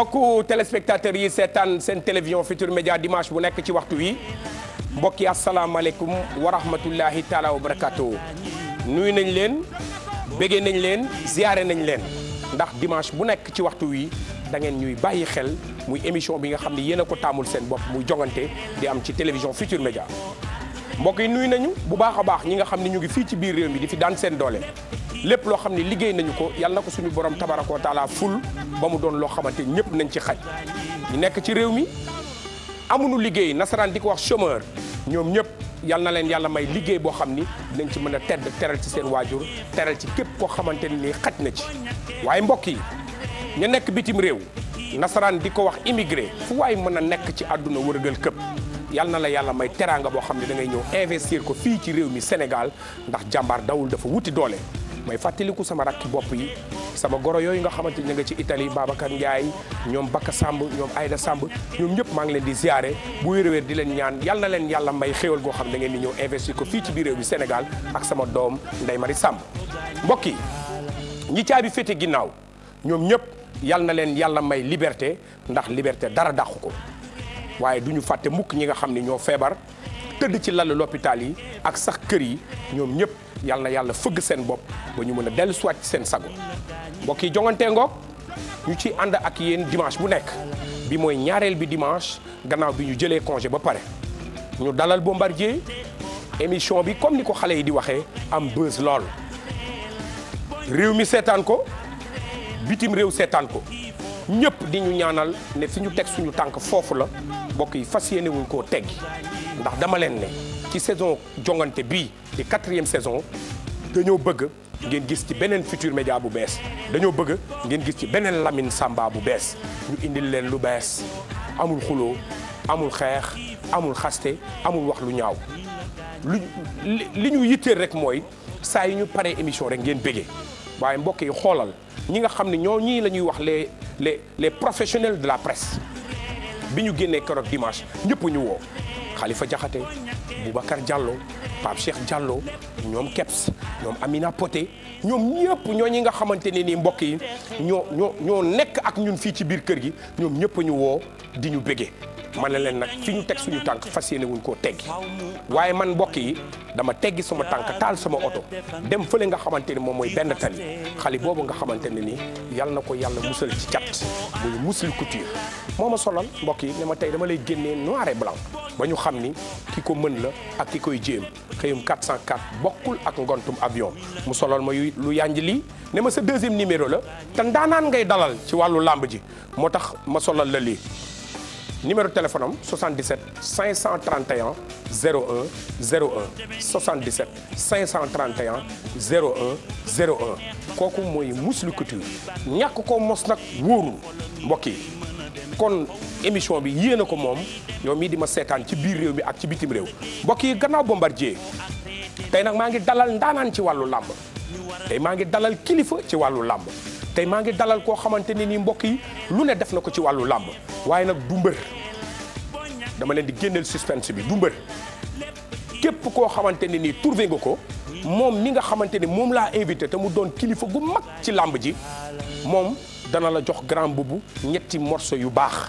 mbokku téléspectateurs yi seetaan seen télévision Futur Média dimanche bu nekk ci waxtu wi mbokk yi asalaamaaleykum wa rahmatullahi taala wa barakaatu. nuyu nañ leen béggee nañ leen ziyaare nañ leen ndax dimanche bu nekk ci waxtu wi da ngeen ñuy bàyyi xel muy émission bi nga xam ne yéen a ko taamul seen bopp muy jongante di am ci télévision Futur Média. mbokk yi nuyu nañu bu baax baax ñi nga xam ne ñu ngi fii ci biir réew mi di fi daan seen doole lépp loo xam ne liggéey nañu ko yal na ko suñu borom tabaraka taalaa taala ful ba mu doon loo xamante ñëpp nañ ci xaj ñu nekk ci réew mi amuñu liggéey nasaraan di ko wax chômeur ñoom ñëpp yal na leen yàlla may liggéey boo xam ni dinañ ci mën a tedd teral ci seen waajur teral ci képp koo xamante ni xaj na ci waaye mbokk yi ñu nekk bitim réew nasaraan di ko wax immigré fu waay mën a nekk ci àdduna wërgal këpp yal na la yàlla may teraanga boo xam ne dangay ñëw investir ko fii ci réew mi Sénégal ndax jàmbaar dawul dafa wuti doole may fàttaliku sama rakki bopp yi sama goro yooyu nga xamante ne nga ci Italie Babacar Ndiaye ñoom Bakka Samb ñoom Aïda Samb ñoom ñëpp maa ngi leen di siyaare bu wér-wér di leen ñaan yal na leen yàlla may xéewal goo xam ne da ngeen di ñëw investir ko fii ci biir réew mi Sénégal ak sama doom nday mari sàmb mbokk yi ñi caabi féete ginnaaw ñoom ñëpp yal na leen yàlla may liberté ndax liberté dara dàqu ko waaye du ñu fàtte mukk ñi nga xam ne ñoo feebar tëdd ci lal l'hôpital yi ak sax kër yi ñoom ñëpp yal na yàlla fëgg seen bopp ba ñu mën a dellu siwaat ci seen sago mbokk yi jongantee ngoog ñu ci ànd ak yéen dimanche bu nekk bi mooy ñaareel bi dimanche gannaaw bi ñu jëlee congé ba pare ñu dalal Bombardier émission bi comme ni ko xale yi di waxee am buzz lool réew mi seetaan ko bitim réew seetaan ko ñëpp di ñu ñaanal ne fi ñu teg suñu tànk foofu la mbokk yi fas yéene wuñ koo teggi ndax dama leen ne ci saison jongante bii di quatrième saison dañoo bëgg ngeen gis ci beneen Futurs Médias bu bees dañoo bëgg ngeen gis ci beneen Lamine Samba bu bees ñu indil leen lu bees amul xuloo amul xeex amul xaste amul wax lu ñaaw lu li ñu yitteel rek mooy saa yi ñu paree émission rek ngeen bégee waaye mbokk yi xoolal ñi nga xam ne ñoo ñii la ñuy wax lee les les professionnels de la presse bi ñu génnee keroog dimanche ñëpp ñu woo Khalifa jaxate Boubacar Diallo Pape Cheikh Diallo ñoom Keps ñoom Amina Poté ñoom ñëpp ñoo ñi nga xamante ne nii mbokk yi ñoo ñoo ñoo nekk ak ñun fii ci biir kër gi ñoom ñëpp ñu woo di ñu béggee ma ne leen nag fi ñu teg suñu tànk fas yéene wuñ koo teggi waaye man mbokk yi dama teggi sama tànk taal sama oto dem fële nga xamante ni moom mooy benn tali xale boobu nga xamante ne ni yal na ko yàlla musal ci cat muy musli couture moo ma solal mbokk yi ne ma tey dama lay génnee noir et blanc ba ñu xam ni ki ko mën la ak ki koy jéem xëyum 404 bokkul ak ngontum avion mu solal ma yu lu yànj lii ne ma sa deuxième numéro la te ndaanaan ngay dalal ci wàllu làmb ji moo tax ma solal la lii numéro téléphone am 77 531 01 01 77 531 01 01 kooku mooy Mously Couture ñàkk ko mos nag wóorul mbokk yi kon émission bi yéen a ko moom yow mii di ma seetaan ci biir réew mi ak ci bitim réew mbokk yi gannaaw bombardier tey nag maa ngi dalal ndaanaan ci wàllu làmb tey maa ngi dalal kilifa ci wàllu làmb tey maa ngi dalal koo xamante ne nii mbokk yi lu ne def na ko ci wàllu làmb waaye nag du mbër dama leen di génneel suspense bi du mbër képp koo xamante ne nii trouvé nga ko moom mi nga xamante ni moom laa invité te mu doon kilifa gu mag ci làmb ji moom dana la jox grand bubu ñetti morceau yu baax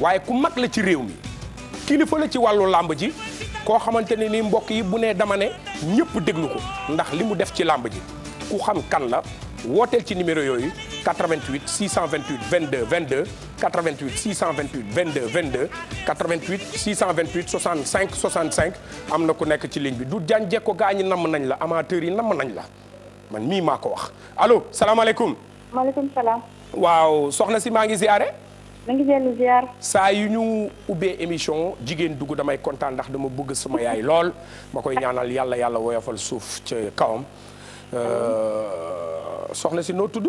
waaye ku mag la ci réew mi kilifa la ci wàllu làmb ji koo xamante ne ni mbokk yi bu nee dama ne ñëpp déglu ko ndax li mu def ci làmb ji ku xam kan la wooteel ci numéro yooyu 88 628 22 22 88 628 22 22 88 628 65 65 am na ku nekk ci ligne bi du jaan jekko gaa ñi namm nañ la amateurs yi namm nañ la man mii maa ko wax allo salaamaaleykum. maaleykum salaam. waaw soxna si maa ngi si are na ngi dellu saa yu ñu ubbee émission jigéen dugg damay kontaan ndax dama bugg sama yaay lool ma koy ñaanal yàlla yàlla woyofal suuf ca kawam euh, soxna si noo tudd.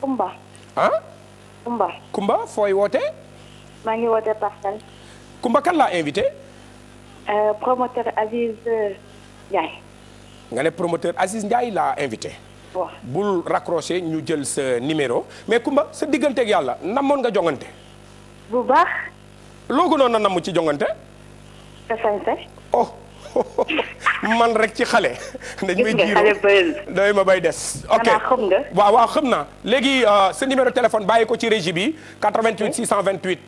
Kumba. ah. Kumba. Kumba fooy woote maa ngi wootee Parcelles. Kumba kan laa invité. Euh, promoteur Aziz Ndiaye. nga ne promoteur Aziz Ndiaye laa invité. bul raccroché ñu jël sa numéro mais Kumba sa digganteeg yàlla namoon nga jongante. bu baax. loo gënoon a namm ci jongante. nga oh, man rek ci xale. dañ may jiiroo ma bay des. ok xam nga. waaw waaw xam naa léegi euh, sa numéro téléphone bàyyi ko ci régie bi 88 628.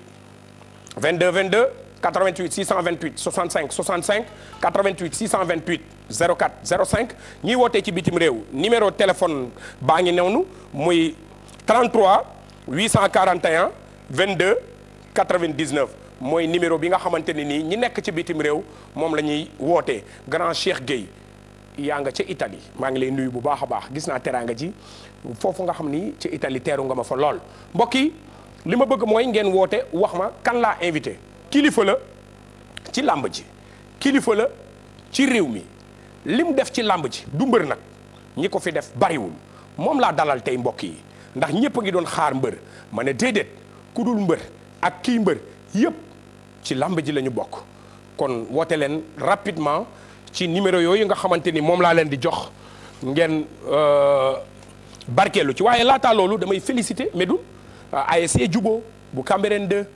vingt 22. 88 628 65 65 88 628 04 05 ñiy wootee ci bitim réew numéro téléphone baa ngi newnu muy 33 841 22 99 mooy numéro bi nga xamante ne nii ñi nekk ci bitim réew moom la ñuy wootee grand Cheikh Gueye yaa nga ca Italie maa ngi lay nuyu bu baax a baax gis naa teraanga ji foofu nga xam ni ci Italie teeru nga ma fa lool mbokk yi li ma bëgg mooy ngeen woote wax ma kan laa invité kilifa la ci làmb ji kilifa la ci réew mi li mu def ci làmb ji du mbër nag ñi ko fi def bariwul moom laa dalal tey mbokk yi ndax ñëpp a ngi doon xaar mbër ma ne déedéet ku dul mbër ak kii mbër yëpp ci làmb ji lañu ñu bokk kon woote leen rapidement ci numéro yooyu nga xamante ni moom laa leen di jox ngeen euh, barkeelu ci waaye laataa loolu damay féliciter Medoune ASC e Jubo bu Cambérène 2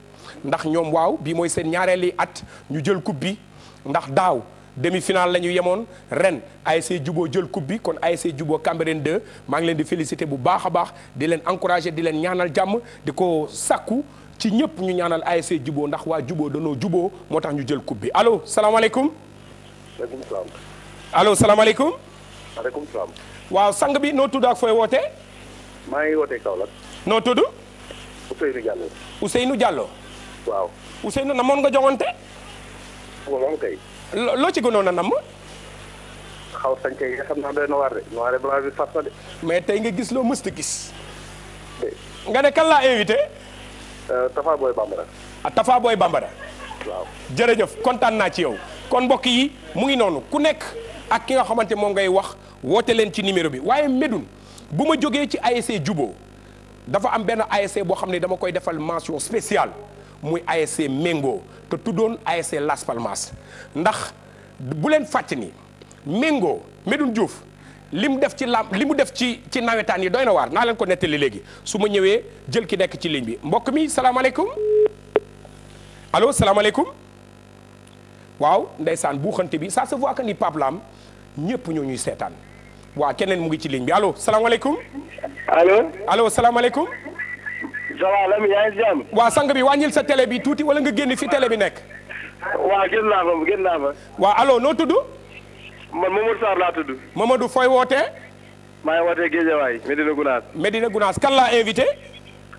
ndax ñoom waaw bii mooy seen ñaareeli at ñu jël coupe bi ndax daaw demi-finale la ñu yemoon ren ASC Juboo jël coupe bi kon ASC Juboo Cambérène 2 maa ngi leen di féliciter bu baax a baax di leen encourager di leen ñaanal jàmm di ko sàkku ci ñëpp ñu ñaanal ASC jubo ndax waa Juboo danoo Juboo moo tax ñu jël coupe bi allo salaamaaleykum. allo salaamaaleykum. maaleykum waaw sang bi noo tudd ak fooy woote maa ngi wootee Kaolack. noo tudd. Ousseynou Diallo. Ousseynou waaw Ousseynou namoon nga joŋante. moom kay. loo ci gënoon a nam. xaw sànq yi xam na waar de noire mais tey nga gis loo mës a gis. nga ne kan laa invité. Euh, Tafa Bambara. ah Tafa Boy Bambara. waaw jërëjëf kontaan naa ci yow. kon mbokk yi mu ngi noonu ku nekk ak ki nga xamante moom ngay wax woote leen ci numéro bi waaye Médoune bu ma jógee ci ASC Jubo dafa am benn ASC boo xam ne dama koy defal mention spéciale. muy ASC Mengo te tuddoon ASC Las Palmas ndax bu leen fàcc ni Mengo Medoune Diouf li mu def ci lam li mu def ci ci nawetaan yi doy na waar naa leen ko nettali léegi su ma ñëwee jël ki nekk ci ligne bi mbokk mi salaamaaleykum allo salaamaaleykum waaw ndeysaan buuxante bi ça se voit ñëpp ñoo ñuy seetaan waaw keneen mu ngi ci ligne bi salaamaaleykum. allo salaamaaleykum yaa ngi si jàmm. waaw sang bi wàññil sa tele bi tuuti wala nga génn fi télé bi nekk. waa génn naa fa génn naa fa. waaw allo noo tudd. man Mamadou Sarr laa tudd. Mamadou fooy wootee. maa ngi wootee Guédiawaye Medina Gounass. Medina Gounass kan laa invité.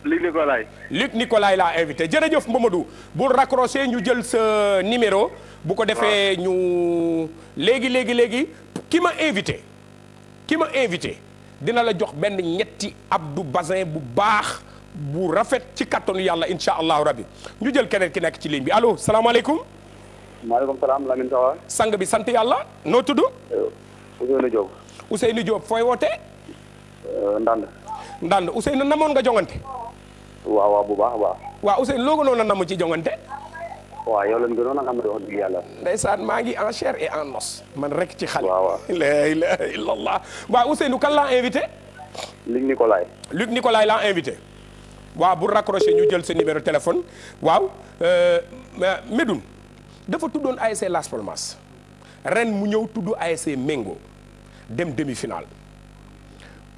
Luc Nicolaï. Luc Nicolaï laa invité jërëjëf Mamadou bul raccroché ñu jël sa numéro. bu ko defee ah. ñu léegi léegi léegi ki ma invité. ki ma invité dina la jox benn ñetti Abdou Bazin bu baax. bu rafet ci kattanu yàlla incha allahu rabbi ñu jël keneen ki nekk ci ligne bi allo salaamaaleykum. maaleykum salaam Lamine Sawa. bi sant yàlla noo tudd. Euh, Ousseynou Diop. Ousseynou Diop fooy ndand euh, Ndande. Ndande Ousseynou namoon nga jongante. waaw waaw bu baax a waa waaw Ousseynou loo gënoon a namu ci jongante. waaw yow ga gënoon a xam ne wax yàlla. ndeysaan maa ngi en chair et en nos man rekk ci xale. waaw waaw illallah. waaw Ousseynou kan laa invité. Luc Nicolaï. Luc Nicolaï laa invité. waaw bu raccroché ñu jël sa numéro téléphone waaw euh, Médoune dafa tuddoon ASC Las Palmas ren mu ñëw tudd ASC Mengo dem demi-finale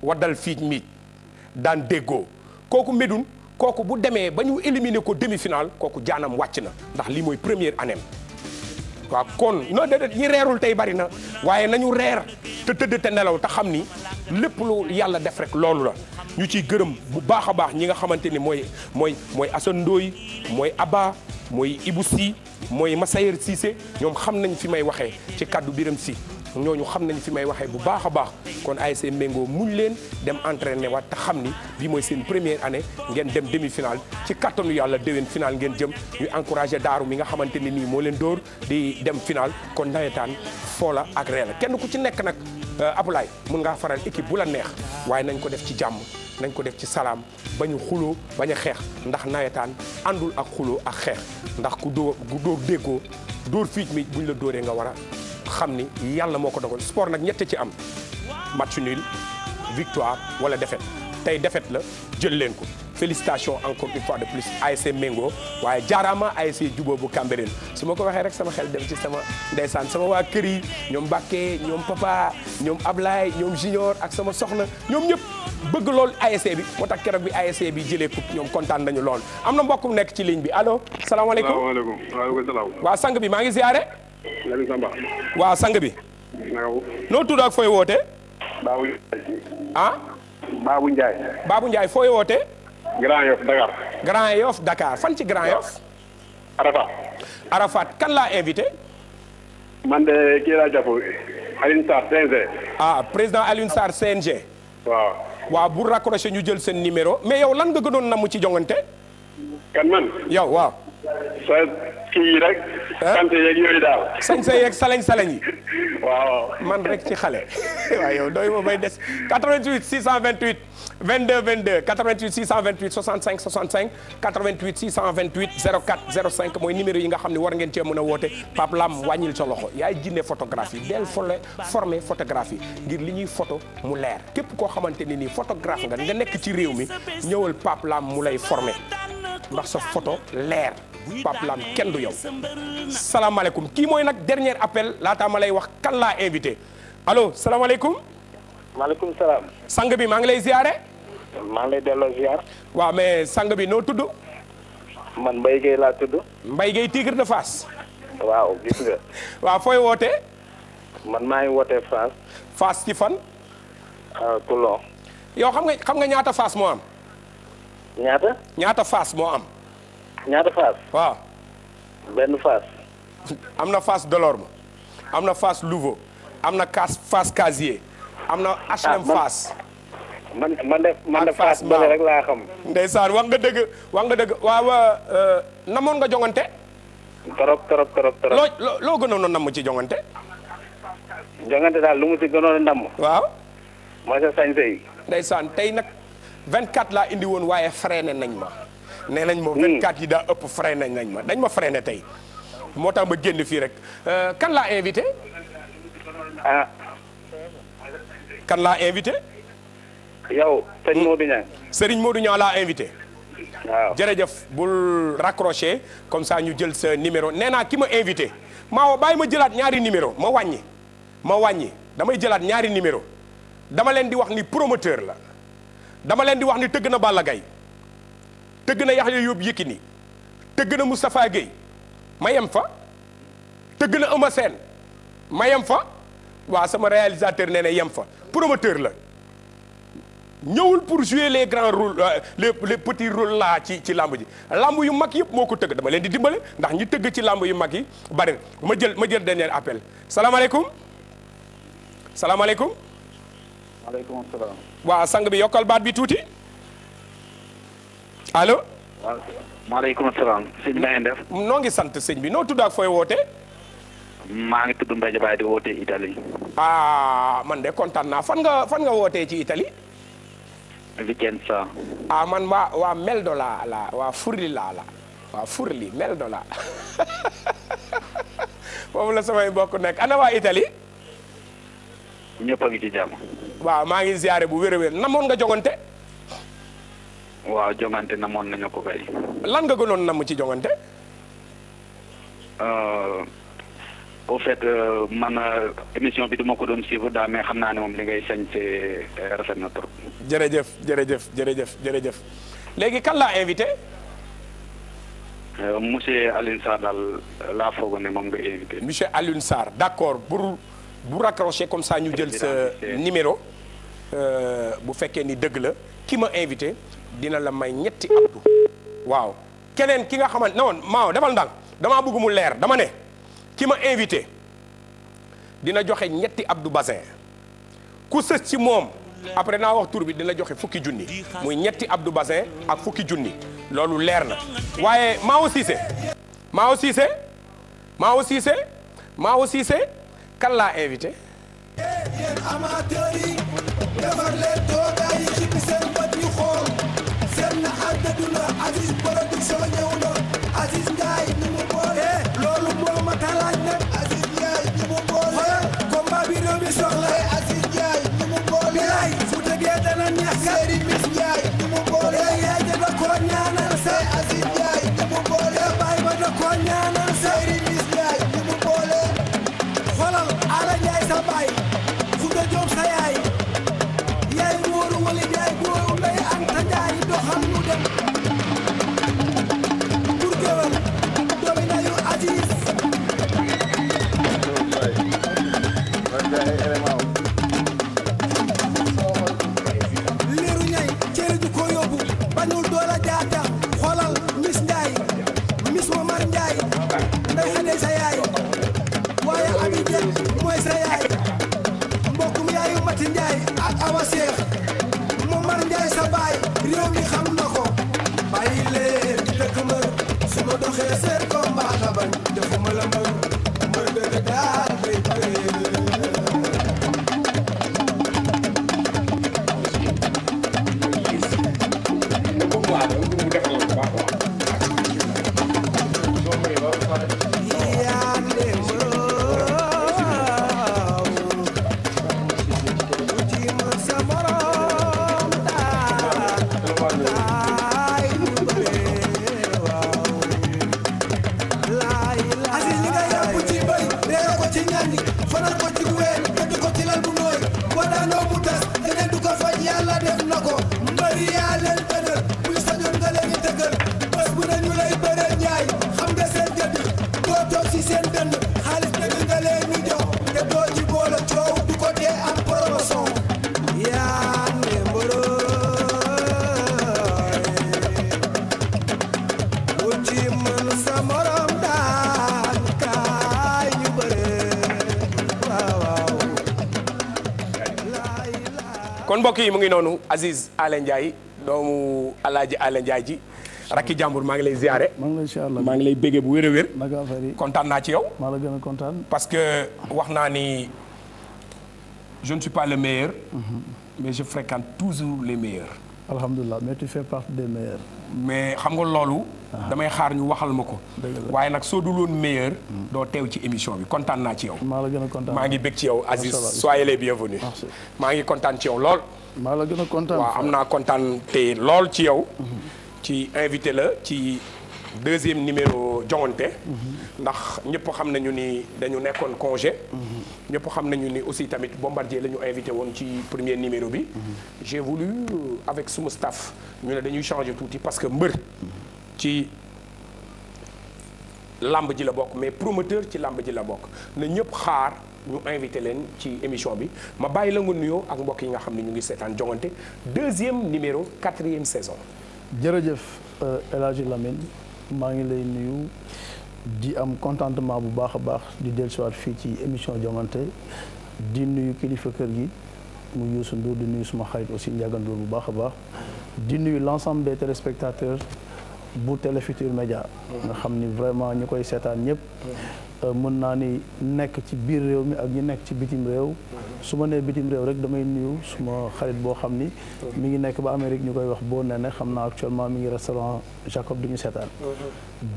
waddal fii miij daan déggoo kooku Médoune kooku bu demee ba ñu élimine ko demi-finale kooku jaanam wàcc na ndax lii mooy première année waaw kon non déedéet ñi reerul tey bari na waaye nañu reer te tëdd te nelaw te xam ni lépp lu yàlla def rek loolu la ñu ciy gërëm bu baax a baax ñi nga xamante ni mooy mooy mooy Assane Ndoye mooy Abba mooy Ibou si mooy Massayer Cissé ñoom xam nañ fi may waxee ci kàddu biram si ñooñu xam nañ fi may waxee bu baax a baax kon ay ASC Mengo muñ leen dem entraîné waat ta xam ni bi mooy seen première année ngeen dem demi finale ci kattanu yàlla déwén finale ngeen jëm ñuy encouragé daaru mi nga xamante ne nii moo leen dóor di dem final kon nawetaan foola ak reela kenn ku ci nekk nag euh, Abdoulaye mun ngaa faral équipe bu la neex waaye nañ ko def ci jàmm nañ ko def ci salaam bañu xulo bañ a xeex ndax nawetaan àndul ak xuloo ak xeex ndax ku dóor ku dóor déggoo dóor fiic mi la dóoree nga war a xam ni yàlla moo ko dogal sport nag ñette ci am match nul victoire wala défaite tey défaite la jël leen ko félicitations encore une fois de plus ASC Mengo waaye jaaraama ASC Jubo bu Cambérène su ma ko waxee rek sama xel dem ci sama ndeysaan sama waa kër yi ñoom Mbacke ñoom Papa ñoom Ablaye ñoom Junior ak sama soxna ñoom ñëpp bëgg lool ASC bi moo tax keroog bi ASC bi jëlee coupe ñoom kontaan nañu lool am na mbokkum nekk ci ligne bi allo. salaamaaleykum salaamaaleykum waaw waa Samba. waaw sang bi. noo tudd ak fooy woote. Babou Ndiaye. ah. Babou fooy woote. Grand Yoff Dakar. Grand Yoff Dakar fan ci Grand Yoff. Arafat. Arafat kan la invité. man de kii laa jàpp Alioune ah président Alioune CNG. waaw. waaw bu raccroché ñu jël seen numéro mais yow lan nga gënoon namu ci jongante. kan man. yow waaw. kii rek. Ah. sant yeeg yooyu daal. sañ sa yeeg salañ salañ yi. waaw man rek ci xale. waaw yow doy ma bay des 88 628 22 22 88 628 65 65 88 628 04 05 mooy numéro yi nga xam ne war ngeen cee mën a woote Pape Lam wàññil sa loxo yaay jinne photographie del fole formé photographie ngir li ñuy photo mu leer képp koo xamante ne nii photographe nga nga nekk ci réew mi ñëwal Pape Lam mu lay formé ndax sa photo leer. Pape Lam kenn du yow salaamaaleykum kii mooy nag dernier appel laataa ma lay wax kan laa invité allo salaamaaleykum. maaleykum salaam. sang bi maa ngi lay ziare. maa ngi lay delloo ziar. waaw mais sang bi noo tudd. man Mbaye Gueye laa tudd. Mbaye Gueye Tigre de Fass. waaw gis nga. waaw fooy wootee. man maa ngi wootee Fass. Fass ci fan. Ah, Toulon. yow xam nga xam nga ñaata Fass moo am. ñaata. ñaata Fass moo am. ñaata Fass. waaw. benn Fass. am na Fass Delorme am na fas Louveau am na Cas Fass Casier am na HLM ah, Fass. man man de man de Fass rek laa xam. ndeysaan wax nga dëgg wax nga dëgg waaw euh, namoon nga jongante. torop torop torop torop. loo loo gënoon a namm ci jongante. jongante daal lu mu si gënoon a namm. waaw. mooy sa sañ-sañ. ndeysaan tey nag 24 laa indi woon waaye ne nañ ma. nee nañ ma hmm. 24 yi daa ëpp freiné nañ ma dañ ma freiné tey moo tax ma génn fii rek euh, kan laa invité ah. kan laa invité yow sëñ hmm. Modou Niang sëriñ Modou laa invité waaw jërëjëf bul raccroché comme ça ñu jël sa numéro nee naa ki ma invité maa bàyyi ma jëlaat ñaari numéro ma wàññi ma wàññi damay jëlaat ñaari numéro dama leen di wax ni promoteur la dama leen di wax ni tëgg na Balla Gaye tëgg na Yaxya Yóob Yékini tëgg na Moustapha Guèye mayam fa tëgg na Eumeu Sène mayam fa waa sama réalisateur nee yem fa promoteur la ñëwul pour jouer les grands rôles euh, les petits rôles là ci ci làmb ji làmb yu mag yëpp moo ko tëgg dama leen di dimbale ndax ñu tëgg ci làmb yu mag yi bari ma jël ma jël dernier appel salaamaaleykum salaamaaleykum. maaleykum salaam. waa sang bi yokkal baat bi tuuti. allo. waaw maaleykum salaam. sëñ na ngeen def. noo ngi sant sëñ bi noo tudd fooy woote. maa ngi tudd Mbaye Diabaye di woote Italie. ah man de kontaan naa fan nga fan nga wootee ci Italie. Vicenza. ah man waa waa Meldo laa la waa Furli laa la waa Furli Meldo laa foofu la samay bokk nekk ana waa Italie. ñëpp a ngi ci jàmm. waaw maa ngi ziare bu wér-wér namoon nga jogante. waaw jongante namoon nañu ko kay. lan nga gënoon nam ci jongante. Euh, au fait euh, man euh, émission bi duma ko doon suivre daal mais xam naa ne moom li ngay sañ see rafet na trop. jërëjëf jërëjëf jërëjëf jërëjëf léegi kan laa invité. monsieur Alioune Sarr daal laa foog ne moom nga invité. monsieur Alioune Sarr d'accord pour bu raccrocher comme ça ñu jël sa numéro. bu fekkee ni dëgg la ki ma invité. dina la may ñetti abdu waaw keneen ki nga xamante ne woon maaw defal ndànk damaa bëgg mu leer dama ne ki ma invité dina joxe ñetti abdu basin ku sës ci moom après naa wax tur bi dina joxe fukki junni muy ñetti abdu basin ak fukki junni loolu leer na waaye Maawo Cissé Maawo Cissé Maawo Cissé Maawo Cissé laa invité. na àddatu la Aziz production ñëw na Aziz Ndiaye ñi mu boole loolu moo ma talaaj nag Aziz Ndiaye ñi mu boole combat bi réew mi soxla Aziz Ndiaye mu boole bilaay fu tegee dana neex Seri Miss Ndiaye ñi mu boole yaay ja da koo ñaanal sa Aziz Ndiaye ñi mu boole baay ba da koo ñaanal Seri Faty Ndiaye ak Awa Seex Momar Ndiaye sa baay réew mi xam na ko bàyyi leen dëkk ma su ma doxee seen combat la bañ defuma la mbokk yi mu ngi noonu Aziz Alen Ndiaye doomu Alaaji ale Ndiaye ji rakki jàmbur maa ngi lay ziare. maa ngi lay ziare maa ngi lay béggee bu wér a wér. kontaan naa ci yow. maa la gën a kontaan. parce que wax naa ni je ne suis pas le meilleur. Mhm. mais je fréquente toujours les meilleurs. alhamdulilah mais tu fais partie des meilleurs. xam nga loolu. Ah. damay xaar ñu waxal ma ko. waaye nag soo dul woon meilleur. Hmm. doo teew ci émission bi kontaan naa ci yow. maa a kontaan maa ngi bëgg ci yow Aziz soyez les bienvenus. maa ngi kontaan ci yow lool. maa a kontaan am naa kontaan te lool ci yow. Hmm. ci invité la ci deuxième numéro. ko joŋante. ndax ñëpp xam nañu ni dañu nekkoon congé. ñëpp xam nañu ni aussi tamit Bombardier la ñu invité woon ci premier numéro bi. j'ai avec suma staff ñu ne dañuy changer tuuti parce que mbër ci làmb ji la bokk mais promoteur ci làmb ji la bokk na ñëpp xaar. ñu invité leen ci émission bi ma bàyyi la nga nuyoo ak mbokk yi nga xam ne ñu ngi seetaan jongante deuxième numéro quatrième saison. jërëjëf euh, El Hadj Lamine maa ngi lay nuyu di am contentement bu baax a baax di dellusiwaat fii ci émission jongante di nuyu kilifa kër gi mu Youssou Ndour di nuyu suma xarit aussi Ndiaga Ndour bu baax a baax di nuyu l'ensemble des téléspectateurs bu Télé Futurs Médias nga xam ni vraiment ñu koy seetaan ñëpp euh, mën naa ni nekk ci biir réew mi ak ñu nekk ci bitim réew su ma nee bitim réew rek damay nuyu suma xarit boo xam ni mu ngi nekk ba Amérique ñu koy wax boo nee ne xam naa actuellement mi ngi restaurant Jacob du ñu seetaan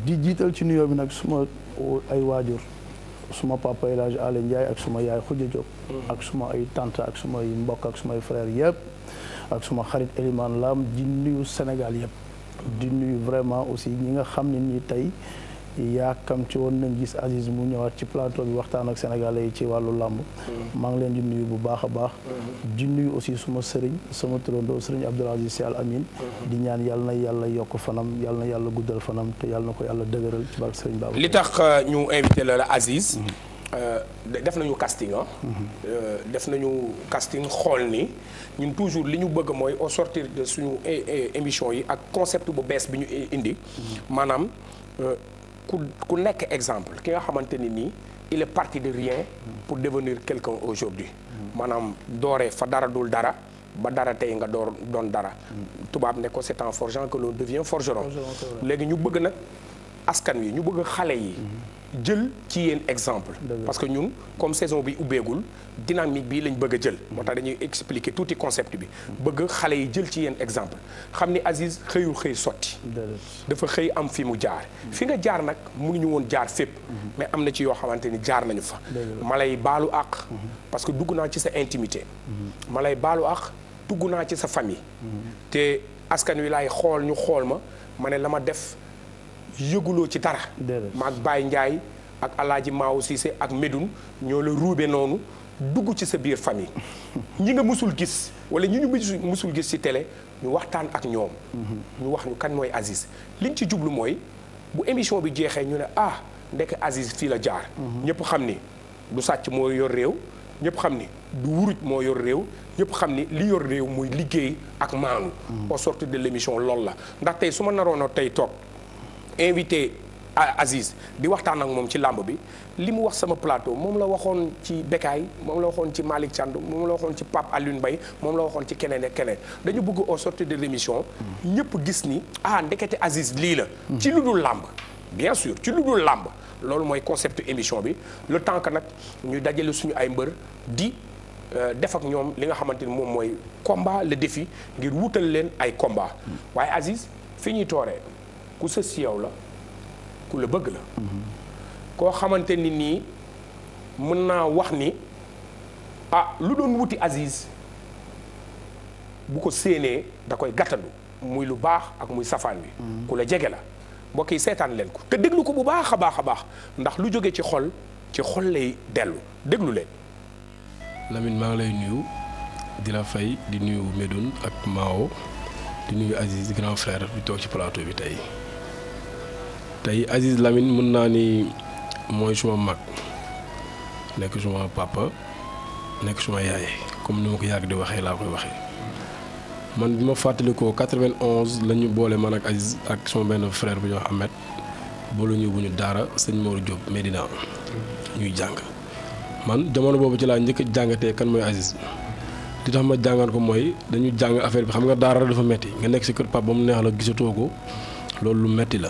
di jiital ci nuyoo bi nag suma ay waajur suma papa El Hadj Alé ak suma yaay Khoudia Diop ak suma ay tante ak sumay mbokk ak sumay frère yëpp ak suma xarit Elimane Lam di nuyu yëpp di nuyu vraiment aussi ñi nga xam ne nii tey yaakam ci woon nañ gis Aziz mu ñëwaat ci plateau bi waxtaan ak sénégalais yi ci wàllu làmb mm-hmm. maa ngi leen di nuyu bu baax a baax mm-hmm. di nuyu aussi suma sëriñ sama turandoo sëriñ Abdoul Aziz Sy Al Amine mm-hmm. di ñaan yàlla na yàlla yokk fanam yàlla na yàlla guddal fanam te yàlla na ko yàlla dëgëral ci barke sëriñ Babacar li tax euh, ñu invité la la Aziz euh, def nañu casting ah euh, def nañu casting xool ni ñun toujours li ñu bëgg mooy au sortir de suñu émission yi ak concept bu bees bi ñu indi maanaam euh, ku ku nekk exemple ki nga xamante ni nii il est parti de rien pour devenir quelqu'un aujourd'hui maanaam doore fa dara dul dara ba dara tey nga door doon dara tubaab ne ko c'est en forgeant que l'on devient forgeron léegi ñu bëgg nag askan wi ñu bëgg xale yi jël ci yéen exemple parce que ñun comme saison bi ubbeegul dynamique bi lañ bëgg a jël moo tax dañuy expliquer tuuti concept bi bëgg xale yi jël ci yéen exemple xam ni Aziz xëyul xëy sotti dafa xëy am fi mu jaar fi nga jaar nag mu ngi ñu woon jaar fépp mhm. mais am na ci yoo xamante ni jaar nañu fa ma lay baalu àq mhm. parce que dugg naa ci sa intimité mhm. ma lay baalu àq dugg naa ci sa famille te askan wi laay xool ñu xool ma ma ne la ma def yëguloo ci dara maag Baye Ndiaye ak Alaaji Maaw Cissé ak Médoune ñoo la ruube noonu dugg ci sa biir fami ñi nga musul gis wala ñi ñu musul gis ci tele ñu waxtaan ak ñoom mhm. ñu wax ñu kan mooy Aziz liñ ci jublu mooy bu émission bi jeexee ñu ne ah ndekk Aziz fii la jaar mhm. ñëpp xam ni du sàcc moo yor réew ñëpp xam ni du wuruj moo yor réew ñëpp xam ni li yor réew muy liggéey ak maanu mhm. au sortir de l'émission loolu la ndax tey su ma naroon tey toog invité Aziz di waxtaan ak moom ci làmb bi li mu wax sama plateau moom la waxoon ci Bekaay moom la waxoon ci Malick cand moom la waxoon ci Pape Alioune bay moom la waxoon ci keneen ak keneen dañu bëgg au sortir de l'émission ñëpp gis ni ah ndekete Aziz lii la ci lu dul làmb bien sûr ci lu dul làmb loolu mooy concept émission bi lu temps que nag ñu dajale suñu ay mbër di euh, def ak ñoom li nga xamante ni moom mooy combat le défi ngir wutal leen ay combat mm. waaye Aziz fi ñuy tooree ku sës si yow la ku la bëgg la koo xamante ni nii mën naa wax ni a ah, lu doon wuti Aziz bu ko séenee da koy gàttandu muy lu baax ak muy safaan wi mm-hmm. ku la jege la mbokk yi seetaan leen ko te déglu ko bu baax a baax a baax ndax lu jóge ci xol ci xol lay dellu déglu leen Lamine maa ngi lay nuyu di la fay di nuyu Médoune ak Mao di nuyu Aziz grand frère bi toog ci plateau bi tey tey Aziz Lamine mën naa ni mooy suma mag nekk suma papa nekk suma yaay comme ni ma ko yàgg di waxee laa koy waxee man bi ma fàttalikoo 91 la ñu boole man ak Aziz ak suma benn frère bu ñuy wax Ahmed boolu ñu bu ñu daara sëñ Maodo Diop Medina ñuy jàng man jamono boobu ci laa njëkk jàngatee kan mooy Aziz di tax ma jàngal ko mooy dañu jàng affaire bi xam nga daara dafa metti nga nekk si kër pap ba mu neex la gisatoo ko loolu lu metti la.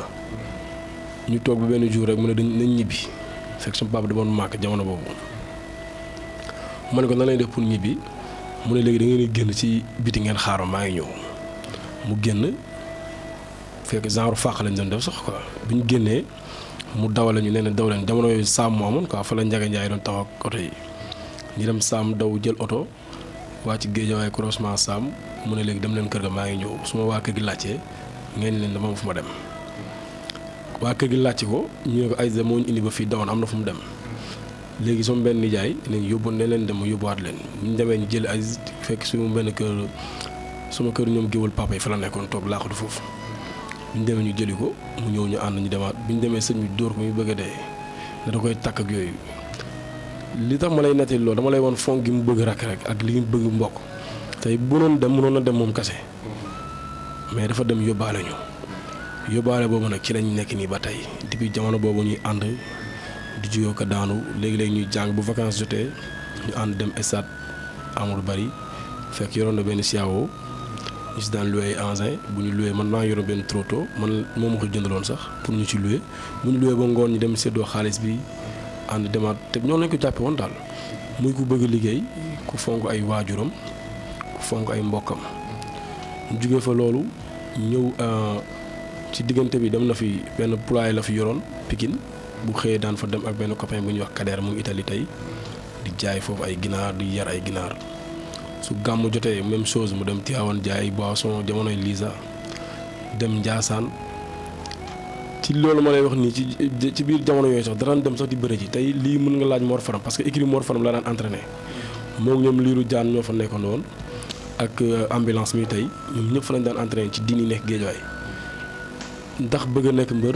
ñu toog bi benn jour rek mu ne dañ nañ ñibbi fekk sama papa demoon màkk jamono boobu ma ne ko na lay def pour ñibbi mu ne léegi da ngeen génn ci biti ngeen xaaral maa ngi ñëw mu génn fekk genre fàq lañ doon def sax ko bu ñu génnee mu dawale ñu ne na daw leen jamono yooyu saam moo amoon quoi fa la Ndiaga doon taxaw ak oto yi ñu dem saam daw jël oto waa ci géejawaay croisement saam mu ne léegi dem leen kër ga maa ngi ñëw suma waa kër gi laajtee ngeen leen dama fu ma dem. waa kër gi laajte ko ñu ne ko Aziza moo ñu indi ba fii dawoon am na fu mu dem léegi sama benn nijaay léegi yóbbu ne leen dem yóbbuwaat leen bu ñu demee ñu jël Aziz fekk suñu benn kër sama kër ñoom géwal papa fa la nekkoon toog laaxatu foofu bu ñu ñu jëli ko mu ñëw ñu ànd ñu demaat bu ñu demee sëñ bi dóor ko mu bëgg a dee ne da koy takk ak yooyu li tax ma lay nettali loolu dama lay woon fonk gi mu bëgg rakk rek ak li mu bëgg mbokk tey bu doon dem mënoon a dem moom kase mais dafa dem yóbbaale ñu yóbbaale boobu nag ci lañ nekk nii ba tey depuis jamono boobu ñuy ànd di juyoo ko daanu léegi-léegi ñuy jàng bu vacances jotee ñu ànd dem stade amul bari fekk yoroon na benn siyaawoo ñu si daan loué engin bu ñu loué man maa yoroon benn troto man moom ma jëndaloon sax pour ñu ci loué bu ñu loué ba ngoon ñu dem séddoo xaalis bi ànd demaat te ñoo lañ ko jàppe woon daal muy ku bëgg liggéey ku fonk ay waajuram ku fonk ay mbokkam ñu jugee fa loolu ci diggante bi dem na fi benn poulailler la fi yoroon pikin bu xëyee daan fa dem ak benn copain bu ñuy wax Kader mu ngi tey di jaay foofu ay ginaar di yar ay ginaar su gàmm jotee même chose mu dem Tivaouane jaay boisson jamonoy Lisa dem Ndiassane ci loolu ma lay wax nii ci ci biir jamono yooyu sax danaan dem sax di bëre ji tey lii mën nga laaj Mor Faram parce que écurie Mor Faram la daan entraîné moom ñoom liiru jaan ñoo fa nekkoon woon ak euh, ambulance mi tey ñoom ñëpp lañ daan entraîné ci dini nekk géejawaay ndax bëgg a nekk mbër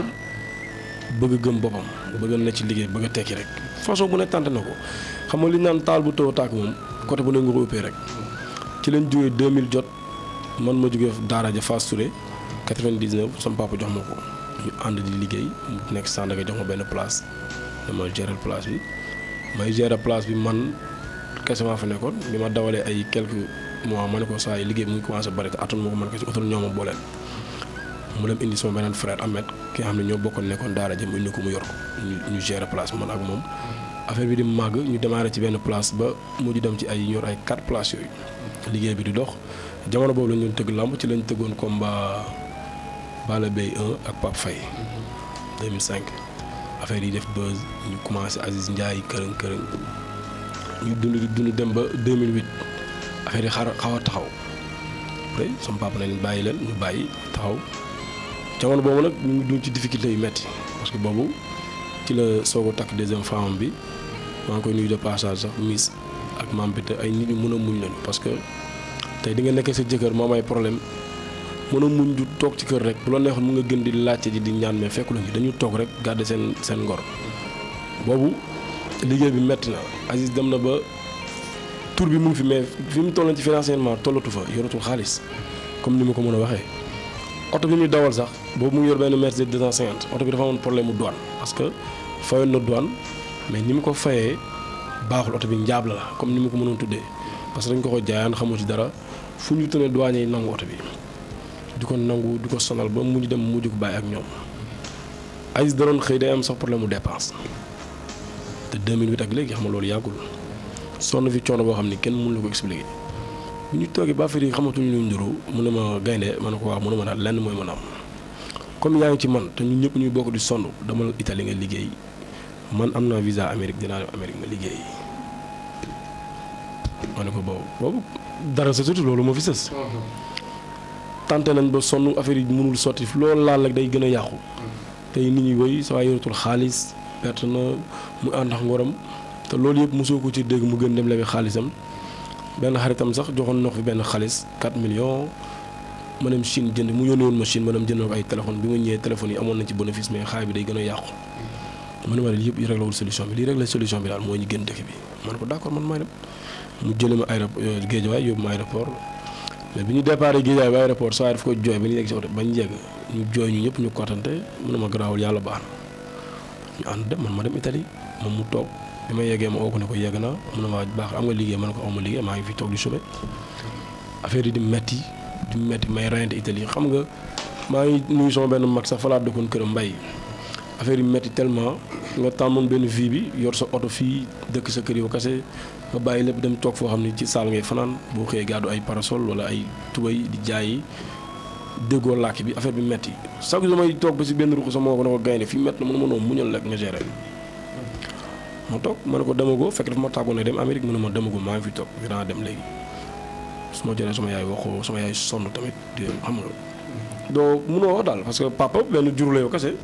bëgg gëm boppam bëgg na ci liggéey bëgg a tekki rek façon bu ne tànte na ko xam nga li ñu naan taal bu taw tàkk moom côté bu ne nga ko ëppee rek ci lañ jógee 2000 jot man ma jógee daara ja Fass Touré 99 sama papa jox ma ko ñu ànd di liggéey mu nekk Sandaga jox ma benn place dama gérer place bi may gérer place bi man kese a fa nekkoon bi ma dawalee ay quelques mois ma ne ko saa yi liggéey mu ngi commencé bari te atul ma ko man ko oto ñoo booleel. mu dem indi sama beneen frère Ahmed ki nga xam ne ñoo bokkoon nekkoon daara jëm indi ko mu yor ko ñu ñu gérer place man ak moom. affaire bi di màgg ñu démarré ci benn place ba mujj dem ci ay ñor ay quatre places yooyu. liggéey bi di dox jamono boobu lañ doon tëgg làmb ci lañ tëggoon combat Balla Beye 1 ak Pape Faye 2005 affaire yi def buzz ñu commencé Aziz Ndiaye kërën kërën ñu dund dund dem ba 2008 affaire yi xar xaw a taxaw après sama papa nañ bàyyi leen ñu bàyyi taxaw. jamono boobu nag mu ngi ci difficulté yu metti parce boobu ci la soog a takk deuxième femme bi maa ngi koy nuyu de sax miss ak maam bi te ay nit ñu mën a muñ lañu parce que tey di nga nekkee sa jëkkër moom ay problème mën a muñ du toog ci kër rek bu la neexoon mu nga gën di laajte ji di ñaan mais fekku lañu dañu toog rek garder seen seen ngor boobu liggéey bi metti na Aziz dem na ba tur bi mu ngi fi mais fi mu tolloon ci financièrement tollatu fa yoratul xaalis comme ni ma ko mën a waxee. oto bi muy dawal sax boobu mu ngi yor benn Mercedes 250 oto bi dafa amoon problème mu douane parce que fayoon na douane mais ni mu ko fayee baaxul oto bi njaab la comme ni mu ko mënoon tuddee parce que dañ ko ko jaayaan xamoo ci dara fu ñu tënee douane yi nangu oto bi di ko nangu di ko sonal ba mujj dem mujj ko bàyyi ak ñoom Aziz da doon xëy day am sax problème mu dépense te 2008 ak léegi xam nga loolu yàggul sonn fi coono boo xam ni kenn mënu la ko expliquer. bu ñu toogee ba affaire yi xamatuñu luñ nduru mu ne ma gaynde ma ne ko waaw mu ma daal lenn mooy mën a am comme yaa ngi ci man te ñun ñëpp ñu bokk di sonn dama la Italie nga liggéey man am naa visa Amérique dinaa dem Amérique liggéey ma ne ko boobu boobu dara sa surtout loolu moo fi sës. tante nañ ba sonn affaire yi mënul sotti loolu laal rek day gën a yàqu. tey nit ñi woy sa waay yoratul xaalis perte na mu àndax ngoram te loolu yëpp mosoo ko ci dégg mu gën dem lebi xaalisam. benn xaritam sax joxoon na ko fi benn xaalis 4 millions ma dem Chine jënd mu yónni woon ma Chine ma dem jënd ko ay téléphone bi ma ñëwee téléphone yi amoon nañ ci bénéfice mais xaay bi day gën a yàqu. ma ne solution bi lii rek la solution bi daal moo ñu génn dëkk bi ma ne ko d' accord man maay dem mu ma aéroport euh, géejawaay yóbbu bi ñu départ géejawaay ba aéroport saa daf ko jooy ba ñu yegg si oto bañ yegg ñu jooy ñu ñëpp ñu kottante mu ne ma garaawul yàlla baax na ñu ànd dem man ma dem Italie moom mu toog bi ma yeggee ma oo ko ne ko yegg na mu ne ma am nga liggéey ma ne ko amuma liggéey maa ngi fi toog di sube affaire yi di metti di metti may reyante Italie xam nga maa ngi nuyu sama benn mag sax fa laa dëkkoon mbay affaire yi metti nga tàmmoon benn vie bi yor sa oto fii dëkk sa kër yow kase nga bàyyi lépp dem toog foo xam ne ci saal ngay fanaan boo xëyee gàddu ay parasol wala ay tubay di jaayi déggoo làkk bi affaire bi metti chaque jour may toog ba si benn ruq sama ko ne ko gaynde fii metti na mënu ma noonu muñal rek ma toog ma ne ko demagoo fekk dafa ma tàggoon ne dem Amérique mu ne ma demagoo maa ngi fi toog su ma jëlee sama yaay waxoo sama yaay sonn tamit di xam doo mënoo daal parce que papa benn jur la yow kese.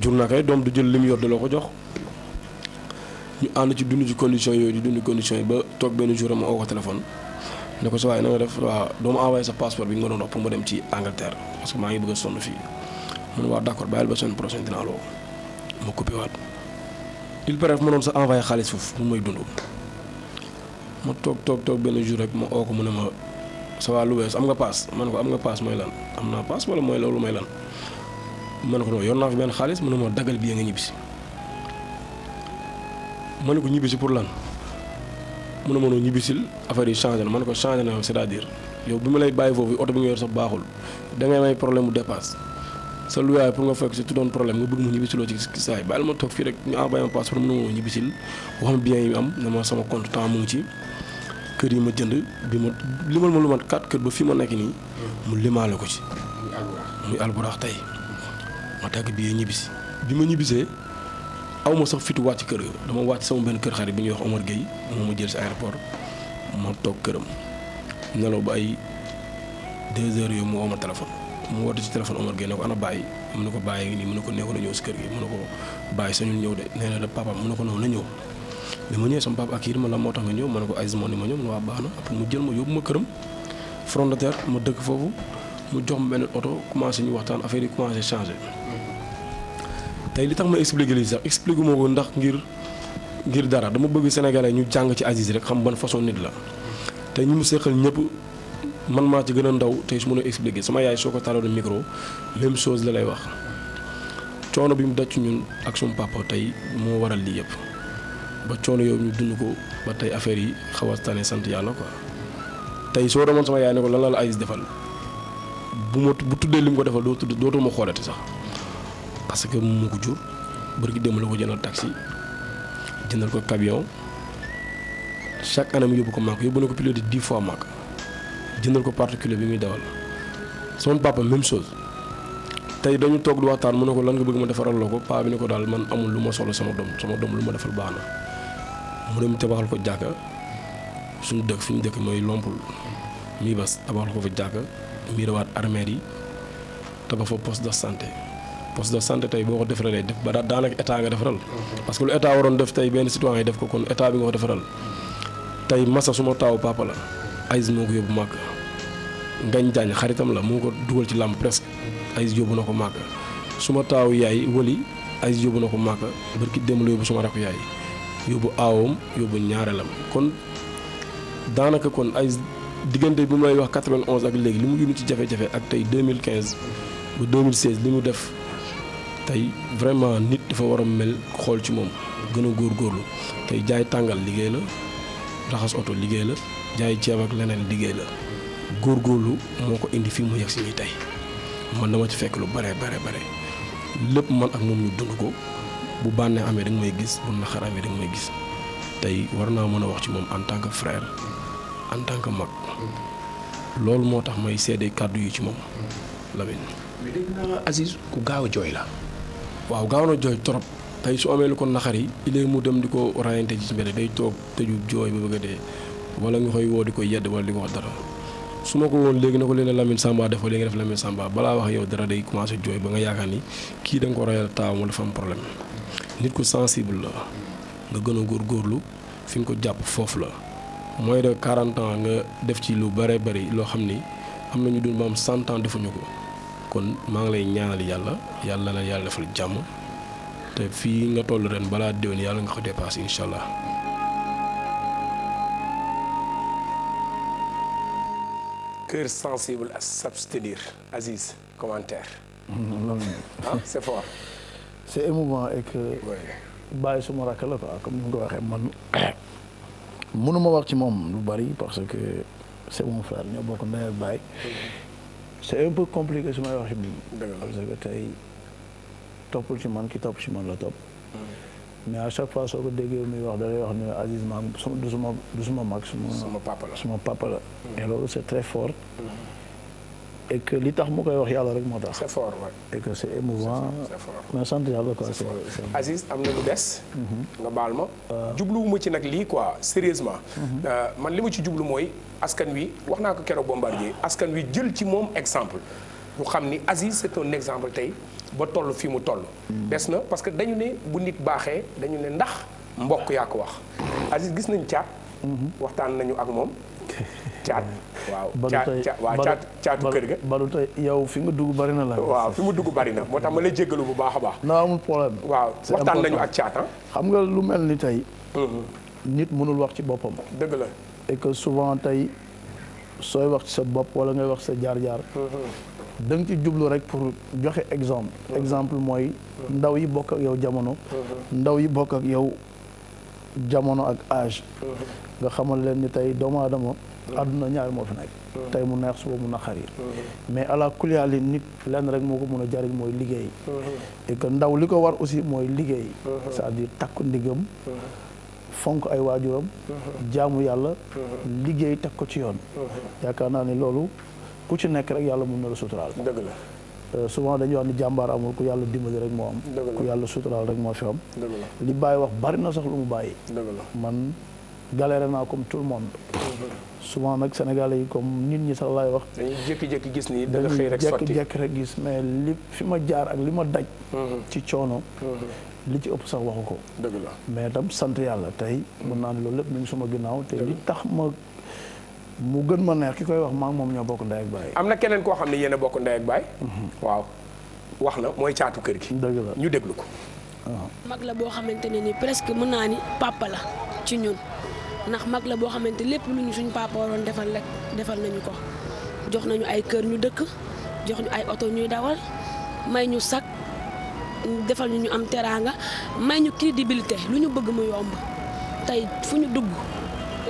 jur naa kay doom du jël li mu yor da la ko jox. ñu ànd ci dund ci condition yooyu di dund condition yi ba toog benn jour ma oo ko téléphone ne ko sa waaye na nga def waaw doo ma envoyé sa passeport bi nga doon wax pour ma dem ci Angleterre parce maa ngi bëgg sonn fii. mu ne waaw d'accord bàyyil ba semaine prochaine dinaa loo ma coupé waat. il paraît mënoon sa envoyé xaalis foofu mu may dund ma toog toog toog benn ju rek ma oo ko mu ne ma sa waa lu wees am nga paas man ko am nga paas mooy lan am naa paas wala mooy loolu mooy lan man ko non yoon naa fi benn xaalis mu ne ma daggal bi nga ñibbisi ma ne ko ñibbisi pour lan mu ne ma noonu ñibbisil affaire yi changé na ma ne ko changé na c'est-à-dire yow bi ma lay bàyyi foofu oto bi nga yor sax baaxul da ngay may problème mu sa luwaay pour nga fekk si tu doon problème nga bëgg mu ñibbisiloo ci saay baal ma toog fii rek ñu envoyé ma passeport am na ma sama compte temps mu ngi ci kër yi ma jënd bi ma limal ma lu mat 4 kër ba fi ma nekk nii mu limaale ko ci muy alburax tey ma tàgg bi ñibbisi bi ma ñibbisee aw ma sax fitu wàcc kër ga dama wàcc sama benn kër xarit bi ñuy wax Omar Gueye moo ma jël si aéroport ma toog këram nelaw ba ay 2 heures yooyu mu woo ma téléphone mu woote ci téléphone Omar Gueye ne ko ana bàyyi ko bàyyi nii ko nekkul a ñëw si kër gi mu ne ko bàyyi ñëw de nee na ko noonu la ñëw bi ma ñëwee sama papa ak yéen ma la moo tax nga ñëw ma ne ko ay zmoon yi ma ñëw ah na mu jël ma yóbbu ma këram front de terre ma dëkk foofu mu jox ma benn oto commencé ñu waxtaan affaire yi commencé changé tey li tax ma explique lii sax expliqué moo ko ndax ngir ngir dara dama bëgg sénégalais ñu jàng ci Aziz rek xam ban façon nit la te ñu mu seqal ñëpp man maa ci gën a ndaw tey su mën a expliquer sama yaay soo ko taaloon micro même chose la lay wax coono bi mu dacc ñun ak suñu papa tey moo waral lii yëpp ba coono yow ñu dund ko ba tey affaire yi xaw a tane sant yàlla ko tey soo demoon sama yaay ne ko lan la la Aziz defal bu ma bu tuddee li ko defal doo tudd dootoo ma xoolati sax parce que mu ko jur bër gi dem la ko jëndal taxi jëndal ko camion chaque année mu yóbbu ko màgg yóbbu na ko plus de jëndal ko particulier bi muy dewal sama papa même chose tey dañu toog di waxtaan mu ne ko lan nga bëgg ma defaral la ko paa bi ne ko daal man amul lu ma solo sama doom sama doom lu ma defal baax na mu dem tabaxal ko jàkka suñu dëkk fu ñu dëkk mooy lompul mii bas tabaxal ko fa jàkka miirawaat armée yi tabax fa poste de santé poste de santé tey boo ko defaralee def ba daanaka état nga defaral. parce que lu état waroon def tey benn citoyen def ko kon état bi nga defaral. tey masa suma taaw papa la. Aziz moo ko yóbbu màgg ngañ jaañ xaritam la moo ko dugal ci làmp presque Aziz yóbbu na ko màgg suma taaw yaay wëli Aziz yóbbu na ko màgg barki dem la yóbbu suma rakk yaay yóbbu aawam yóbbu ñaareelam kon daanaka kon Aziz diggante bi mu lay wax 91 ak léegi lu mu yónni ci jafe-jafe ak tey 2015 ba 2016 li mu def tey vraiment nit dafa war a mel xool ci moom gën a góorlu tey jaay tàngal liggéey la raxas oto liggéey la jaay ceeb ak leneen liggéey la góorgóorlu moo ko indi fi mu yegg si nii tey man dama ci fekk lu bare bare bare lépp man ak moom ñu dund ko bu bànnee amee da may gis bu naxar amee da nga may gis tey war naa mën a wax ci moom en tant que frère en tant que mag loolu moo tax may seede kàddu yi ci moom Lamine. mais dégg ku gaaw a jooy la. waaw gaaw na jooy trop tey su amee lu ko naxar yi. il mu dem di ko rayante ci mbedd day toog tëju jooy ba bëgg a dee. wala nga koy woo di koy yedd wala di ko dara su ma ko woon léegi na ko leen Lamine Samba dafa léegi def Lamine Samba balaa wax yow dara day commencé jooy ba nga yaakaar ni kii da nga ko rayal taawam wala dafa am problème nit ko sensible la nga gën a góor góorlu fi nga ko jàpp foofu la mooy de quarant ans nga def ci lu bare bari loo xam ni am nañu dund ba am 100 defuñu ko kon maa ngi lay ñaanal yàlla yàlla na yàlla defal jàmm te fii nga toll ren balaa déwén yàlla nga ko dépassé incha allah. cœur sensible à s'abstenir Aziz commentaire. Mm-hmm. ah c'est fort. c'est émouvant et que. oui bàyyi suma rakk la quoi comme ni nga ko waxee man. mënuma wax ci moom lu bari parce que c'est mon frère ñoo bokk ndey ak baay. Mm-hmm. c'est un peu compliqué su may wax ci moom. parce que tey toppul ci man ki top ci man la topp. Mm-hmm. mais à chaque fois soo ko déggee muy wax da wax ne Aziz ma du suma du suma mag suma papa la suma papa la mm-hmm. et c'est très fort mm-hmm. et que li tax moo koy wax yàlla rek moo tax c'est fort et que c'est émouvant mais sant yàlla quoi Aziz am na lu des mm-hmm. nga ma euh. jubluwuma ci nag lii quoi sérieusement euh, man li ma ci jublu mooy askan wi wax naa ko keroog bombardier askan wi jël ci moom exemple ñu xam ni Aziz c'est un exemple tey ba toll fii mu toll. des na parce que dañu ne bu nit baaxee dañu ne ndax mbokk yaa ko wax. Aziz gis nañ caat. Mhm. waxtaan nañu ak moom. caat waaw caat waaw caat caatu kër ga. balu tey yow fi nga dugg bari na la. waaw fi mu dugg bari na moo tax ma lay jéggalu bu baax a baax. non amul problème. waaw waxtaan nañu ak caat ah. xam nga lu mel ni tey. Mhm. nit mënul wax ci boppam. dëgg la et souvent tey sooy wax ci sa bopp wala ngay wax sa jaar-jaar. Mhm. da nga ci jublu rek pour joxe exemple. Mhm. exemple mooy. Mhm. ndaw yi bokk ak yow jamono. Mhm. ndaw yi bokk ak yow jamono ak âge. nga xamal leen ni tey doomu aadama. àdduna ñaar moo fi nekk. tey mu neex suba mu naqari. mais ala kulli nit lenn rek moo ko mën a jariñ mooy liggéey. et ndaw li ko war aussi mooy liggéey. c'est-à-dire takk ndigam. fonk ay waajuram. jaamu yàlla. liggéey teg ko ci yoon. yaakaar naa ni loolu. ku ci nekk rek yàlla mun na la suturaal. dëgg la. Euh, souvent dañuy wax ni jàmbaar amul ku yàlla dimbali rek moo am. ku yàlla suturaal rek moo fi am. li bàyyi wax bari na sax lu mu bàyyi. man galéré naa comme tout le monde. Mhm. souvent nag sénégalais yi comme nit ñi sax laay wax. dañuy jékki-jékki gis da nga xëy rek sotti dañuy gis mais li fi ma jaar ak li ma daj. Mhm. ci coono. Mhm. li ci ëpp sax waxu ko. dëgg la mais itam sant yàlla tey. mën naa ne loolu lépp mi ngi suma ginnaaw te li tax ma. mu gën ma neex ki koy wax maa moom ñoo bokk ndey ak baay. am na keneen koo xam ne yéen bokk ndey ak baay. Mhm. waaw wax na mooy caatu kër gi. dëgg la ñu déglu ko. Ah. mag la boo xamante ne ni presque mën naa ni papa ci ñun ndax mag la boo xamante lépp lu ñu suñ papa defal rek defal nañu ko jox nañu ay kër ñu dëkk jox ñu ay oto ñuy dawal may ñu sac defal ñu ñu am teraanga may ñu crédibilité lu ñu bëgg mu yomb tey fu ñu dugg.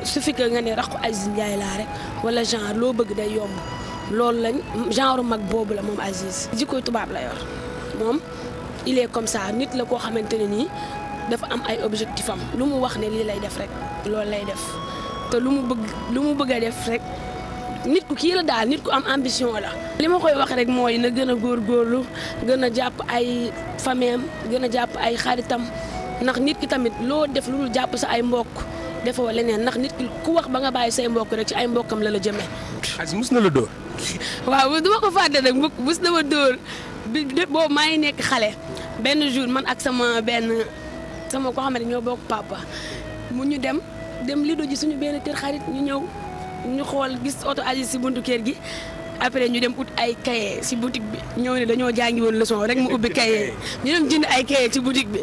su que nga ne rakku Aziz Ndiaye laa rek wala genre loo bëgg day yomb loolu lañ genre mag boobu la moom Aziz. jikkoy tubaab lay yor moom il est comme ça nit la koo xamante ne nii dafa am ay objectif am lu mu wax ne lii lay def rek loolu lay def te lu mu bëgg lu mu bëgg a def rek. nit ku kii la daal nit ku am ambition la. li ma koy wax rek mooy na gën a góor góorlu gën a jàpp ay fameem gën a jàpp ay xaritam ndax nit ki tamit loo def lu dul jàpp sa ay mbokk defoo leneen ndax nit ku wax ba nga bàyyi say mbokk rek ci ay mbokkam la la jëmee. as mus na la dóor. waaw du ma ko fàtte rek mus na ma dóor bi boobu maa ngi nekk xale benn jour man ak sama benn sama koo xam ne ñoo bokk papa mu ñu dem dem lido ji suñu benn kër xarit ñu ñëw ñu xool gis oto Aziz si buntu kër gi. après ñu dem ut ay cahier ci boutique bi ñëw ni dañoo jàngi woon leçon rek mu ubbi cahier ñu dem jënd ay kaye ci boutique bi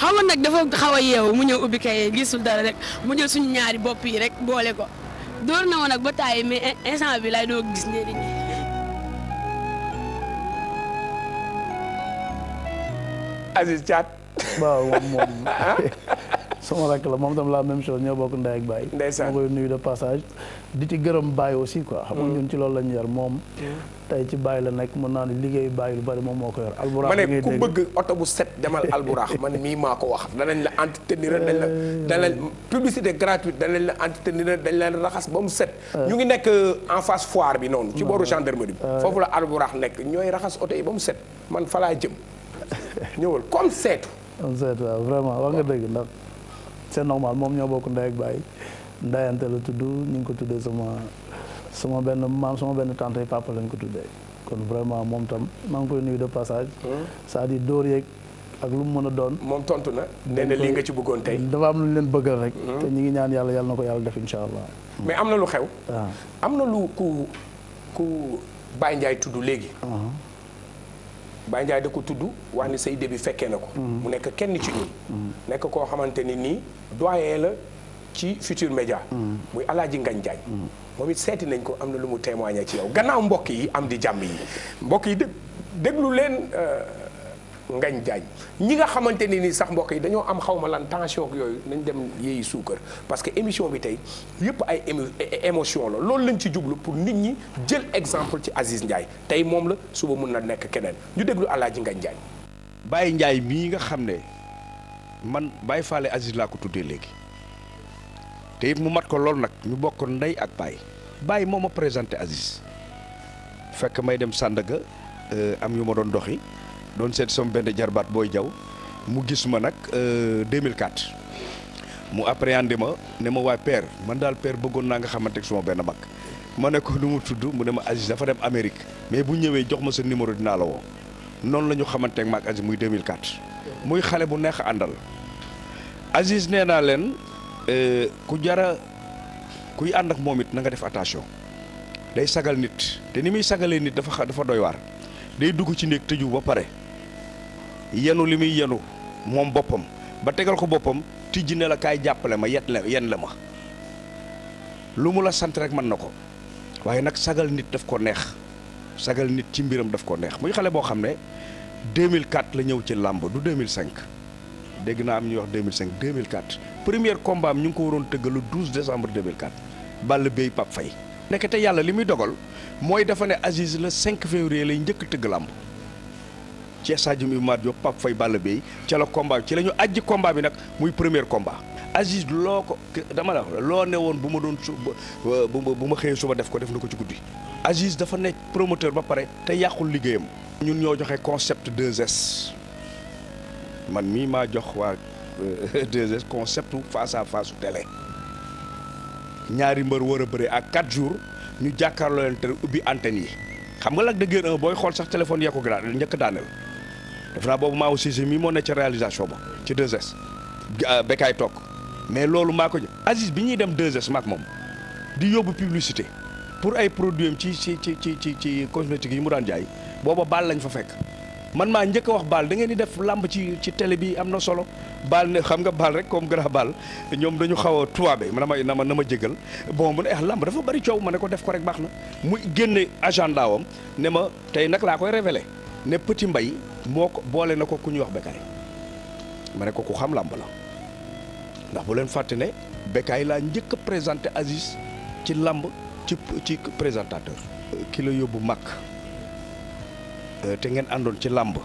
xam ma nag dafa xaw a yeewu mu ñëw ubbi cahier gisul dara rek mu jël suñu ñaari bopp yi rek boole ko dóor na woon nag ba taay mais instant bi laay doo gis njëriñ li. Aziz Thiat. waaw moom. Ah? sama rakk la moom tam la même chose ñoo bokk ndey ak baay. ndeysaan moo koy nuyu de passage. di ci gërëm baay aussi quoi. xam mm. ci loolu la ñu yar moom. Mm. tey ci baay la nekk mën naa ne liggéey baay lu bari moom moo ko yor. alburaax ma ne ku bëgg oto bu set demal alburaax man mii maa ko wax danañ la entretenir dañ la danañ publicité gratuite danañ la entretenir dañ la raxas ba mu set. Euh. ñu ngi nekk euh, en face foire bi noonu. ci euh. booru gendarmerie bi. foofu la alburaax nekk ñooy raxas oto yi ba mu set man falaa jëm ñëwal comme seetu. comme seetu waaw vraiment wax nga dëgg c'est normal moom ñoo bokk ndey ak baay ndayante la tuddu ñu ngi ko tuddee sama sama benn maam sama benn tante papa lañ ko tuddee kon vraiment moom tam maa ngi koy nuyu de passage. Hmm. saa di dire dóor yeeg ak lu mu mën a doon. moom tontu na nee na lii nga ci bëggoon tey. dafa am lu ñu leen bëggal rek. Hmm. te ñu ngi ñaan yàlla yàlla na ko yàlla def incha allah. mais am na lu xew. Ah. am na lu ku ku Baye Ndiaye tudd léegi. Uh-huh. Baye da ko tudd wax ni say début fekkee na ko. Mm-hmm. mu nekk kenn ci ñun. Mm-hmm. nekk koo xamante ni nii doyen la ci Futur Média. Mm-hmm. muy Alaaji Ngañ Jaañ moom it seeti nañ ko am na lu mu témoigner ci yow gannaaw mbokk yi am di jàmm yi mbokk yi déglu leen. Euh, ngañ jaañ ñi nga xamante ni nii sax mbokk yi dañoo am xaw ma lan tension yooyu nañ dem yeeyi suukar parce que émission bi tey yëpp ay émotion la loolu lañ ci jublu pour nit ñi jël exemple ci Aziz Ndiaye tey moom la suba mun na nekk keneen ñu déglu Alaaji Ngañ Jaañ Baye Ndiaye mii nga xam ne man bàyyi Fallé Aziz laa ko tuddee léegi te it mu mat ko lool nag ñu bokk ndey ak Baye bàyyi moo ma présenté Aziz fekk may dem Sandaga euh, am yu ma doon doxi doon seet sama benn jarbaat booy jaw mu gis ma nag 2004 euh, mu appréhendé ma ne ma waa père man daal père bëggoon naa nga xamante ne suma benn mag ma ne ko nu mu tudd mu ne ma Aziz dafa dem Amérique mais bu ñëwee jox ma sa numéro dinaa la woo noonu la ñu xamante ne maag Aziz muy 2004. muy xale bu neex a àndal Aziz nee naa leen euh, ku jara kuy ànd ak moom it na nga def attention day sagal nit te ni muy sagalee nit dafa dafa doy waar day dugg ci néeg tëju ba pare. yenu li muy yenu moom boppam ba tegal ko boppam tijji ne la kaay jàppale ma yet la yen la ma lu mu la sant rek mën na ko waaye nag sagal nit daf ko neex sagal nit ci mbiram daf ko neex muy xale boo xam ne 2004 la ñëw ci làmb du 2005 dégg naa am ñuy wax 2005 2004 premier combat am ñu ngi ko waroon tëggal le 12 décembre 2004 Balla Bèye Pape Faye nekkete yàlla li muy dogal mooy dafa ne Aziz le 5 février lay njëkk tëgg làmb ci stade Iba Mar Diop Pape Faye Balla Bèye ca la combat bi ci la ñu ajji combat bi nag muy premier combat Aziz loo ko dama la loo ne woon bu ma doon su bu ma xëyee suba def ko def na ko ci guddi Aziz dafa nekk promoteur ba pare te yàqul liggéeyam ñun ñoo joxe concept 2S man mii maa jox waa 2S euh, concept face à face télé ñaari mbër war a bëre ak 4 jours ñu jàkkaarloo te ubbi antenne yi xam nga Lac de Guiers 1 booy xool sax téléphone yee ko gra njëkk daaneel def naa boobu maa aussi si mii moo ne ca réalisation ba ci 2S euh, Bekaay toog mais loolu maa ko jë Aziz bi ñuy dem 2S maak moom di yóbbu publicité pour ay produit am ci ci ci ci ci ci cosmétique yi mu daan jaay booba baal lañ fa fekk man maa njëkk wax baal da ngeen di def làmb ci ci télé bi am na solo baal ne xam nga baal rek comme grand baal ñoom dañu xaw a tuwaabe na ma na ma na ma jégal bon mu ne ah làmb dafa bari coow ma ne ko def ko rek baax na mu génne agenda wam ne ma tey nag laa koy révélé ne Petit Mbay moo ko boole na ko ku ñuy wax Bécaye ma ne ko ku xam làmb la ndax bu leen fàtte ne Bécaye laa njëkk a présenté Aziz ci làmb ci ci présentateur ki la yóbbu mag euh, te ngeen àndoon ci làmb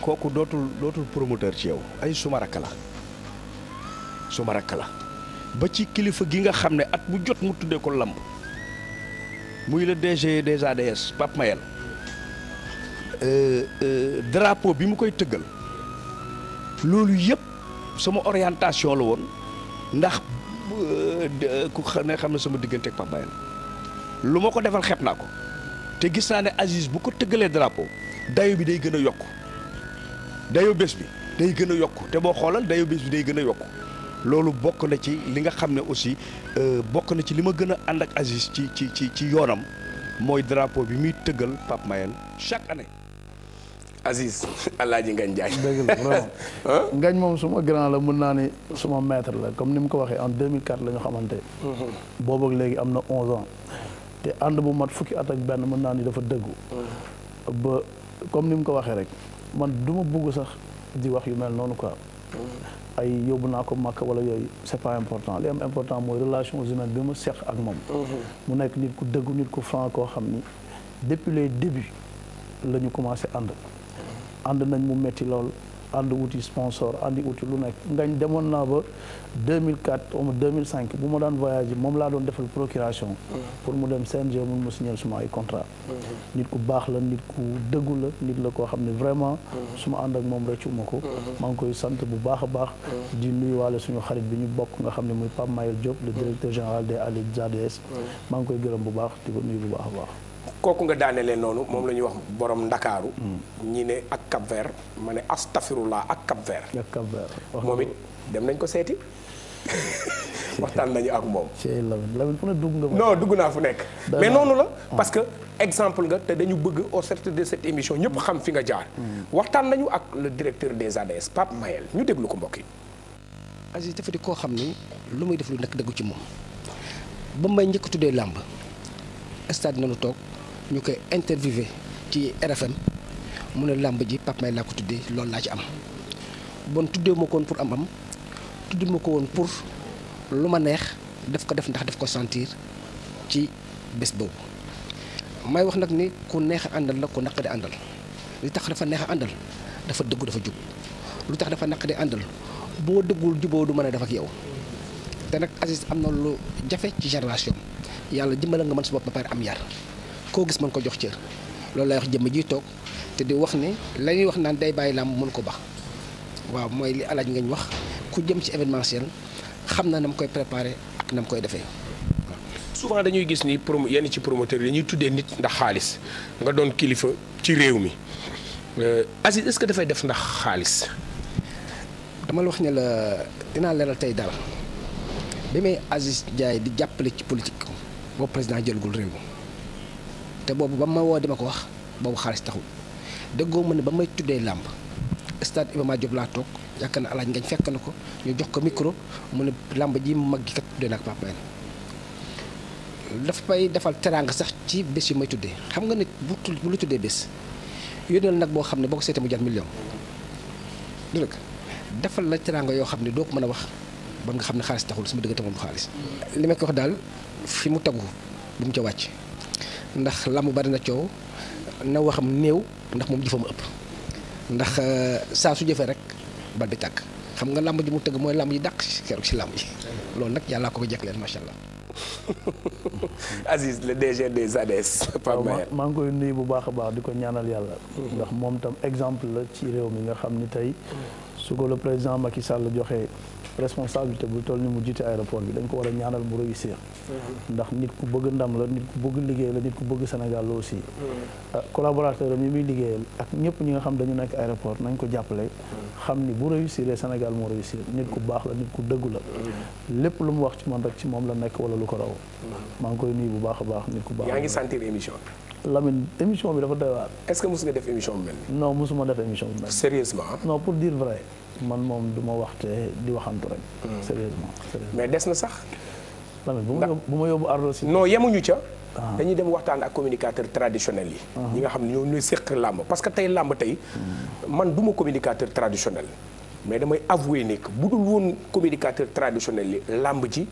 kooku dootul dootul promoteur ci yow ay suma rakk la suma rakk la ba ci kilifa gi nga xam ne at bu jot mu tuddee ko làmb muy le DG des ADS Pape Mayel Euh, euh, drapo bi mu koy tëggal loolu yëpp sama orientation la woon ndax euh, ku ne xam ne sama diggante ak Pape lu ma ko defal xeeb naa ko te gis naa ne Aziz bu ko tëggalee drapeau dayo bi day gën a yokku dayo bés bi day gën a yokk te boo xoolal dayo bés bi day gën a yokku loolu bokk na ci li nga xam ne aussi bokk na ci li ma gën a ànd ak Aziz ci ci ci ci yoonam mooy drapo bi muy tëggal Pape Mayel chaque année Aziz Alaaji Ngañ Njaay dëgg la vraiment Ngañ moom suma grand la mën naa ni suma maître la comme ni mu ko waxee en 2004 la ñu xamante mhm. boobu ak léegi am na onze ans te ànd bu mat fukki at ak benn mën naa ni dafa dëggu mhm. ba comme ni mu ko waxee rek man du bugg sax di wax yu mel noonu quoi mhm. ay yóbbu naa ko màkk wala yooyu c'est pas important li am important mooy relations humaines bi ma seq ak moom mu nekk nit ku dëggu nit ku franc koo xam ni depuis les débuts la commencé ànd ànd nañ mu metti lool ànd wuti sponsor àndi wuti lu nekk ngañ demoon naa ba 2004 ou 2005 bu ma daan voyage moom laa doon defal procuration mm-hmm. pour mu dem CNG mun ma signer suma ay contrat mm-hmm. nit ku baax la nit ku dëggu la nit la koo xam ne vraiment mm-hmm. suma ànd ak moom rëccu ma ko maa ngi koy sant bu baax a baax di nuyuwaale suñu xarit bi ñu bokk nga xam ne muy Pape Mayel Diop le directeur général des ALEDS ADS maa ngi koy gërëm bu baax di ko nuyu bu baax a baax kooku nga daane leen noonu moom la ñuy wax boroom ndakaaru hmm. ñi ne ak Cap Vert ma ne astafirullah ak Cap Vert ak Cap Vert moom it dem nañ ko seeti waxtaan nañu ak moom. non dugg naa fu nekk. mais noonu la ah. parce que exemple nga te dañu bëgg au sortir de cette émission ñëpp hmm. xam fi nga jaar. Hmm. waxtaan nañu ak le directeur des ADS Pape Mayel ñu déglu ko mbokk yi. Aziz dafa koo xam ni lu muy def lu nekk dëggu ci moom ba may njëkk tuddee làmb stade nu toog. ñu koy interviewé ci RFM mu ne làmb ji Pape May laa ko tuddee loolu laa ci am bon tuddee ma ko woon pour am am tuddee ma ko woon pour lu ma neex daf ko def ndax daf ko sentir ci bés boobu may wax nag ni ku neex a àndal la ku naqari àndal li tax dafa neex àndal dafa dëggu dafa jub lu tax dafa naqari àndal boo dëggul juboo du mën a def ak yow te nag Aziz am na lu jafe ci génération yàlla dimbala nga mën sa bopp ba pare am yar koo gis mën ko jox cër loolu lay wax jëmm jiy toog te di wax ni la wax naan day bàyyi làmb mën ko bax waaw mooy li alaaj ngañ wax ku jëm ci événementiel xam na na mu koy préparé ak na mu koy defee. souvent dañuy gis ni prom yenn ci promoteur yi dañuy tuddee nit ndax xaalis nga doon kilifa ci réew mi euh, Aziz est que dafay def ndax xaalis. dama la wax ne la dinaa leeral tey dara bi may Aziz Ndiaye di jàppale ci politique boobu président jëlagul réew te boobu ba ma woo di ko wax boobu xaalis taxul déggoo ma ne ba may tuddee làmb stade Iba Mar Diop laa toog yaakaar na alaaj ngañ fekk na ko ñu jox ko micro mu ne làmb ji mag gi kat tuddee naa ko Pape dafa may defal teraanga sax ci bés yu may tuddee xam nga nit bu lu tuddee bés yónneel nag boo xam ne boo ko seetee mu jar million du rek defal la teraanga yoo xam ne doo ko mën a wax ba nga xam ne xaalis taxul su ma dëgg taxul xaalis li ma ko daal fi mu tagu bu mu ndax lamu bari na coow na waxam néew ndax moom jëfam ëpp ndax euh, saa su jëfee rek bal bi tàkk xam nga làmb ji mu tëgg mooy làmb ji dàq keroog si làmb ji loolu nag yàllaa ko ko jekk leen macha allah. Aziz le DG des ADS. Pape Maye ngi koy nuyu bu baax a baax di ko ñaanal yàlla. Mhm. ndax moom tam exemple la ci réew mi nga xam ni tey. Mhm. su ko le président Macky Sall joxee responsabilité bu toll ni mu jiite aéroport bi dañ ko war a ñaanal mu réussir mm-hmm. ndax nit ku bëgg ndam la nit ku bëgg liggéey la nit ku bëgg Sénégal la aussi mm-hmm. ah, collaborateur yi muy liggéeyal ak ñëpp ñi nga xam dañu nekk aéroport nañ ko jàppale mm-hmm. xam ni bu réussir Sénégal moo réussir nit ku baax la nit ku dëggu la lépp lu mu wax ci man rek ci moom la nekk wala lu ko raw maa ngi koy nuyu bu baax a baax nit ku baax yaa ngi sentir émission Lamine émission bi dafa doy waar est-ce que mos bu mel man moom du ma waxte di waxantu rek. Hmm. sérieusement mais des na sax. Lamine bu ma yóbbu bu ma yóbbu Ardo si. non yemuñu ca. Ah. dañuy dem waxtaan ak communicateur traditionnel yi. Ah. ñi nga xam ne ñoo ñooy séq làmb parce que tey làmb tey. Hmm. man du ma communicateur traditionnel. mais damay avouer nekk bu woon communicateur traditionnel yi làmb ji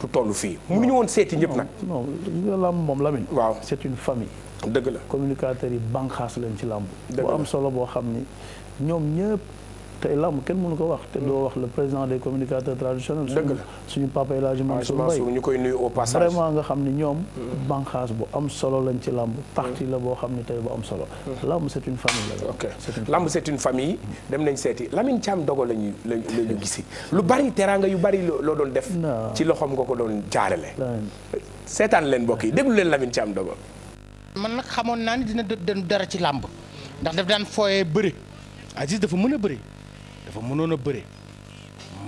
du toll fii. mënuñu woon seeti ñëpp nag. non moom Lamine. waaw c'est une famille. dëgg la communicateur yi banque banqaas leen ci lamb bu am solo boo xam ni ñoom ñëpp. tey làmb kenn mënu ko wax te doo wax le président des communicateurs traditionnels. dëgg la suñu papa El Hadj Mansour Mbaye ñu koy nuyu au passage. vraiment nga xam ni ñoom. Mm-hmm. banqaas bu am solo lañ ci làmb. parti mm-hmm. la boo xam ni tey bu am solo. Mm-hmm. làmb c' est une famille la. ok làmb c' est une dem nañ seeti Lamine Thiam dogo la ñuy la ñu gisi lu bari teraanga yu bari loo doon def. ci loxoom nga ko doon jaarale. seetaan leen mbokk yi déglu leen Lamine Thiam dogo. man nag xamoon naa ni dina dara ci làmb ndax daf daan fooyee bëri Aziz dafa mën a bëri. dafa mënoon a bëre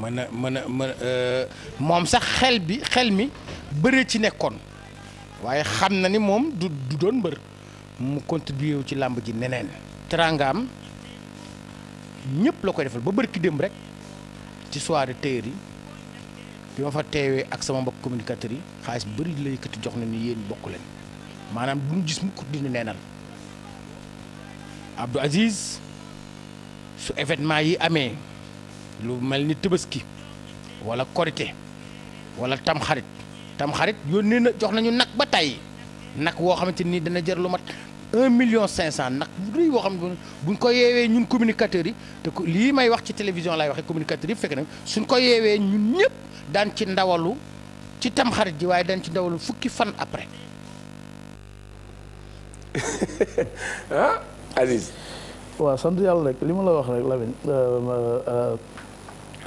mën a mën a mën euh, moom sax xel bi xel mi bëre ci nekkoon waaye xam na ni moom du doon mbër mu contribué wu ci làmb ji neneen teraangaam ñëpp la koy defal ba bërki démb rek ci soirée téer yi bi ma fa teewee ak sama mbokk communicateurs yi xaalis bëri la yëkkati jox na ni yéen bokk leen maanaam duñu gis mu ko dina neenal Aziz su événement yi amee lu mel ni Tabaski wala Korité wala Tamxarit Tamxarit yónnee na jox nañu nag ba tey nag woo xamante nii dana jër lu mat un cinq cent nag bu woo xam buñ ko yeewee ñun communicateurs yi te lii may wax ci télévision lay waxee communicateurs yi fekk na suñ ko yeewee ñun ñëpp daan ci ndawalu ci Tamxarit ji waaye daan ci ndawalu fukki fan après ah waaw sant yàlla rek li ma la wax rek Lamine euh, euh,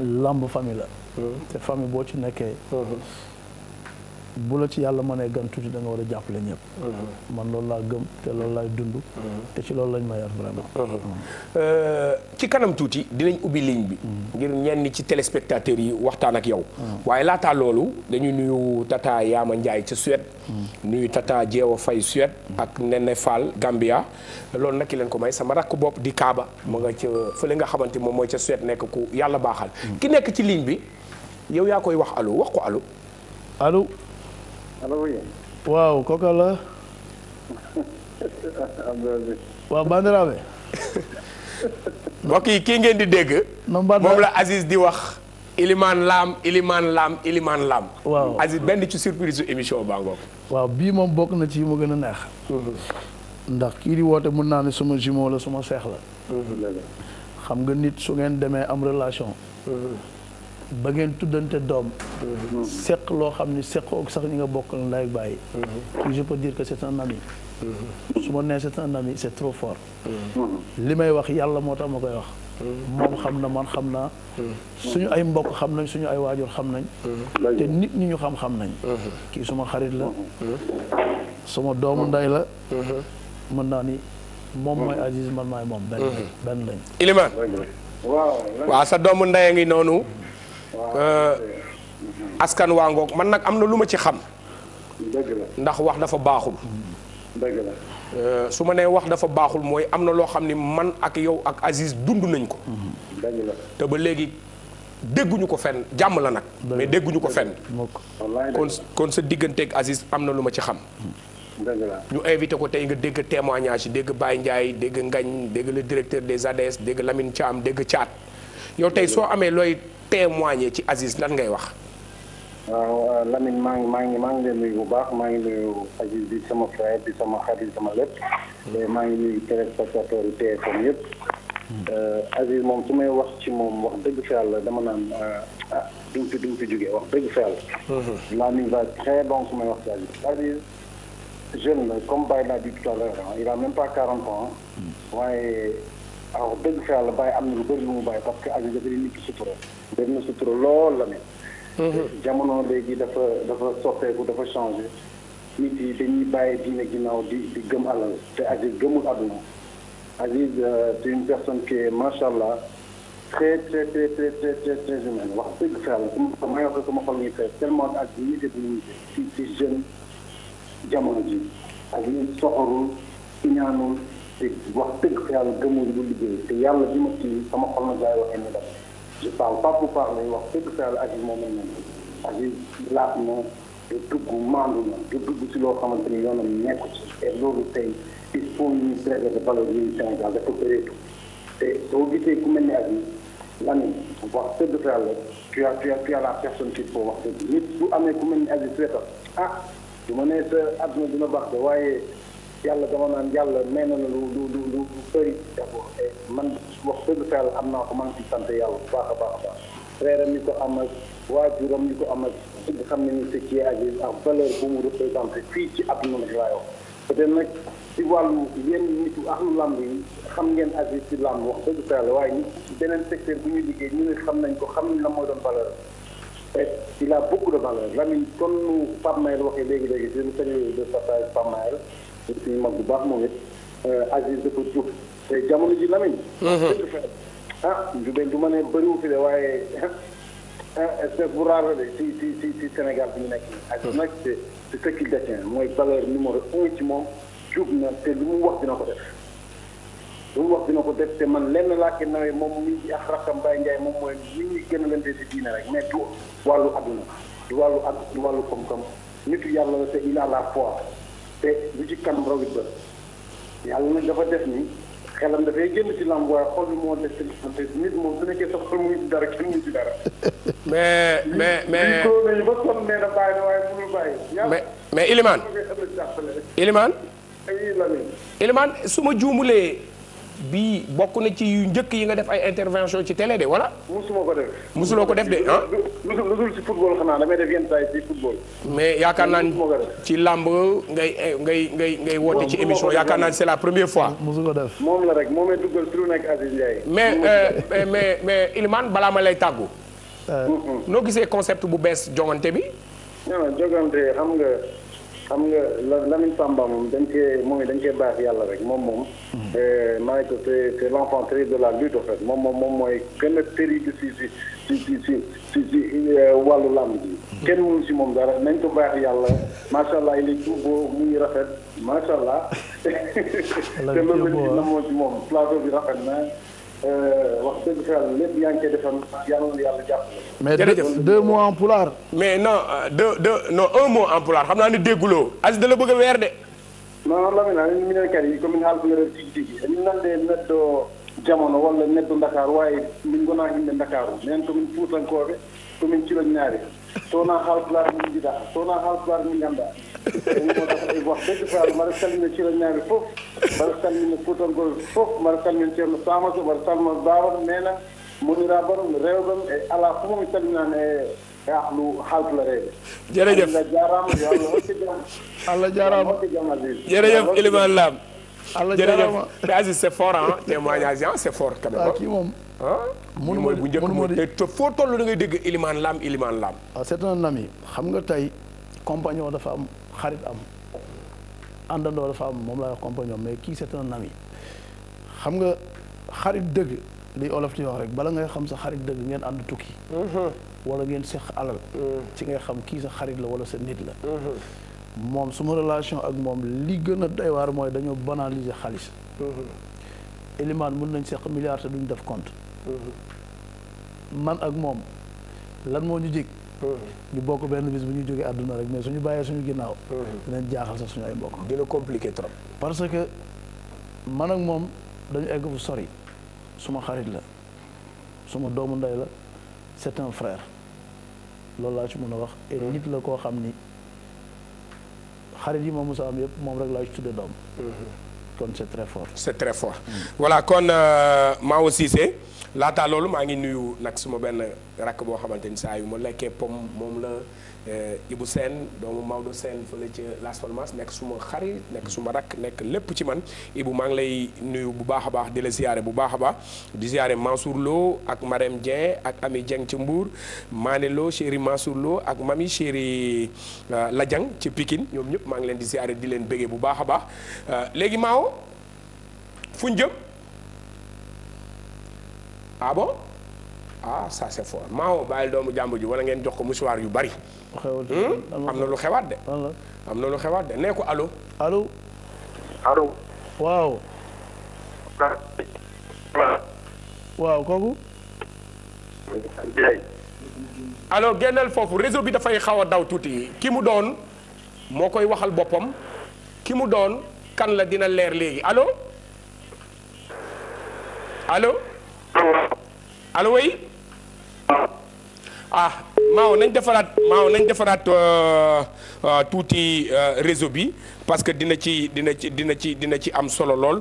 euh, lamb famille la mm-hmm. te famille boo ci nekkee mm-hmm. bu la ci yàlla mënee gan tuuti da nga war a jàppale ñëpp. Mm-hmm. man loolu laa gëm te loolu laay dund. Mm-hmm. te loolu lañ ma yar vraiment. Mm-hmm. Euh, ci kanam tuuti dinañ ubbi ligne bi. ngir ñenn ci téléspectateurs yi waxtaan ak yow. waaye laataa loolu dañuy nuyu Tata Yaama Ndiaye ca Suède. nuyu Tata Jeewa Fay Suède. ak Nene Fall Gambia. loolu nag ki leen ko may sama rakk bopp di Kaaba. moo nga ca fële nga xamante moom mooy ca Suède nekk ku yàlla baaxal. ki nekk ci ligne bi yow yaa koy wax allo wax ko allo. allo. waaw kooka la. waaw Bandarabe. Er mbokk yi kii ngeen di dégg. moom la Aziz di wax. Iliman Lam Iliman Lam Iliman Lam. waaw Aziz benn ci surprise su émission baa ngoog. waaw bii moom bokk na ci ma gën a neex. Mhm. ndax kii di woote mën naa ne suma jumeau la suma seex la. Mhm. xam nga nit su ngeen demee am relation. Mhm. ba ngeen tuddante doom mm-hmm. seq loo xam ni seqoog sax ñi nga bokk ndey ak bàyyi mm-hmm. je peux dire que c'est un ami mm-hmm. su ma nee c'est un ami c'est trop fort li may wax yàlla moo tax ma koy wax moom xam na man xam naa suñu ay mbokk xam nañ suñu ay waajur xam nañ te nit ñi ñu xam-xam nañ kii suma xarit la suma doomu ndey la mën naa ni moom mooy Aziz man maay moom benn benn lañ Iliman sa doomu ndey a ngi noonu Euh, askan waa ngoog man nag am na lu ma ci xam. ndax wax dafa baaxul. Euh, su ma nee wax dafa baaxul mooy am na loo xam ni man ak yow ak Aziz dund nañ ko. te ba léegi dégguñu ko fenn jàmm la nag. mais dégguñu ko fenn. kon kon sa digganteeg Aziz am na lu ma ci xam. ñu invité ko tey nga dégg témoignage yi dégg Baye Ndiaye dégg Ngañ dégg le directeur des ADS dégg Lamine Thiam dégg Thiat yow tey soo amee looy. témoigner ci Aziz lan ngay wax. waaw euh, Lamine maa ngi maa ngi maa ngi leen nuyu bu baax maa ngi nuyu Aziz bi sama frère bi sama xarit sama lépp. Mm. maa ngi nuyu téléspectateur yi TFM yëpp. Mm. Euh, Aziz moom su may wax ci moom wax dëgg fa yàlla dama naan euh, ah duñ fi duñ fi jógee wax dëgg fa yàlla. Mm-hmm. Lamine va très bon su may wax ci Aziz. Aziz jeune la comme Baye l'a dit tout à l'heure il a même pas 40 ans. waaye. waaw wax dëgg fa yàlla bàyyi am na lu bëri mu bàyyi parce que Aziz dafa di nit ki sutura. dem na sutura lool la ne. Mhm. jamono léegi dafa dafa soppeeku dafa changé. nit yi dañuy bàyyi diine ginnaaw di di gëm alal te Aziz gëmul àdduna. Aziz euh, c'est une personne qui est macha allah très très très très très très très humaine wax dëgg fa yàlla su ma waxee sama xol ñuy fees tellement ak nit yi bu ñu si si jeune jamono ji Aziz soxorul ñaanul. te wax dëgg fa yàlla gëmul lu te yàlla bi ma ci sama xol na jaay waxee ni daf je parle pas pour parler wax dëgg fa yàlla Aziz moom lañ leen Aziz laaj na te dugg maandu na te dugg si loo xamante ni yoonam nekku ci te loolu tey il faut ñu préserver valeur yi Sénégal dafa bëreetu te soo gisee ku mel ni Aziz lan wax dëgg fa yàlla tu as tu as tu as la personne bu ah, ma nee sa àdduna waaye yàlla dama naan yàlla may na la lu lu lu lu man wax dëgg fa yàlla am naa ko maa ngi ciy sant yàlla bu baax a baax a baax reeram ñu ko am ak waajuram ñu ko am ak dëgg xam nañu ce qui est Aziz a valeur bu mu fii ci àdduna bi laa yor peut être nag ci wàllu yenn nit ahlu làmb yi xam ngeen Aziz ci làmb wax dëgg fa yàlla waaye beneen secteur bu ñu liggéey ñu ne xam nañ ko xam nañ la mooy doon valeur il a beaucoup de valeur Lamine comme nu Pape Mayel waxee léegi-léegi seen sañ de passage Pape Mayel suñu bu baax moom it euh, Aziz dafa jub te jamono ji lamiñ mhm. ah du du ma ne bëriwu fi de waaye ah, ah, c'est bu rare de si si si si Sénégal bi ñu nekk ak nag c'est ce qu'il détient mooy valeur numéro un ci moom jub na te lu mu wax dina ko def lu mu wax dina ko def te man lenn laa ke nawee moom mi ak rakkam Baye Ndiaye moom mooy li ñuy gën a leen di rek mais du wàllu adduna du wàllu ad du wàllu koom-koom nitu yàlla la te il a la foi te bu ci kanam rawit ni xelam dafay génn ci làmb waaye xol bi moo des ci làmb te nit moom su nekkee mais mais mais ko nañu ba sonn nee na bàyyi na waaye mënul bàyyi. mais mais Ilimane Ilimane. Ilimane ma juumulee. bii bokk na ci yu njëkk yi nga def ay intervention ci télé de wala. musuma ko def. musuloo ko def de ah. lu lu dul ci football xanaa damay def ci football. mais yaakaar naa ci làmb ngay ngay ngay ngay ci émission yaakaar naa c'est la première fois. musu ko def moom la rek moomay duggal turu euh, mais mais mais Ilimane balaa ma lay tàggu. Euh. noo gisee concept bu bees jongante bi. non jogante xam nga. xam nga la Lamine Samba moom dañ cee moom dañ cee baax yàlla rek moom moom. Hmm. maa ngi ko c'est te l'enfant terrible de la lutte en moom moom moom mooy gën a terrible si si si si si si si euh, wàllu làmb ji. Hmm. kenn mënu si moom dara nañ ko baax yàlla macha allah il est tout muy rafet macha allah. te loolu la ñu namoo si moom plateau bi rafet na. Euh, wax dëgg fa lépp yaa ngi koy defal yàlla na yàlla jàppale. mais deux deux mois en pulaar. mais non euh, deux deux non un mot en pulaar xam naa ne dégguloo Aziz da la bëgg a weer de. non Lamina ñun ñu ne kër yi commune Haal bu yore digg digg ñu naan de neddoo jamono wala neddoo Ndakaaru waaye ñu ngi ko naan indi Ndakaaru neen commune Fuutankoobe commune Thiel ak ñaari. sowona haalpulaar min mbiɗa sowona haalpulaar min gannda wax degg faal mbaɗa salmina ciroñaaɓe fof mbaɗa salmina fuutankol fof mbaɗa salmina ceerno samata mbaɗa salmina bawam nena monira barom rewɓam e ala fof mi salminani e e ahlu haalpulareɓe jërëjëf jarama yo allah hokke jam allah jarama hokke jam asis jërëjëf iliman lam allah jarama mais asis c'est fort hein témoignage hein c'est fort quand même ah, kii moom Ah, mënu ma bu njëkk mooy te foo toll da ngay dégg ilimaan laam ilimaan laam. waaw ah, c'est un nga tey compagnon dafa am xarit am àndandoo dafa am moom laa wax compagnon mais kii c'est un ami xam nga xarit dëgg li olof di wax rek bala ngay xam sa xarit dëgg ngeen ànd tukki. Mm-hmm. wala ngeen seq alal. Mm. ci ngay xam kii sa xarit la wala sa nit la. Mm-hmm. moom suma relation ak moom li gën a day waar mooy dañoo banaliser xaalis. Elimaan mm-hmm. mën nañ seq milliard te duñ def compte. Mm-hmm. man ak moom lan moo ñu jig mm-hmm. ñu bokk benn bis bu ñuy jógee àdduna rek mais suñu bàyyee suñu ginnaaw mm-hmm. dinañ jaaxal sax suñu ay mbokk dina compliqué trop parce que man ak moom dañu egg fu sori suma xarit la suma doomu ndey la c'est un frère loolu laa ci mën a wax et nit la koo xam ni xarit yi moom mos am yëpp moom rek laa ci tuddee doom kon c'est très fort. c'est très fort voilà kon euh, Mao Cissé laataa loolu maa ngi nuyu nag suma benn rakk boo xamante ni saa yu mu lekkee pom moom la. Eh, Ibou Sène doomu Maodo Sène fële ci Las Palmas nekk suma xarit nekk suma rakk nekk lépp ci man Ibou maa ngi lay nuyu bu baax a baax di la siyaare bu baax a baax di ziyaare Mansour Lo ak Marème Dieng ak Ami Dieng ci Mbour Mané Lo chéri Mansour Lo ak mami chéri euh, Ladiang ci Pikine ñoom ñëpp maa ngi leen di ziyaare di leen bëggee bu baax a baax euh, léegi Mao fu ñu jëm ah bon ah ça c'est fort Mao bàyyil doomu jàmbur ji wala ngeen jox ko mouchoir yu bari Hmm? am na lu xewaat de. am na lu xewaat de nee ko alo allo. allo. waaw. waaw kooku. alors génneel foofu réseau bi dafay xaw a daw tuuti ki mu doon moo koy waxal boppam ki mu doon kan la dina leer léegi alo allo. allo oui. ah. maaw nañ defaraat maaw nañ defaraat euh, euh, tuuti euh, réseau bi parce que dina ci dina ci dina ci dina ci am solo lool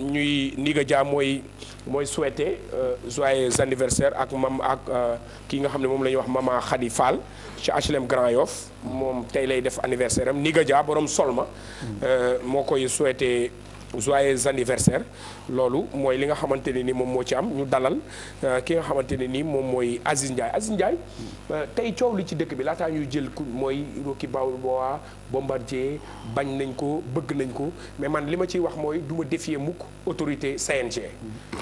ñuy Ndiga Dia mooy mooy souhaité joyeux anniversaire ak mam ak ki nga xam ne moom la ñuy wax mamaa Khady Fall ci HLM Grand Yoff moom tey lay def anniversaire am Ndiga Dia borom Solma moo koy souhaité. joyeux anniversaire loolu mooy li nga xamante ne ni moom moo ci am ñu dalal euh, ki nga xamante ne ni moom mooy Aziz Ndiaye Aziz Ndiaye euh, tey coow lu ci dëkk bi laataa ñuy jël ku mooy Rocky Balboa Bombardier bañ nañ ko bëgg nañ ko mais man li ma ciy wax mooy du ma mukk autorité CNG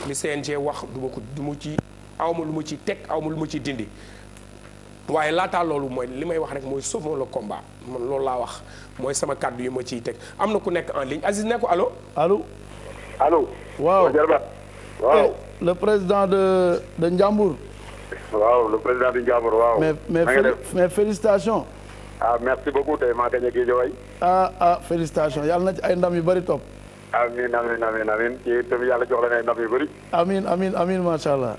li CNG wax du ma ko du ci awma lu ma ci teg awma lu ma ci dindi waaye laataa loolu mooy li may wax rek mooy sauvons le combat loolu laa wax mooy sama kàddu yi ma ci teg am na ku nekk en ligne Aziz ne alo alo alo allo. waaw waaw eh, président de de Ndiambour. waaw le président de Ndiambour waaw. mais mais mais félicitations. Ah, merci beaucoup tey maa gagné Guédiawaye. ah ah félicitations yàlla na ci ay ndam yu bëri topp. amin amin amin amin ci yàlla jox la yu bëri. amin amin amin macha allah.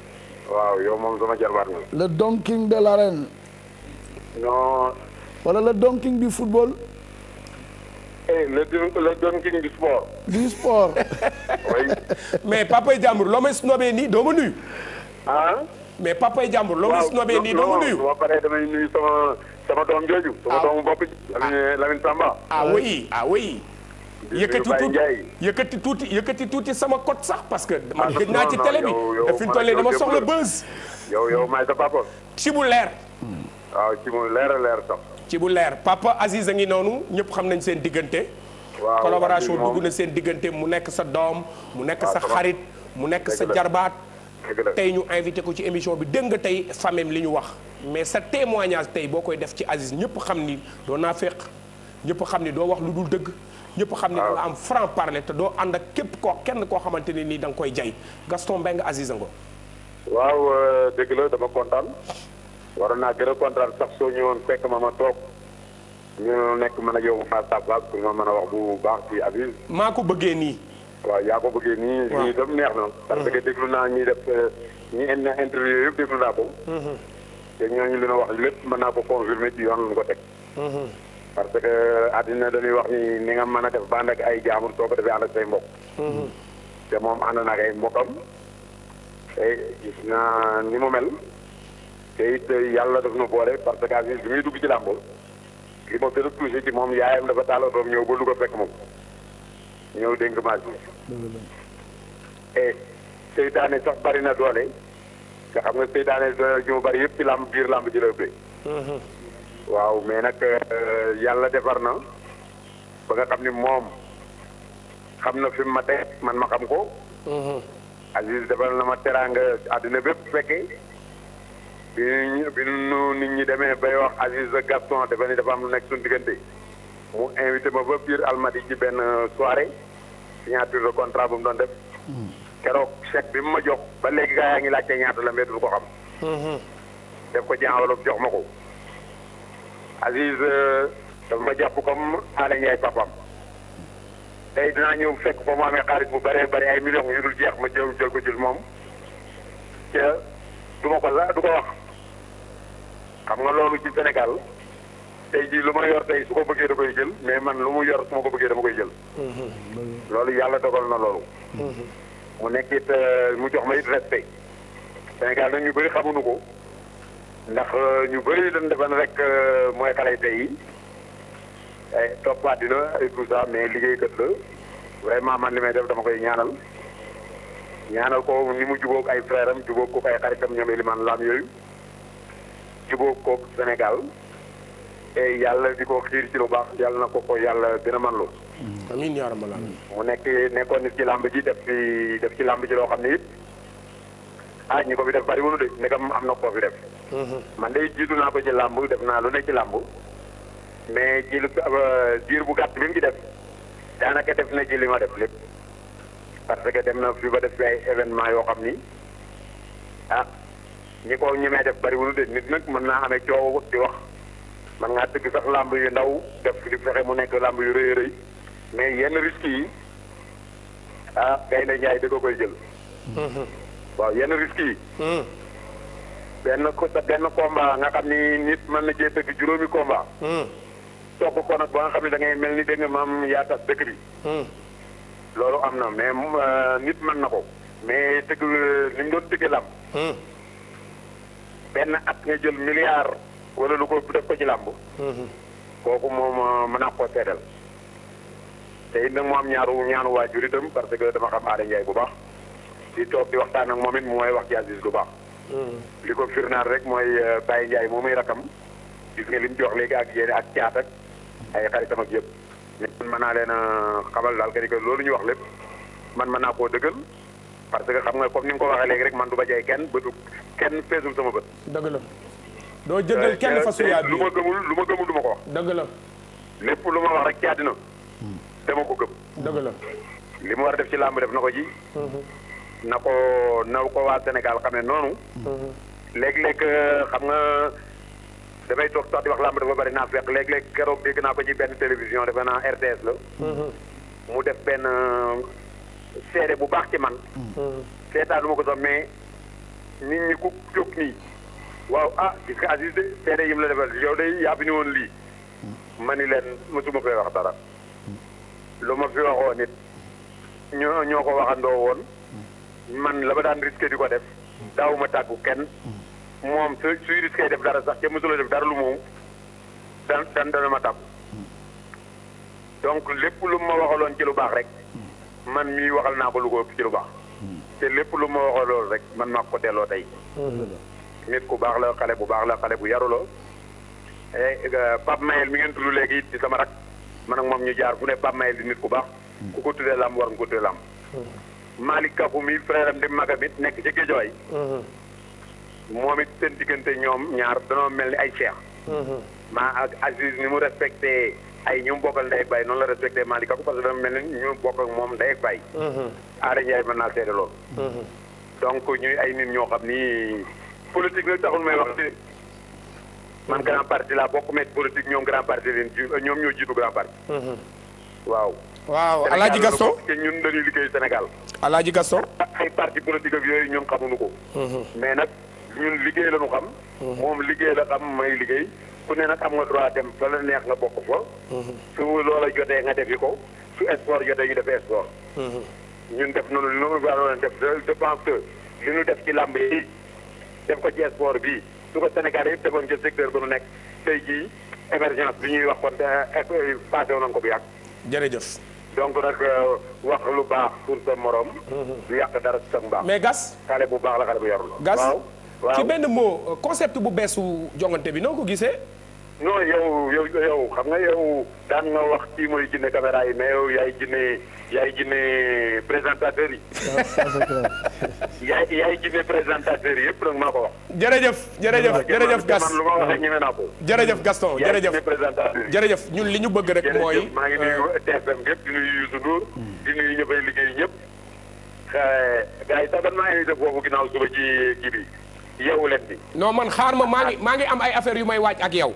waaw yow moom sama jarbaat la. le Don King de l'arène. wala le Don du football. le eh, le Don sport. du sport. oui. mais papay jàmbur loo may snobee nii doo ma nuyu. ah. mais papay jàmbur loo may snobee nii doo ma nuyu. waaw ah oui ah oui. yëkkati tuuti yëkkati tuuti sama code sax parce que. man ah, gëj naa ci bi te fi mu dama soxla buzz. yow yow maay sa papa. ci leer. waaw ah, leer leer sax. ci bu leer papa Aziz a ngi noonu ñëpp xam nañ seen diggante. waaw collaboration dugg na seen diggante mu nekk sa doom. mu nekk sa xarit mu nekk sa jarbaat. tey ñu invité ko ci émission bi dégg nga tey famem li ñu wax. mais sa témoignage tey boo koy def ci Aziz ñëpp xam ni doo naa féq ñëpp xam ni doo wax lu dul dëgg. ñëpp xam ni da am franc parler te doo ànd ak képp koo kenn koo xamante ne nii da nga koy jay Gaston Mbengue Aziz Ngo. waaw euh, dëgg la dama waroon naa gën a kontaan sax soo ñëwoon fekk ma ma toog ñu nekk man a yow face à face ma mën a wax bu baax ci Aziz. maa ko bëggee nii. waaw yaa ko bëggee nii. waaw nii neex na. parce que déglu naa ñuy def euh, ñi interview yëpp déglu naa ko. Mm-hmm. te ñooñu lu ñu wax lépp mën naa ko confirmer ci yoon lu ko teg. Mm-hmm. parce que euh, àddina dañuy wax ni ni nga mën a def bànd ak ay jaamur soo ko defee ànd ak say mbokk. Mm-hmm. te moom ànd na ak ay mbokkam. naa ni mu mel. te eh, yàlla def na boole parce que Aziz bi muy dugg ci làmb li ma gën a ci moom yaayam dafa taal otoom ñëw ba Louga fekk moom ñëw dénk ma Aziz et eh, seytaane sax bari na doole nga xam nga seytaane doole ñu bari yëpp ci làmb biir làmb ji la ëppee mm-hmm. waaw mais nag eh, yàlla defar na ba nga xam ni moom xam na fi mu ma teg man ma xam ko mm-hmm. Aziz defal na ma teraanga àddina bépp fekkee bi ñu bi nit ñi demee bay wax Aziz Gaston dafa ni dafa am lu nekk suñu diggante mu invité ma ba biir Almadi ci benn soirée signature de contrat bu mu doon def. Hmm. keroog chèque bi mu ma jox ba léegi gaa yaa ngi laajte ñaata la mbéy du ko xam. Hmm. def ko ci enveloppe jox ma ko. Aziz euh, dafa ma jàpp ko Aly Ndiaye papam tey dinaa ñëw fekk mu amee xaalis bu bëree bëri ay millions yu jeex ma jël jël ko jël moom du ma ko la du ko wax. xam nga loolu ci Sénégal tey jii lu ma yor tey su ko bëggee da koy jël mais man lu mu yor su ma ko bëggee dama koy jël. Mm-hmm. loolu yàlla dogal na loolu. Mm-hmm. mu nekk it euh, mu jox ma it respect. Sénégal nag ñu bëri xamuñu ko ndax euh, ñu bëri dañ defan rek euh, mooy xale yi tey eh, ay topp àddina et tout ça mais liggéeykat la vraiment man li may def dama koy ñaanal ñaanal ko ni mu jubóog ay frère am jubóog ko ay xaritam ñoom Elimane Lam yooyu. jubóo koog Sénégal et yàlla di ko xiir ci lu baax yàlla na ko ko yàlla gën a mën lu amiin yaa rabbal aalamiin mu nekk nekkoon nit ci làmb ji def ci def ci làmb ji loo xam ne it ah ñi ko fi def bari wunu de ndegam am na ko fi def mhm. man de jiitu naa ko ci làmb def naa lu ne ci làmb mais ji lu euh, diir bu gàtt bi ci def daanaka def na ci li ma def lépp parce que dem na fi ba def fi ay événement yoo xam ni ah, ñi ko ñemee def bariwul de nit nag mën naa xam xamee coow ci wax man ngaa tëgg sax làmb yu ndaw def di fexe mu nekk làmb yu rëy rëy mais yenn risques yi ah gaynde njaay da ko koy jël mm-hmm. waaw yenn risques yi mm. benn ko benn combat nga xam ni nit mën na cee tëgg juróomi komba mm. togg ko nag ba nga xam ne dangay mel ni dégg nga maam yaa tas dëkk mm. loolu am na mais euh, nit mën na ko mais tëgg li euh, mu doon tëggee làmb benn at nga jël milliard wala lu ko def ko ci làmb mhm. kooku moom euh, mën naa koo seedal te it nag mu am ñaaru ñaanu jur itam parce que dama xam Aada Njaay bu baax di toog di waxtaan ak moom it mooy wax ci Aziz baax mhm. li ko firnaal rek mooy euh, Baye Njaay moom muy rakam gis nga lim wax léegi ak yéen ak caat ak ay xaritam ak yëpp man mën naa leen a euh, xamal daal que loolu ñu wax lépp man mën naa koo dëggal parce que xam nga comme ni nga ko waxee léegi rek man du ba jaay kenn ba dugg kenn feesul sama bët. dëgg la doo jëndal kenn fasu yaa bi lu ma gëmul lu ma ko wax. dëgg la. lépp lu ma wax rek ci dama ko gëm. dëgg la. li mu war a def ci làmb def na ko ji. Mhm. na ko na ko waa Sénégal xam ne noonu. Mhm. léeg-léeg euh, xam nga damay toog sax di wax làmb dafa bari naa fekk léeg-léeg keroog dégg naa ko ci benn télévision defe naa RTS la. Mhm. mu def benn euh, seede bu baax ci man. seetaanu ma ko sax mais. nit ñi ku jóg nii waaw ah gis nga Aziz de seede yim la defal yow de yaa bi woon lii ma ni leen mosuma fee wax dara lu ma fi waxoon it ñoo ñoo ko waxandoo woon man la ma daan risqué di ko def daaw ma tàggu kenn moom su suy risqué def dara sax te mosula def dara lu moom dan dan dana ma tàggu donc lépp lu ma waxaloon ci lu baax rek man mii waxal naa ko lu ko ci lu baax te lépp lu ma waxoon loolu rek man maa ko delloo tey. nit ku baax la xale bu baax la xale bu yaru la. Eh, eh, Pape Mayel mi ngeen tudd léegi di sama rak man ak moom ñu jaar fu ne Pape Mayel di nit ku baax. ku ko tuddee lam war nga ko tuddee lam. Malick Gakou mi frère am di magam it nekk ci Géejawaay. moom it seen diggante ñoom ñaar danoo mel ni ay ceex. Mm-hmm. maa ak Aziz ni mu respecté. ay ñu bokkal ndey ak baay noonu la respecté Malick Gakou parce que dama mel ni ñu bokk moom ndey ak baay. Mhm. Aara Ndiaye mën naa seede loolu. Mhm. donc ñuy ay nit ñoo xam ni politique nag taxul may wax de man grand parti laa bokk mais politique ñoom grand parti leen ji ñoom ñoo jiitu grand parti. Mhm. waaw. waaw Alaaji Gasso ñun dañuy liggéey Sénégal. Alaaji Gasso. ay parti politique ak yooyu ñun xamuñu ko. mais nag ñun liggéey la ñu xam. moom liggéey la xam may liggéey. ku ne nag am nga droit dem fa la neex nga bokk fa. Mhm. su jotee nga defi ko su sport jotee ñu def sport. Mhm. ñun def noonu li ñu waroon def je pense que li ñu def ci làmb yi def ko ci sport bi su ko Sénégal yëpp defoon ci secteur bu nu nekk tey jii émergence bi ñuy wax kon te eh, eh, eh, passé woon nañ ko bu yàgg. jërëjëf. donc nag euh, wax lu baax pour sa moroom mhm. du yàq dara ci sa mbaax. mais gas. xale bu baax la xale bu yarul. gas waaw ci benn moo concept bu beesu jongante bi noo ko gisee. non yow yow yow xam nga yow daan nga wax kii mooy jinne caméra yi mais yow yaay jinne yaay jinne présentateur yi. yaay yaay jinne présentateur yi yëpp nag maa ko wax. jërëjëf jërëjëf jërëjëf Gas man lu ma waxee ñeme naa ko. jërëjëf Gaston jërëjëf jërëjëf ñun li ñu bëgg rek. mooy maa ngi nuyu TFM yëpp di nuyu Youssou Ndour. Hmm. di nuyu liggéey ñëpp. gars yi sax man maa ngi def foofu ginnaaw suba ci kii bi. yeewu leen bi. non man xaar ma maa ngi maa ngi am ay affaires yu may waaj ak yow.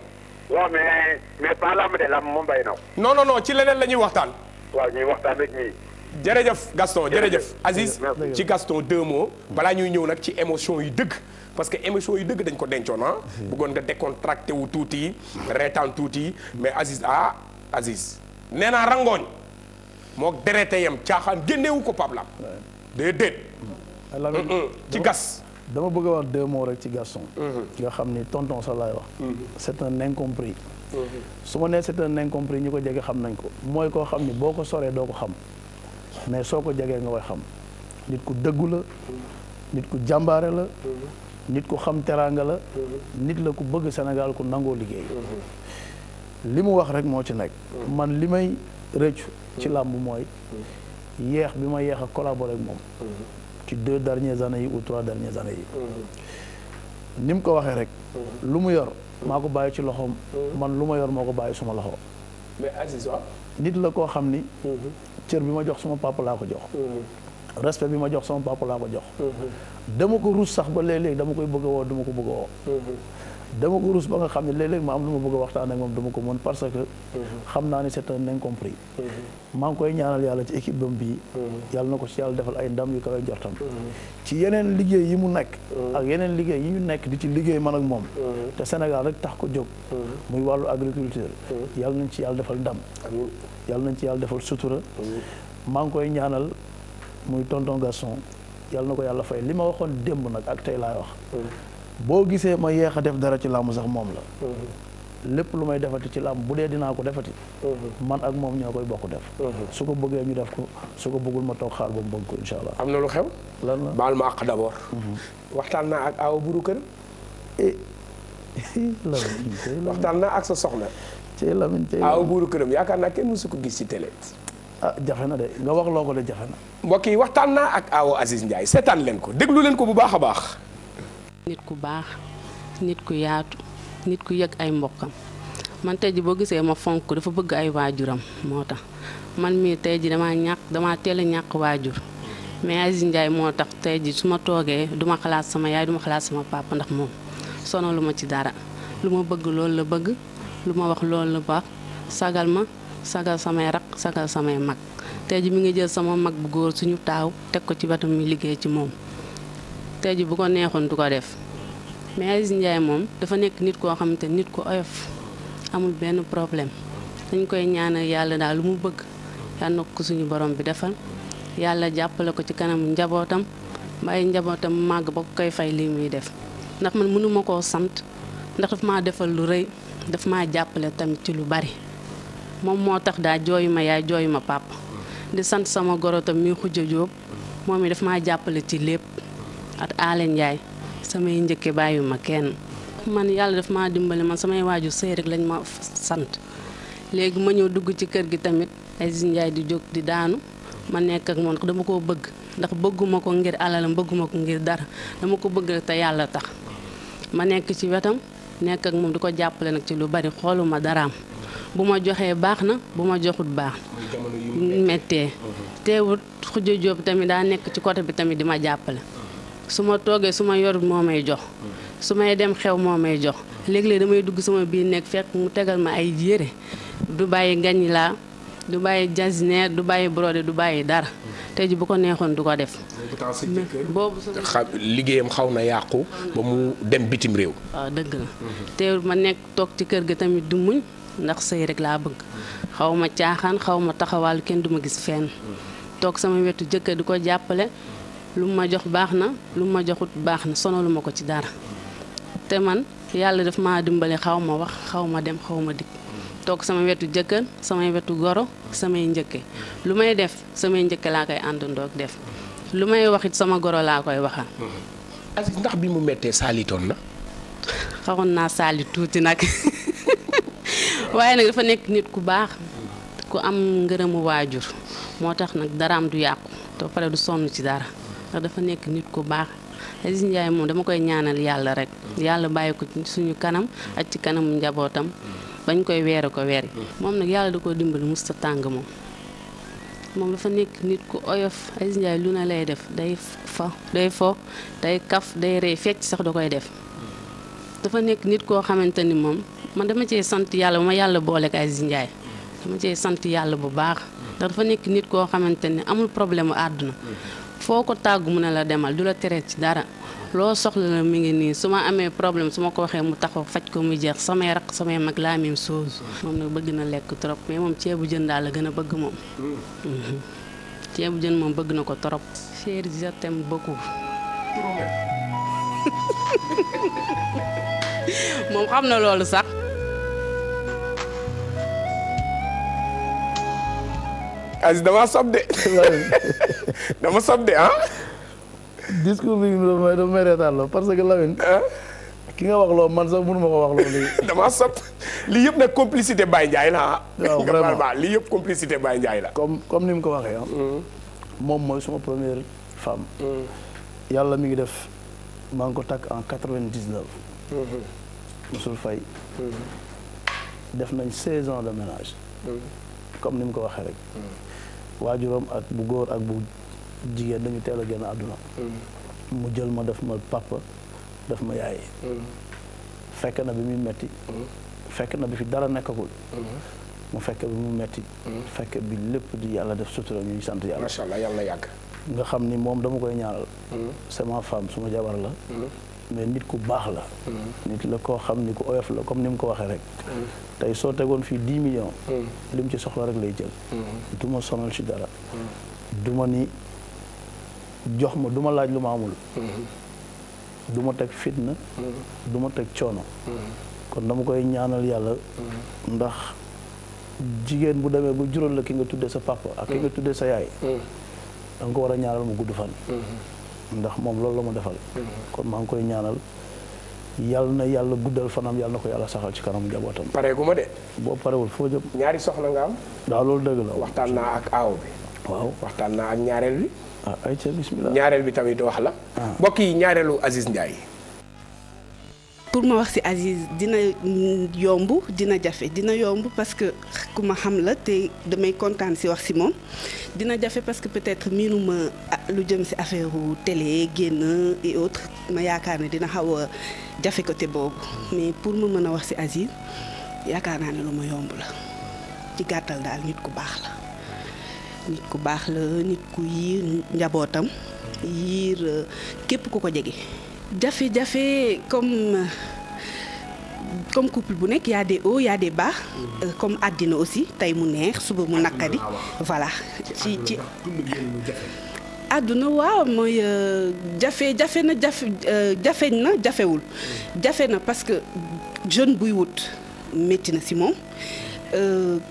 waaw mais mais pas moom bay naw. non non non ci leneen la ñuy waxtaan. waaw ñuy waxtaan ak ñii. jërëjëf Gaston jërëjëf Aziz ci Gaston deux mots balaa ñuy ñëw nag ci émotion yu dëgg parce que émotion yu dëgg dañ ko dencoon na ah. bëggoon nga décontracté wu tuuti reetaan tuuti mais Aziz ah Aziz nee naa rangooñ mook derete yam caaxaan génnewu ko pablam déedéet ci gas dama bëgg a wax deux mots rek ci garçon. Mhm. nga xam ni tonton sax laay wax. Mhm. c'est un incompris. Mhm. su ma nee c'est un incompris ñu ko jege xam nañ ko mooy koo xam ni boo ko soree doo ko xam mais soo ko jegee nga koy xam nit ku dëggu la. nit ku jàmbaare la. nit ku xam teraanga la. nit la ku bëgg Sénégal ku nangoo liggéey. li mu wax rek moo ci nekk. man li may rëccu. ci làmb mooy. yeex bi ma yeex a collaborer moom. ci deux dernières années yi ou trois dernières années yi. Mm-hmm. ni mu ko waxee rek. Mm-hmm. lu mu yor mm-hmm. maa ko bàyyi ci loxoom. man lu ma yor moo ko bàyyi suma loxo. mais Aziz waaw nit la koo xam ni. cër bi ma jox suma papa laa ko jox. respect bi ma jox sama papa laa ko jox. dama ko ruus sax ba léeg-léeg dama koy bëgg a woo dama ko bëgg woo. dama ko ruus ba nga xam ne léeg-léeg ma am lu ma waxtaan ak moom dama ko mën parce que xam naa ni c'est un incompris mhm. maa ngi koy ñaanal yàlla ci équipe bam bii mhm. yàlla na ko ci yàlla defal ay ndam yu kawe jortam mhm. ci yeneen liggéey yi mu nekk ak yeneen liggéey yi ñu nekk di ci liggéey man ak moom te Sénégal rek tax ko jóg muy wàllu agriculture yàlla nañ ci yàlla defal ndam yàlla nañ ci yàlla defal sutura maa ngi koy ñaanal muy tonton Gaston yàlla na ko yàlla fay li ma waxoon démb nag ak tey laay wax boo gisee ma yeex a def dara ci làmb sax moom la mm-hmm. lépp lu may defati ci làmb bu dee dinaa ko defati mm-hmm. man ak moom ñoo koy bokk def mm-hmm. su ko bëggee ñu def ko su ko bëggul ma toog xaar ba mu bëgg ko insha allah am xew lan la baal ma àq d'abord waxtaan naa ak awa buru kër eh. waxtaan naa ak sa soxna ci lamin ci buuru këram yaakaar naa kenn mësu ko gis ci télé ah jafe na de nga wax loo ko de jafe na mbokk yi waxtaan naa ak awo Aziz Ndiaye seetaan leen ko déglu leen ko bu baax a baax nit ku baax nit ku yaatu nit ku yëg ay mbokkam man tey ji boo gisee ma fonk dafa bëgg ay waajuram moo tax man mii tey ji dama ñàkk damaa teel a ñàkk waajur mais Aziz Ndiaye moo tax tey ji su ma toogee duma xalaat sama yaay duma xalaat sama papa ndax moom sonalu ma ci dara lu ma bëgg loolu la bëgg lu ma wax loolu la wax sagal ma sagal samay rak sagal samay mag tey ji mi ngi jël sama mag bu góor suñu taaw teg ko ci wetam mi liggéey ci moom tey ji bu ko neexoon du ko def mais Aziz Ndiaye moom dafa nekk nit koo xamante nit ku oyof amul benn problème dañ koy ñaanal yàlla daal lu mu bëgg yàlla ko suñu borom bi defal yàlla jàppale ko ci kanamu njabootam bàyyi njabootam màgg ba ko koy fay lii muy def ndax man mënuma koo sant ndax daf maa defal lu rëy daf maa jàppale tamit ci lu bari moom moo tax daa jooyu ma yaay jooyu ma papa di sant sama gorotam mi xujja jóob moom mi daf maa jàppale ci lépp at aale njaay samay njëkke bàyyu ma kenn man yàlla def maa dimbali man samay waajur sëy rek lañ ma sant léegi ma ñëw dugg ci kër gi tamit Aziz Ndiaye di jóg di daanu ma nekk ak moom dama ko bëgg ndax bëgguma ko ngir alalam bëgguma ko ngir dara dama ko bëgg rek te yàlla tax ma nekk ci wetam nekk ak moom du ko jàppale nag ci lu bari xooluma daraam bu ma joxee baax na bu ma joxut baax mettee teewut xujo jóob tamit daa nekk ci côté bi tamit di su ma toogee su ma yor moo may jox su may dem xew moo may jox léeg-léeg damay dugg sama biir nekk fekk mu tegal ma ay yére du bàyyi gañ laa du bàyyi jasneer du bàyyi brodé du bàyyi dara tey bu ko neexoon du ko def. xaw na yàqu ba mu dem te ma nekk toog ci kër gi tamit du muñ ndax sëy rek laa bëgg xaw ma caaxaan xaw ma taxawaalu kenn du ma gis fenn toog sama wetu jëkkër di ko jàppale. lu ma jox baax na lu ma joxut baax na sonaluma ko ci dara te man yàlla dafa maa dimbali xaw ma wax xaw ma dem xaw ma dikk toog sama wetu jëkkër samay wetu goro samay njëkke lu may def samay njëkke laa koy àndandoog def lu may waxit sama goro laa koy waxal. Aziz ndax bi mu mettee saalitoon na. xawoon naa saali tuuti nag waaye nag dafa nekk nit ku baax ku am ngërëmu waajur moo tax nag dara am du yàqu te pare du sonn ci dara. ndax dafa nekk nit ku baax Aziz Ndiaye moom dama koy ñaanal yàlla rek yàlla bàyyi ko suñu kanam ak ci kanamu njabootam bañ koy weere ko weer moom nag yàlla da koo dimbali mus sa tàng moom moom dafa nekk nit ku oyof Aziz Ndiaye lu ne lay def day fa day fo day kaf day fecc sax da koy def dafa nekk nit koo xamante ni moom man dama cee sant yàlla ba ma yàlla boole ak Aziz Ndiaye dama cee sant yàlla bu baax ndax dafa nekk nit koo xamante ni amul problème mu àdduna foo ko tàggu mu ne la demal du la tere ci dara loo soxla la mi ngi nii su ma amee problème su ma ko waxee mu tax taxaw faj ko mu jeex samay raq samay mag laa même chose. moom nag bëgg na lekk trop mais moom ceebu jën daal la gën a bëgg moom. Mm-hmm. ceebu jën moom bëgg na ko trop. chérie je t'aime beaucoup. moom xam na loolu sax. Aziz damaa sob de dama sob de ah. discours bi mooy dafa may reetaan la parce que Lamine. Ah. ki nga wax loo man sax mënu ma ko wax loo léegi. damaa sob lii yëpp nag complicité Baye Ndiaye la ah. waaw vraiment lii yëpp complicité Baye Ndiaye la. comme comme ni mu ko waxee ah. Mm. moom mooy suma première femme. Mm. yàlla mi ngi def maa ngi ko takk en quatre-vingt-dix-neuf. Mm-hmm. Mosul Faye. Mm-hmm. def nañ seize de ménage. Mm-hmm. comme ni mu ko waxee rek. Mm. waajuram ak bu góor ak bu jigéen dañu teel a génn àdduna mm-hmm. mu jël ma def ma papa def ma yaay mm-hmm. fekk na bi muy metti mm-hmm. fekk na bi fi dara nekkagul mu fekk bi mu metti fekk bi lépp di yàlla def sutura ñuy sant yàlla macha allah yàlla yàgg nga xam ni moom dama koy ñaaral c'est ma suma jabar la mais nit ku baax la. nit la koo xam ni ku oyof la comme ni mu ko waxee rek. tey soo tegoon fii 10 million li mu ci soxla rek lay jël. du ma sonal ci dara. du ma ni jox ma duma laaj lu ma amul. du ma teg fitna. du ma teg coono. kon dama koy ñaanal yàlla. ndax jigéen bu demee bu jural la ki nga tuddee sa papa. ak ki nga tuddee sa yaay. da ko war a ñaanal ma gudd fan. ndax moom loolu la ma defal mm-hmm. kon maa ngi koy ñaanal yàlla na yàlla guddal fanam yàlla na ko yàlla saxal ci kanam njabootam pareegu ma de boo parewul foo jëm ñaari soxla nga am waaw loolu dëgg la waxtaan naa ak aaw bi waaw waxtaan naa ak ñaareel bi ah ayca bismillah ñaareel bi tamit wax la ah. mbokk yi ñaareelu Aziz Ndiaye pour ma wax ci Aziz dina yomb dina jafe dina yomb parce que ku ma xam la te damay kontaan si wax ci moom dina jafe parce que peut-être miinuma lu jëm ci affaire télé génn et autres ma yaakaar ne dina xaw a jafe côté boobu mais pour ma mën a wax ci Aziz yaakaar naa ne lu ma yomb la ci gàttal daal nit ku baax la nit ku baax la nit ku yiir njabootam yiir euh, képp ku ko jege. jafe-jafe comme comme couple bu nekk y a des hauts y a mm-hmm. euh, comme àddina aussi tey mu neex suba mu naqadi. voilà ci ci. àdduna waaw mooy euh, jafe jafe na jafe euh, jafe na jafewul. Mm-hmm. jafe na parce que jeune buy wut métti na si moom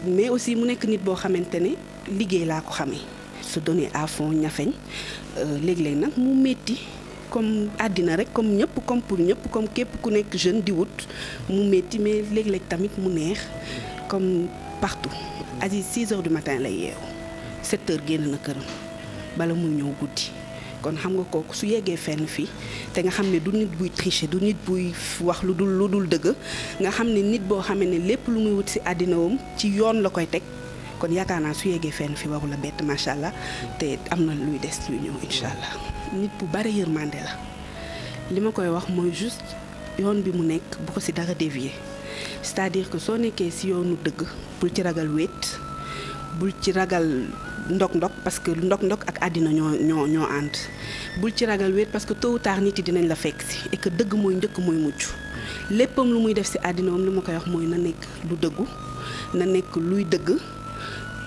mais aussi mu nekk nit boo xamante ne liggéey laa ko xamee. se donner à ñafeñ léeg-léeg nag mu métti. comme àddina rek comme ñëpp comme pour ñëpp comme képp ku nekk jeune di wut mu metti mais léeg-léeg tamit mu neex comme partout Aziz 6 heures du matin lay yeewu 7 génn na këram bala mu ñëw guddi kon xam nga kooku su yeggee fenn fii te nga xam ne du nit buy tricher du nit buy wax lu dul lu dul dëgg nga xam ne nit boo xamee ne lépp lu muy wut ci woom ci yoon la koy teg kon yaakaar naa su yeggee fenn fi warul a bett macha allah te am na luy des luy ñëw incha allah. nit bu bari yërmande la li ma koy wax mooy juste yoon bi mu nekk bu ko si dara dévier c'est-à-dire que soo nekkee si yoonu dëgg bul ci ragal wéet bul ci ragal. ndok-ndok parce que ndok-ndok ak àddina ñoo ñoo ñoo ànd bul ci ragal wéet parce que tôt ou tard nit yi dinañ la fekk si et que dëgg mooy njëkk mooy mujj léppam lu muy def si àddina moom li ma koy wax mooy na nekk lu dëggu na nekk luy dëgg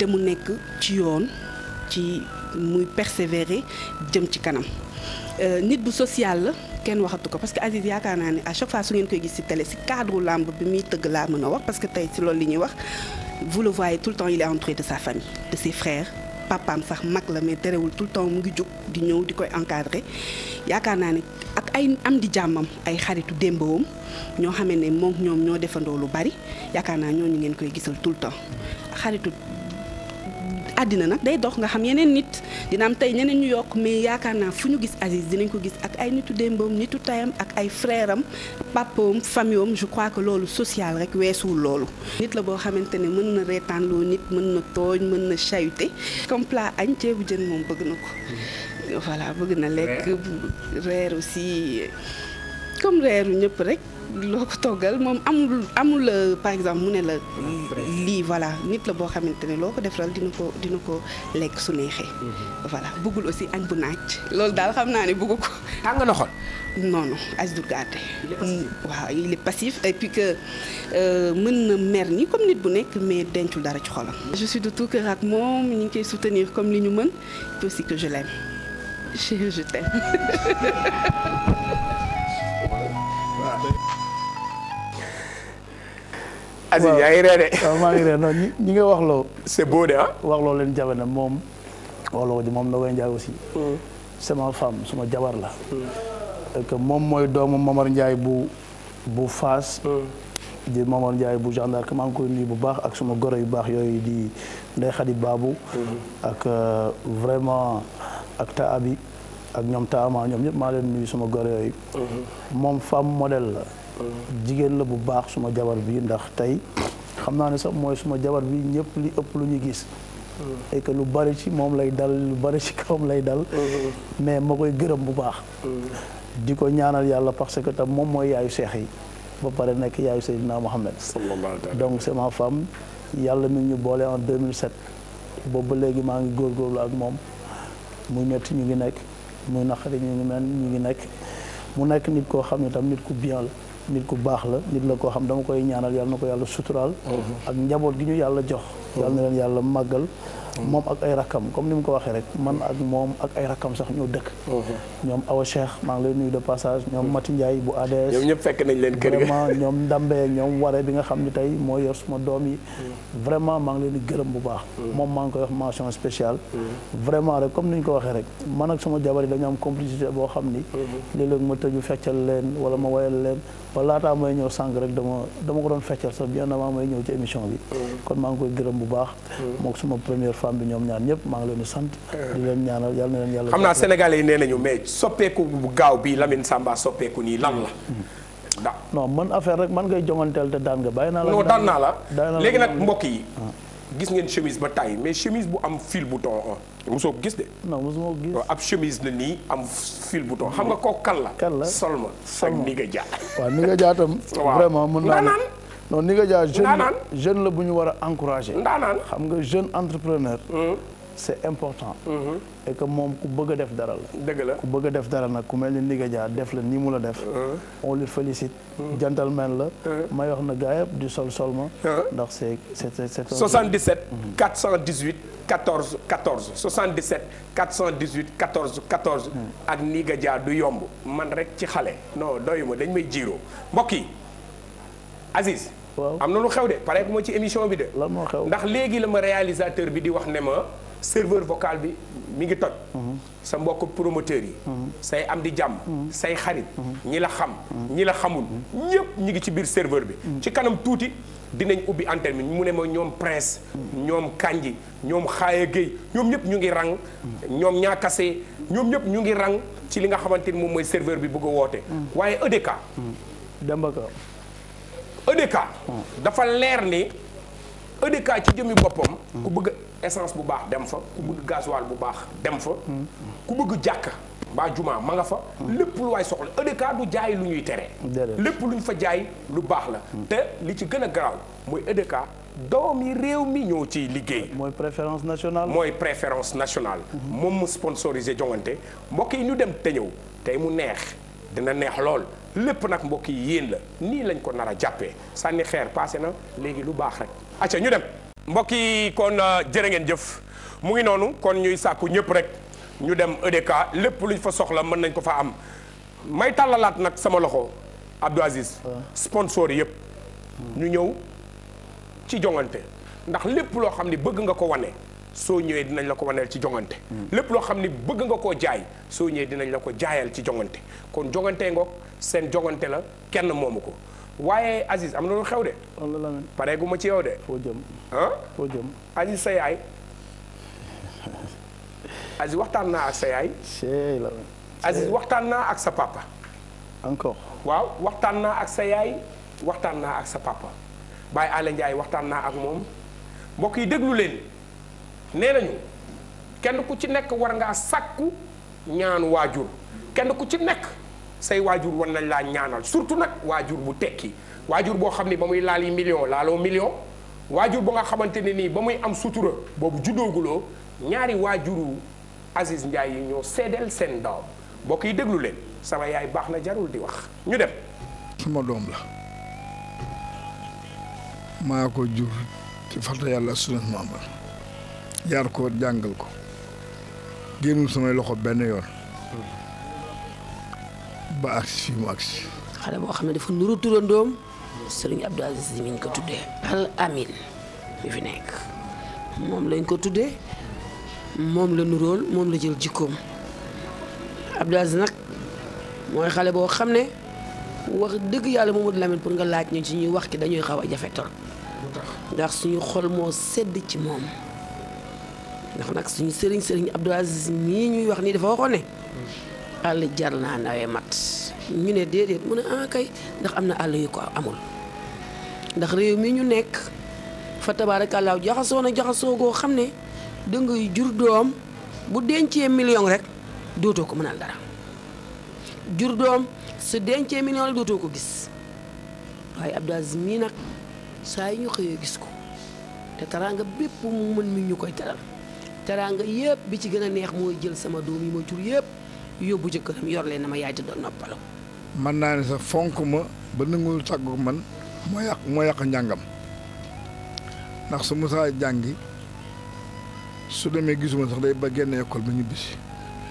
te mu nekk ci yoon ci muy persévérer jëm ci kanam euh, nit bu social la kenn waxatu ko parce que Aziz yaakaar naa ne à chaque fois su ngeen koy gis ci télé ci cadre làmb bi muy tëgg laa mën a wax parce que tey ci loolu li ñuy wax vous le voyez tout le temps il est entouré de sa famille de ses frères papaam sax mag la mais terewul tout le temps mu ngi jug di ñëw di koy encadrer yaakaar naa ne ak ay am di jàmmam ay xaritu démbawam ñoo xamee ne moom ñoom ñoo defandoo lu bari yaakaar naa ñooñu ngeen koy gisal tout le temps xaritu àddina nag day dox nga xam yeneen nit dina am tey ñeneen ñu yokk mais yaakaar naa fu ñu gis Aziz dinañ ko gis ak ay nitu démbam nitu tayam ak ay frère am papam famille je crois que loolu social rek weesuwul loolu. nit la boo xamante ne mën na reetaanloo nit mën na tooñ mën na chayute comme añ ceebu jën moom bëgg na ko. voilà bëgg na lekk. reer aussi comme reeru ñëpp rek. loo ko toggal moom amul amul la euh, par exemple mu ne la lii voilà nit la boo xamante ne loo ko defaral dina ko dina ko lekk su neexee mhm. voilà buggul aussi añ bu naaj loolu daal xam naa ne bëggu ko tàng na xol non non as du gàtte waaw il est passif et puis que euh, mën na mer ni comme nit bu nekk mais dencul dara ci xolam je suis de tout cœur ak moom ñu ngi koy soutenir comme li ñu mën et aussi que je l'aime Aziz yaa ngi reede waaw maa ngi reede non ñi ñi wax loo c'est beau de ah wax loo leen jawe moom wax loo ji moom Ndogoy Ndiaye aussi hmm. sama femme suma jabar la hmm. que moom mooy doomu Momar Ndiaye bu bu Fass hmm. di Momar Ndiaye bu gendarme maa ngi koy nuyu bu baax ak suma goro yu baax yooyu di Ndeye Khady Babou ak euh, vraiment ak Ta Abi ak ñoom taa Taama ñoom ñëpp maa leen nuyu suma goro yooyu moom femme modèle la jigéen la bu baax suma jabar bii ndax tey xam naa ne sax mooy suma jabar bii ñëpp li ëpp lu ñu gis mm-hmm. et lu bari si moom lay dal lu bari ci kawam lay dal mm-hmm. mais ma koy gërëm bu baax mm-hmm. di ko ñaanal yàlla parce que tam moom mooy yaayu seex yi ba pare nekk yaayu Seydina Mohamed donc c'est ma femme yàlla mi ngi ñu boole en 2007 boobu ba léegi maa ngi góor góorgóorlu ak moom muy metti ñu ngi nekk muy naqari ñu ngi mel ñu ngi nekk mu nekk nit koo xam ne tam nit ku bien nit ku baax la nit la koo xam dama koy ñaanal yàlla na ko yàlla suturaal mhm. ak njaboot gi ñu yàlla jox yàlla na leen yàlla màggal mhm. moom ak ay rakkam comme ni mu ko waxee rek man ak moom ak ay rakkam ñoo dëkk mhm. maa ngi lay nuyu de passage ñoom Mati Ndiaye bu ADS ñoom ñëpp fekk nañ leen kër vraiment moo yor suma doom maa ngi leen di gërëm bu baax moom maa ngi koy wax mention ko waxee rek man ak sama jabar yi dañu complicité boo xam ni léeg-léeg ma tëju feccal leen wala ma wayal leen ba laataa mooy ñëw sànq rek dama dama ko doon feccal sax bien avant may ñëw ci émission bi mm. kon maa ngi koy gërëm bu baax mm. moo suma première femme bi ñoom ñaan ñëpp maa ngi leen sant mm. di leen ñaanal yàlla na leen yàlla xam naa sénégalais yi nee nañu mais soppeeku bu gaaw bi Lamine Samba soppeeku nii lan la da non man affaire rek man ngay jonganteel te daan nga bàyyi naa la non naa la léegi nag mbokk yi gis ngeen chemise ba tay mais chemise bu am fil bouton mosoo ko gis de. non mosuma ko gis ab chemise la nii am fil bouton xam nga kook kan la. kan la solma ak ni nga jaa. waaw ni nga jaa tam. vraiment mën naa naan non ni nga jaa jeune jeune la bu ñu war a encourager. ndaanaan xam nga jeune entrepreneur. Hmm. c'est important. Mm-hmm. et que moom ku bëgg def dara la. dëgg la ku bëgg a def dara nag ku mel ni Ndiga Dia def la ni mu la def. Mm-hmm. on le félicite. Mm-hmm. gentleman la. may wax na gars di sol sol ma. ndax c'est c'est c'est. 77 418 14 14 77 418 14 14. ak Ndiga Dia du yomb man rek ci xale. non doyuma dañ may jiiroo mbokk yi Aziz. waaw am na lu xew de pareek moo ci émission bi de. la moo xew ndax léegi la ma réalisateur bi di wax ne ma. serveur vocal bi mi ngi toj. sa mbokk promoteur yi. Mhm. say am di jàmm. Mhm. say xarit. Mhm. ñi la xam. ñi la xamul. ñëpp ñu ngi ci biir serveur bi. ci kanam tuuti dinañ ubbi antenne bi mu ne ma ñoom prince. ñoom kanji ñoom xaaye géey ñoom ñëpp ñu ngi rang. ñoom ñaakase ñoom ñëpp ñu ngi rang ci li nga xamante ni moom mooy serveur bi bëgg a woote. waaye EDK. Demba Ka. EDK. dafa leer ni. EDK ci jëmmi boppam. ku bëgg essence bu baax dem fa ku bëgg gasoil bu baax dem fa. ku bëgg jàkk mbaa juma ma nga fa. lépp lu waay soxla EDK du jaay lu ñuy tere. lépp lu ñu fa jaay lu baax la. te li ci gën a garaaw mooy EDK doomi réew mi ñëw ciy liggéey. mooy préférence nationale. mooy préférence nationale. moom mu sponsorisé jongante mbokk yi ñu dem te ñëw tey mu neex dina neex lool. lépp nag mbokk yi yéen la nii lañ ko nar a jàppee sànni xeer paase na léegi lu baax rek. acca ñu dem mbokk yi kon euh, jërë ngeen jëf mu ngi noonu kon ñuy sàkku ñëpp rek ñu dem EDK lépp luñ fa soxla mën nañ ko fa am may tàllalaat nag sama loxo Abdou Aziz ah. sponsor yëpp ñu ñëw ci jongante ndax lépp loo xam ne bëgg nga ko wane soo ñëwee dinañ la ko waneel ci jongante hmm. lépp loo xam ne bëgg nga koo jaay soo ñëwee dinañ la ko jaayal ci jongante kon jongante ngoog seen jongante la kenn moomu ko waaye Aziz am na lu xew de. wallaahi Lamine pare gu ma ci yow de. foo jëm ah. jëm Aziz sa yaay. Aziz waxtaan naa ak sa yaay. la waxtaan naa ak sa papa. encore waaw waxtaan naa ak sa yaay waxtaan naa ak sa papa Baye Alé Ndiaye waxtaan naa ak moom mbokk yi déglu leen nee nañu kenn ku ci nekk war ngaa sàkku ñaan waajur kenn ku ci nekk. say waajur wan nañ laa ñaanal surtout nag waajur bu tekki waajur boo xam ne ba muy laal yi million laaloo million waajur ba nga xamante ne nii ba muy am sutura boobu juddooguloo ñaari waajuru Aziz Ndiaye yi ñoo seedeel seen doom bokk yi déglu leen sama yaay baax na jarul di wax ñu dem suma doom la maa ko jur ci farta yàlla sunat maam la yar ko jàngal ko génnul samay loxo benn yoon ba agsi fii mu agsi xale boo xam ne dafa nuru turandoom sëriñ Abdou Aziz mi ñu ko tuddee al amin mi fi nekk moom lañ ko tuddee moom la nurool moom la jël jikkoom Abdou Aziz nag mooy xale boo xam ne wax dëgg yàlla Mamadou Lamine pour nga laaj ñu ci ñuy wax ki dañuy xaw a jafe torop ndax suñu xol moo sedd ci moom ndax nag suñu sëriñ sëriñ Abdou Aziz mii ñuy wax nii dafa waxoon ne àll jar naa nawee mat ñu ne déedéet mu ne ah kay ndax am na àll yu ko amul ndax réew mi ñu nekk fa tabaarakallaaw jaxasoo na jaxasoo goo xam ne dangay jur doom bu dencee million rek dootoo ko mënal dara jur doom dencee million dootoo ko gis waaye Abdou Aziz mii nag saa yi ñu xëyee gis ko te teraanga bépp mu mën mi ñu koy teral teraanga yépp bi ci gën a neex mooy jël sama doom yi ma jur yépp yóbbu jëkkëram yor leen na ma yaay te doon noppalu. mën naa ne sax fonk ma ba nanguwul tàggu man moo yàq moo yàq njàngam ndax su musaa jàngi su demee gisuma sax day ba génn école ba ñu bisi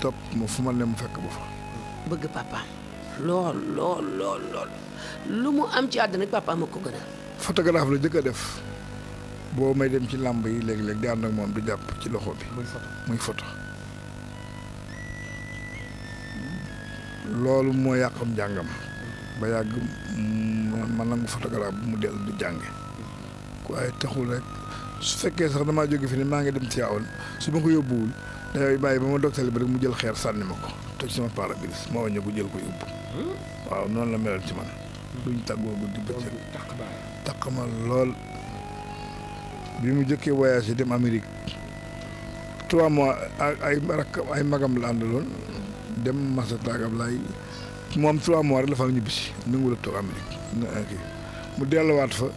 topp ma fu ma ne mu fekk ba fa. bëgg papaam lool lool lool lool lu mu am ci àddina papaam ak ko gën a. la jëkk a def boo may dem ci làmb yi léeg-léeg di ànd ak moom du jàpp ci loxo bi. muy loolu moo yàqam jàngam ba yàgg man nag mu photographe mu dellu di jànge waaye taxul rek su fekkee sax damaa jóge fi ne maa ngi dem Tivaouane su ma ko yóbbuwul dafay bàyyi ba ma dogtali ba mu jël xeer sànni ma ko toj sama pare-brise moo wañ ko jël ko yóbbu waaw noonu la meloon ci man duñ tàggoo guddi bëccëg taq ma lool mu jëkkee voyage dem Amérique trois mois ay ay magam la àndaloon dem Masata ak Ablaye moom trois mois rek la fa am ñibbisi nangu la toog mu dellowaat fa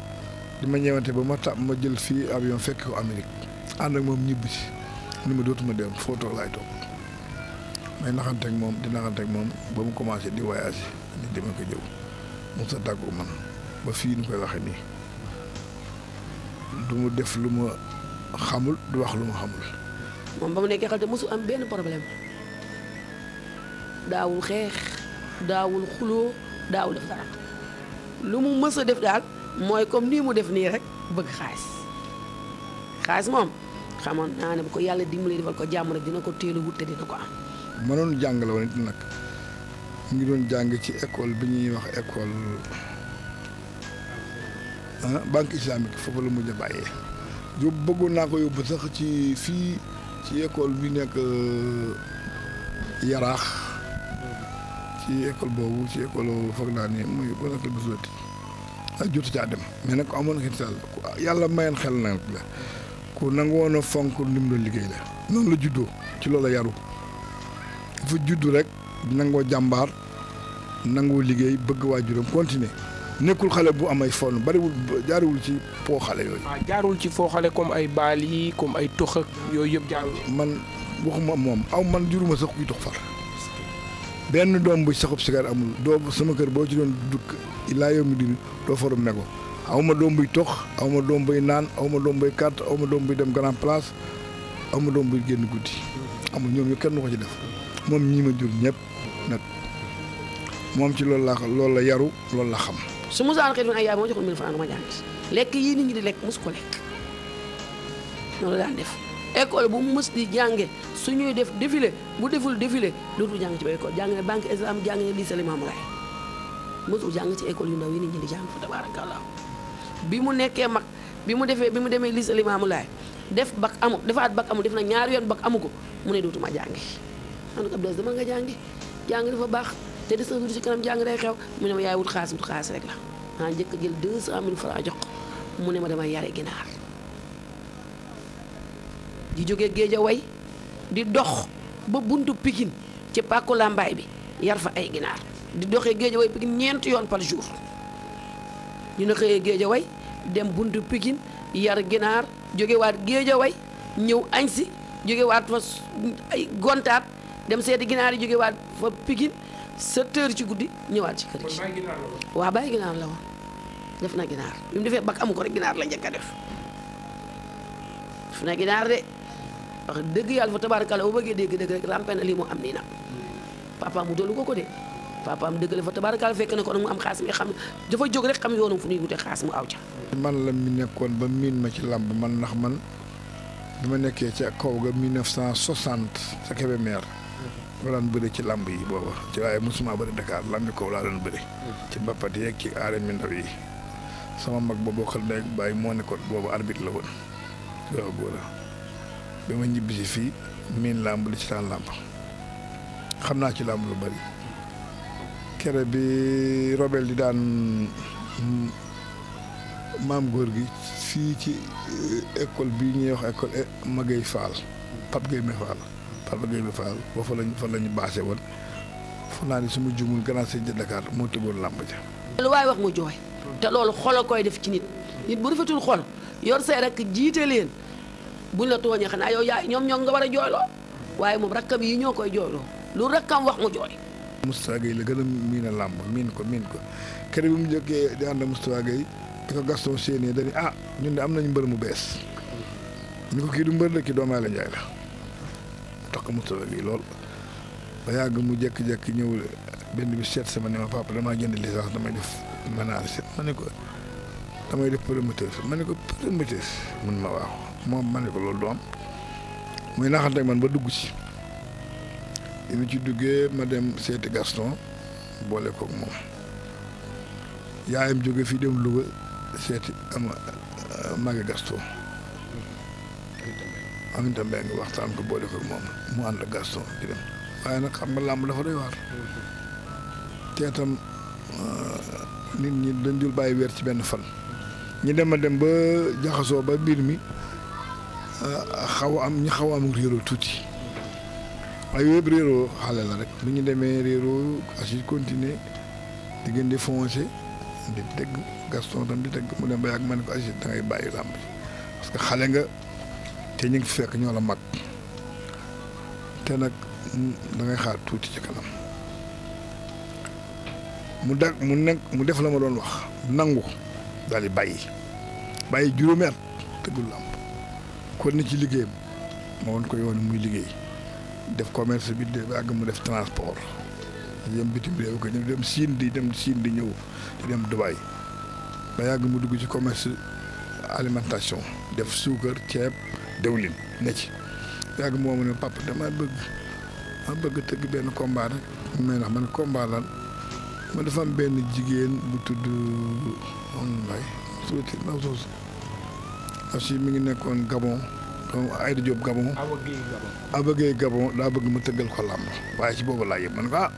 di ma ñëwante ba ma tàmm ma jël fii avion fekk ko Amérique ànd ak moom ñibbisi ni ma dootuma dem foo toog laay toog may naxante ak moom di naxante moom ba mu commencé di voyagé di deme ko jëw mu sa tàggu man ba fii nu koy waxe nii du mu def lu ma xamul du wax lu ma xamul moom ba mu nekkee xel te mosu am benn problème daawul xeex daawul xuloo daawul def dara lu mu mës a def daal mooy comme nii mu def nii rek bëgg xaalis xaalis moom xamoon naa ne bu ko yàlla dimbalee defal ko jàmm rek dina ko téelu wut te dina ko am. mënoon jàng la woon nag mu ngi doon jàng ci école bi ñuy wax école ah, banque islamique foofu la mujj a bàyyee. yóbbu bëggoon naa ko yóbbu sax ci fii ci école bi nekk Yaraax. ci école boobu ci école foog naa ni muy bon école bisulati ak jotu caa dem mais nag ku amoon xital yàlla mayoon xel na ko ku na woon a fonk li mu doon liggéey la noonu la juddoo ci loolu la yaru dafa juddu rek nangoo jàmbaar nangoo liggéey bëgg waa waajuram continuer nekkul xale bu am ay fon bariwul jaariwul ci foo xale yooyu. waaw ah, ci foo xale comme ay baal yi comme ay tox yooyu yëpp jaarul. man waxuma moom aw man juruma sax kuy tox far. benn doom buy saxub sigar amul doo sama kër boo ci doon dugg laa yow mi din doo farum ne ko aw doom buy tox aw ma doom buy naan aw ma doom buy carte aw ma doom buy dem grand place aw ma doom buy génn guddi amul ñoom ñu kenn ko ci def moom ñii ma jur ñëpp nag moom ci loolu laa loolu la yaru loolu la xam su mosaan xëy na ay yaay moo joxoon mille francs ma ko lekk noonu la daan def école bu mu mës di jànge su ñuy def défilé bu deful défilé dootul jàng ci ba école jàng ne banque islam jàng ne lycée Limamou Laye mësul jàng ci école yu ndaw yi nit ñi di jàng fa tabaarakallah bi mu nekkee mag bi mu defee bi mu demee lycée Limamou Laye def bac amu defaat bac amu def na ñaari yoon bac amu ko mu ne dootuma jàngi man ab des dama nga jàngi jàng dafa baax te des na du ci kanam jàng day xew mu ne ma yaay wut xaas wut xaas rek la maa njëkk jël 200000 francs jox mu ne ma damay yare ginaar di jóge Géejawaay di dox ba buntu pikin ci pàkku làmbaay bi yar fa ay ginaar di doxee Géejawaay Pikine ñeenti yoon par jour ñu ne xëyee Géejawaay dem buntu pikin yar ginaar jógewaat Géejawaay ñëw añ si jógewaat fa ay gontaat dem seeti ginaar yi jógewaat fa Pikine sept heures ci guddi ñëwaat ci kër gi waaw bàyyi ginaar la woon def na ginaar bi mu defee bak amu ko rek ginaar la njëkk a def def na ginaar de wax dëgg yàlla fa tabaarakalla bu bëggee dégg dëgg rek rampé na lii mu am nii nag papaam mu dollu ko ko de papaam dëgg la fa tabaarakalla fekk na ko nag mu am xaas mi xam dafa jóg rek xam yoonam fu ñuy wute xaas mu aw ca. man la mu nekkoon ba miin ma ci làmb man ndax man bi ma nekkee ca kaw ga 1960 ca Kébémer. ma daan bëri ci làmb yi booba ci waaye mosuma bëri Dakar làmb kaw laa doon bëri. ci mbappat yeeg ci arène mi ndaw yi sama mag ba bokkal ndey moo nekkoon boobu arbitre la bi ma ñibbisi fii miin làmb di ci taan làmb xam naa ci làmb lu bari kere bi robel di daan mm, maam góor gi fii ci eh, école bi ñuy wax école eh, Maguette Fall Pape Gueye Mé Fall Pape Gueye Mé ba fa lañ fa lañu baase woon fu naa ni su jumul grand sëñ de Dakar moo tëggoon làmb ja lu waaye wax mu jooy te loolu xol a koy def ci nit nit bu rafetul xol yor say rek jiite leen buñ la tooñee xanaa yow yaay ñoom ñoo nga war a jooyloo waaye moom rakkam yi ñoo koy jooyloo lu rakkam wax mu jooy. Moustapha Gueye la gën a miin a làmb miin ko miin ko kër bi mu njëkkee di ànd ak Moustapha Gueye di ko Gaston ah ñun de am nañu mbër mu bees ñu ko kii du mbër la kii doomu Aala Njaay la tax Moustapha Gueye lool ba yàgg mu jékki-jékki ñëw benn bi seet sama ne ma papa damaa jënd licence damay def manager ma ne ko damay def promoteur ma ne ko promoteur mun ma waaw. moom ma ne ko loolu du am muy naaxanteeg man ba dugg ci bi mu ci duggee ma dem seeti Gaston boole koog moom yaayam jóge fii dem Louga seeti am euh, magi Gaston aminta mbay nga waxtaan ko boole koog moom mu ànd Gaston di dem waaye nag xam nga làmb dafa doy waar te itam euh, nit ñi dañ dul bàyyi weer ci benn fan. ñi dem a dem ba jaxasoo ba mbir mi xaw am ñu xaw a am réeroo tuuti waaye yooyu yëpp réeroo xale la rek lu ñu demee réeroo assis continuer di gën di foncé di dégg Gaston tam di dëgg mu dem ba yàgg ma ne ko assis dangay bàyyi làmb parce que xale nga te ñu ngi fekk ñoo la mag te nag dangay xaar tuuti ci kanam mu da mu nekk mu def la ma doon wax nangu daal di bàyyi bàyyi juróomi at tëggul làmb kon na ci liggéeyam ma woon ko yoon muy liggéey def commerce bi de àgg mu def transport yem bitim réew ko ñu dem Siin di dem Siin di ñëw di dem Dubaay ba yàgg mu dugg ci commerce alimentation def suukar ceeb dëwlin ne ci yàgg moo ma ne papa dama bëgg ma bëgg tëgg benn combat rek mais ndax man combat lan ma dafa benn jigéen bu tudd on aussi mi ngi nekkoon Gabon donc Aïda Diop Gabon. Awa Guèye Gabon daa bëgg ma tëggal ko làmb waaye ci boobu laa yem man ko ah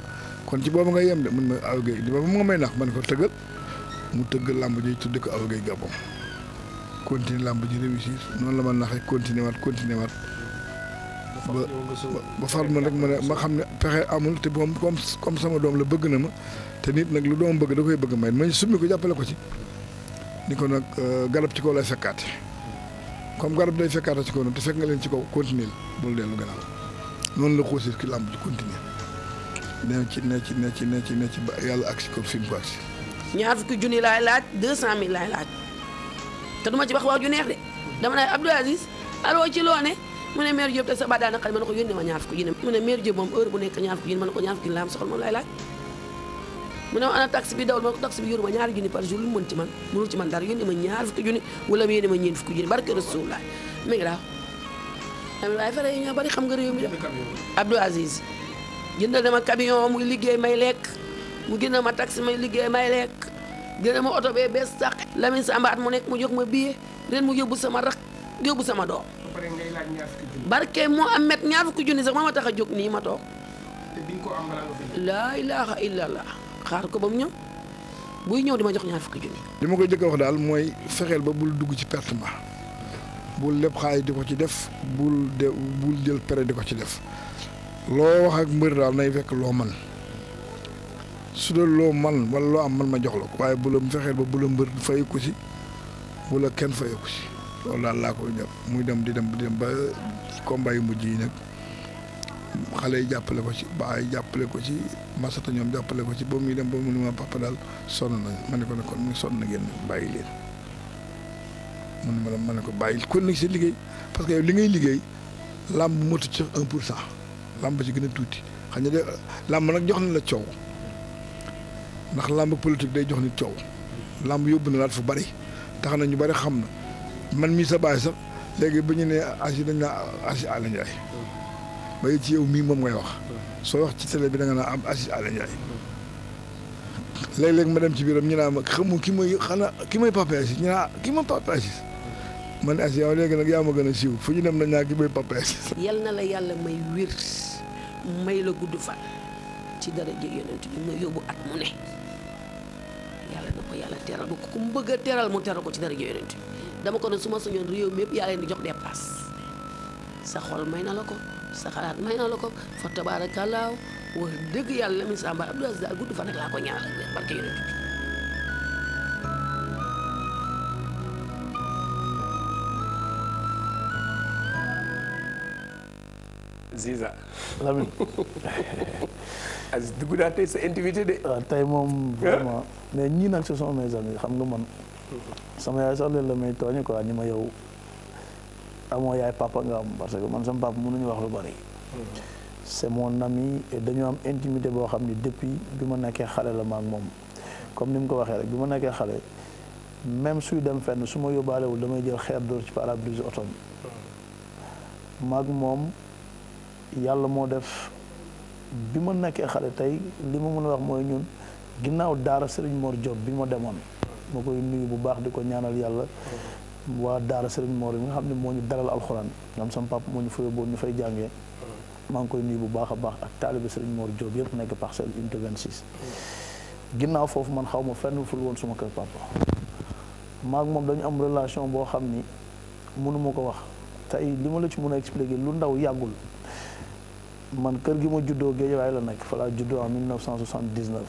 kon ci boobu nga yem de man ma Awa Guèye ba mu nga may nax man ko tëggal mu tëgg làmb ji tudde ko Awa Guèye Gabon continuer làmb ji réussir noonu la ma naxee continuer waat continuer waat. ba ba far ma rek ma ne ma xam ne pexe amul te boom comme comme sama doom la bëgg na ma te nit nag lu doom bëgg da koy bëgg may ma summi ko jàppale ko ci ni ko nag euh, garab ci kaw lay comme garab day fekkaata ci kaw noonu te fekk nga leen ci kaw continuer la bul dellu gannaaw noonu la xuusi ki làmb ci continuer ne ci ne ci ne ci ne ci ne ci ba yàlla agsi ko fi mu ko agsi ñaar fukki junni laay laaj deux cent mille laay laaj te duma ci wax wax ju neex de dama ne Abdou Aziz aloo ci loo ne mu ne maire Diop te sa baa daana mu nekk ñaar fukki junni ma ne ko ñaar fukki laa am soxla moom laay laaj mu ne ma ana taxi bi dawal ma ko taxi bi yoruma ñaari junni par jour lu mu mën ci man mënul ci man dara yónni ma ñaar fukki junni wala mu yónni ma ñeen fukki junni barke rasulullah mi ngi daaw tamit waaye fere yi ñoo bari xam nga réew mi de Abdou Aziz jëndal dama camion muy liggéey may lekk mu gënal ma taxi may liggéey may lekk gënal ma oto bee bees sax Lamine Samba at mu nekk mu jox ma billet ren mu yóbbu sama rak yóbbu sama doom barke moo am met ñaar fukki junni sax moo ma tax a jóg nii ma toog laa ilaha illallah xaar ko ba mu ñëw buy ñëw dima jox ñaar fukki junni. li ma koy jëkk wax daal mooy fexeel ba bul dugg ci pertement bul lépp xaalis di ko ci def bul de bul jël pere di ko ci def loo wax ak mbër daal nay fekk loo man su dee loo man wala loo am man ma jox la ko waaye bu la fexeel ba bu la mbër fay ko si bu la kenn fay ko si loolu daal laa koy ñor muy dem di dem di dem ba combat yu mujj yi nag. xale yi jàppale ko ci baay jàppale ko ci masata ñoom jàppale ko ci ba muy dem ba mu ne ma papa daal sonn nañ ma ne ko ne kon mu sonn na ngeen bàyyi leen mu ne ma ma ne ko bàyyi kon nag si liggéey parce que yow li ngay liggéey làmb motu ci un sax cent làmb ci gën a tuuti xam nga de làmb nag jox na la coow ndax làmb politique day jox nit coow làmb yóbbu na laat fu bari tax na ñu bari xam na man mii sa baay sax léegi bu ñu nee as yi dañ naa as yi Alla ba ci yow mii moom ngay wax soo wax ci télé bi da nga naa am Aziz Ala Ndiaye léeg-léeg ma dem ci biiram ñu naa ma xamu ki may xanaa ki may Papa Aziz ñu ki ma Papa ma ne Aziz yow léegi nag yaa ma gën a siiw fu ñu dem na ñaa ki may Papa Aziz yal na la yàlla may wér may la gudd fan ci dara jëg bi ma yóbbu at mu ne yàlla na ko yàlla teral ba ku mu bëgg a teral mu teral ko ci dara jëg yonent dama ko ne su ma sañoon réew mi yëpp yàlla leen di jox dépasse sa xol may na la ko sa xalaat may na la ko fa tabaarakallaaw wax dëgg yàlla Lamine Samba Abdou Aziz daal gudd fan rek laa ko ñaanal ak bi ah, tey moom ah. vraiment mais ñii nag ce sont mes amis xam nga man. sama yaay la may tooñe quoi ni ma yow. amoo ah, yaay papa nga am parce que man sama papa ñu wax lu bari. c'est mon ami et dañu am intimité boo xam ni depuis bi ma nekkee xale la ma moom comme ni mu ko waxee rek ma nekkee xale même suy dem fenn su ma yóbbaalewul damay jël xeer dóor ci pare-brise moom yàlla moo def bi ma nekkee xale tey li ma mën a wax mooy ñun ginnaaw daara sëriñ Mor Diop bi ma demoon ma koy nuyu bu baax di ko ñaanal yàlla waa Daara Serigne Mor mi nga xam ne moo ñu dalal alxuraan nga xam sama moo ñu fa yóbboon ñu fay jànge maa ngi koy nuyu bu baax a baax ak taalibe Serigne Mor Diop yëpp nekk parcelle unité 26. ginnaaw foofu man xaw ma fenn ful woon suma kër papa. maak ak moom dañu am relation boo xam ni mënuma ko wax tey li ma la ci mën a expliquer lu ndaw yàggul. man kër gi ma juddoo Géejawaay la nekk fa laa juddoo en 1979.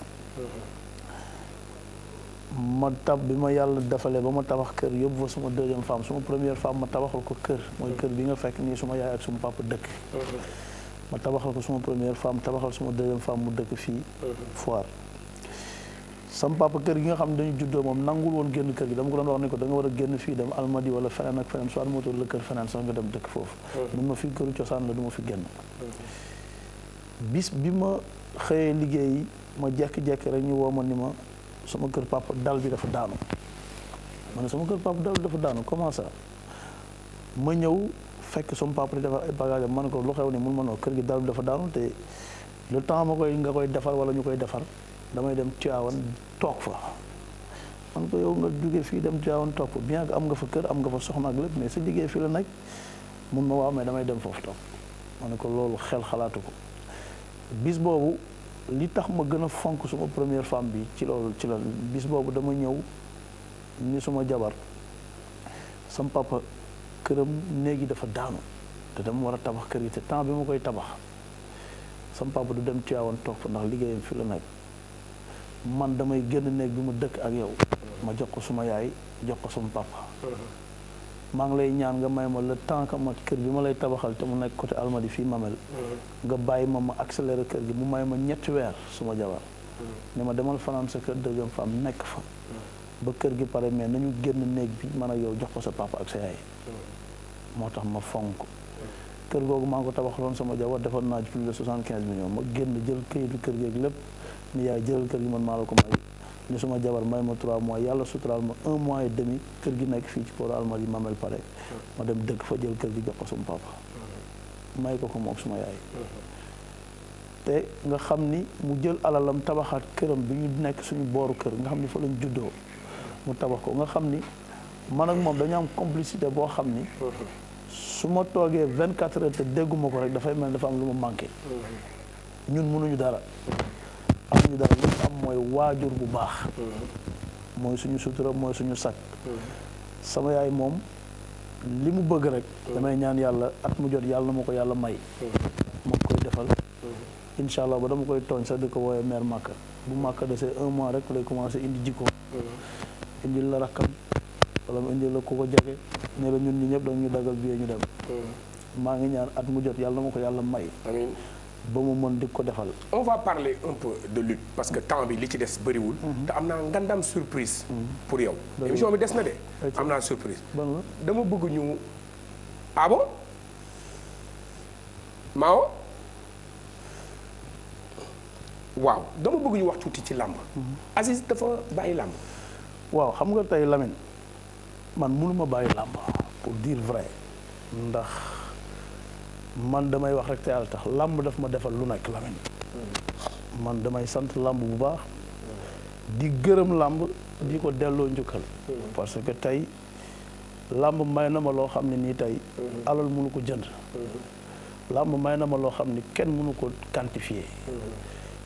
ma tab bi ma yàlla defalee ba ma tabax kër yóbbu fa suma deuxième femme suma première femme ma tabaxal ko kër mooy kër bi nga fekk nii suma yaay ak suma papa dëkk ma tabaxal ko suma première femme tabaxal suma deuxième femme mu dëkk fii foire sama papa kër gi nga xam ne dañu juddoo moom nangul woon génn kër gi dama ko doon wax ne ko da war a génn fii dem almadi wala feneen ak feneen soo motul la kër feneen sax nga dem dëkk foofu mun ma fi këru cosaan la du ma fi génn bis bi ma xëyee liggéey ma jekki rek ñu woo ma ni ma sama kër papa dal bi dafa daanu ma ne sama kër papa dal bi dafa daanu comment ça ma ñëw fekk sama papa di defar ay bagage ma ne ko lu xew ne mun ma noo kër gi dal bi dafa daanu te lu temps ma koy nga koy defar wala ñu koy defar damay dem Tivaouane toog fa man ko yow nga jugee fii dem Tivaouane toog fa bien que am nga fa kër am nga fa soxna ak lépp mais sa liggéey fii la nag mun ma waaw mais damay dem foofu toog ma ne ko loolu xel xalaatu ko bis boobu li tax ma gën a fonk suma première femme bi ci loolu ci loolu bis boobu dama ñëw ni suma jabar sam papa këram néegi dafa daanu te dama war a tabax kër gi te temps bi ma koy tabax sam papa du dem Tiwaawan toog fa ndax liggéeyam fi la nekk man damay génn néeg bi ma dëkk ak yow ma jox ko suma yaay jox ko suma maa ngi lay ñaan nga may ma la temps que ma kër bi ma lay tabaxal te mu nekk côté Almadi fii Mamel mm-hmm. nga bàyyi ma ma accéléré kër gi mu may ma ñetti weer suma jabar mm-hmm. ni ma demal fanaan sa kër deuxième femme nekk fa mm-hmm. ba kër gi pare mais nañu génn néeg bi man a yow jox ko sa papa ak sa yaay moo tax ma fonk kër googu maa ngi ko tabaxaloon sama jabar defoon naa plus de 75 millions ma génn jël këyitu kër gi ak lépp ni yaay jëlal kër gi man maa la ko may ne sama jabar may ma trois mois yàlla suturaal ma mois et demi kër gi nekk fii ci pooru Almadies Mamel pare ma dem dëkk fa jël kër gi jox ko sama papa may ko ko moom suma yaay te nga xam ni mu jël alalam tabaxaat këram bi ñu nekk suñu booru kër nga xam ni fa lañ juddoo mu tabax ko nga xam ni man ak moom dañu am complicité boo xam ni mm-hmm. su ma toogee vingt quatre heures te dégguma ko rek dafay mel ni dafa am lu ma manqué mm-hmm. ñun mënuñu dara amuñu dara li am mooy waajur bu baax mm-hmm. mooy suñu sutura mooy suñu sakk mm-hmm. sama yaay moom li mu bëgg rek mm-hmm. damay ñaan yàlla at mu jot yàlla na ma ko yàlla may ma ko defal incha allah dama koy tooñ sax di ko woowee mère Màkka bu Màkka desee un mois rek lay commencé indi jikko indil la rakkam wala mu indil la ku ko jege ne la ñun ñi ñëpp dañu ñu dagal bi ñu dem maa ngi ñaan at mu jot yàlla na ma ko yàlla may ba mu mën di ko defal. on va parler un peu de lutte parce que temps bi li ci des bariwul mhm. te am naa ngandam surprise. Mhm. pour yow émission bi des na de. am naa surprise. dama bëgg ñu ah bon dama bëgg ñu wax tuuti ci làmb. Mhm. Aziz dafa bàyyi làmb. waaw xam nga tey lamin man mënuma bàyyi làmb pour dire vrai ndax. man damay wax rek te yàlla tax làmb daf ma defal lu nekk Lamine man damay sant làmb bu baax di gërëm làmb di ko delloo njukkal parce que tey làmb may na ma loo xam ne nii tey alal munu ko jënd làmb may na ma loo xam ne kenn mënu ko quantifier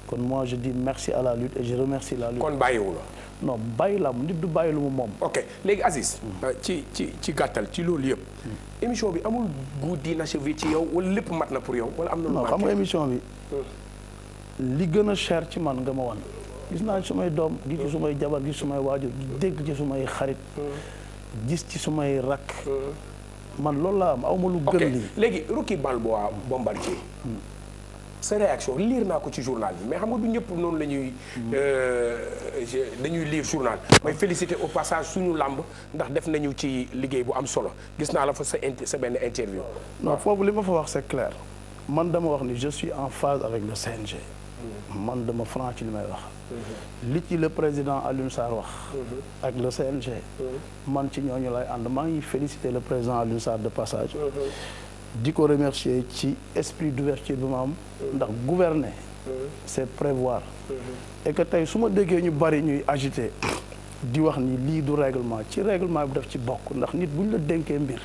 kon moi je dis merci à la lutte et remercie la lutte kon bàyyiwu la non bàyyi làmb nit du bàyyi lu mu moom. ok léegi Aziz. ci ci ci gàttal ci loolu yëpp. émission bi amul goût d'inachevé ci yow wala lépp mat na pour yow wala am na. lu non xam émission bi. li gën a cher ci man nga ma wan. gis naa ci sumay doom gis ci sumay jabar gis sumay dégg ci sumay xarit. gis ci sumay rakk. Hmm. man loolu laa am aw ma lu gën lii. léegi Rocky Balboa Bombardier. Hmm. sa réaction liir naa ko ci journal bi mais xam nga du ñëpp noonu la ñuy mm-hmm. euh, dañuy liir journal may féliciter au passage suñu làmb ndax def nañu ci liggéey bu am solo gis naa la fa sa sa benn interview non foofu li ma fa wax c'est clair man dama wax ni je suis en phase avec le CNG mm-hmm. man dama franc ci li may wax mm-hmm. li ci le président Alioune wax ak le CNG man ci ñooñu lay ànd maa ngi féliciter le président Alioune Sarr de passage di ko remercier ci esprit d'ouverture bi ma am ndax gouverner c'est prévoir et que tey su ma déggee ñu bari ñuy agité di wax ni lii du règlement ci règlement bi def ci bokk ndax nit bu ñu la dénkee mbir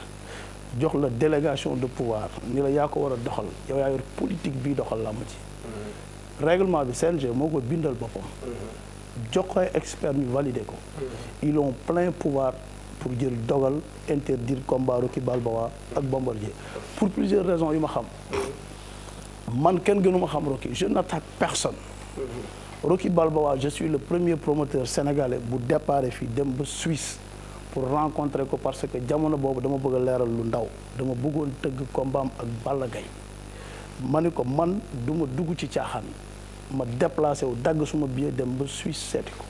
jox la délégation de pouvoir ni la yaa ko war a doxal yow yaa yor politique bi doxal làmb ci règlement bi CNG moo ko bindal boppam mm-hmm. jox ko expert ñu validé ko mm-hmm. ils ont plein pouvoir pour jël dogal interdire combat Rocky Balboa ak Bombardier pour plusieurs raisons yu ma xam man kenn gënu ma xam Rocky je n'attaque personne Rocky Balboa je suis le premier promoteur sénégalais bu déparé fii dem ba Suisse pour rencontrer ko parce que jamono boobu dama bëgg a leeral lu ndaw dama bëggoon tëgg kombaam ak Balla ma ni ko man duma dugg ci caaxaan ma déplacé wu dagg suma billet dem ba Suisse seeti ko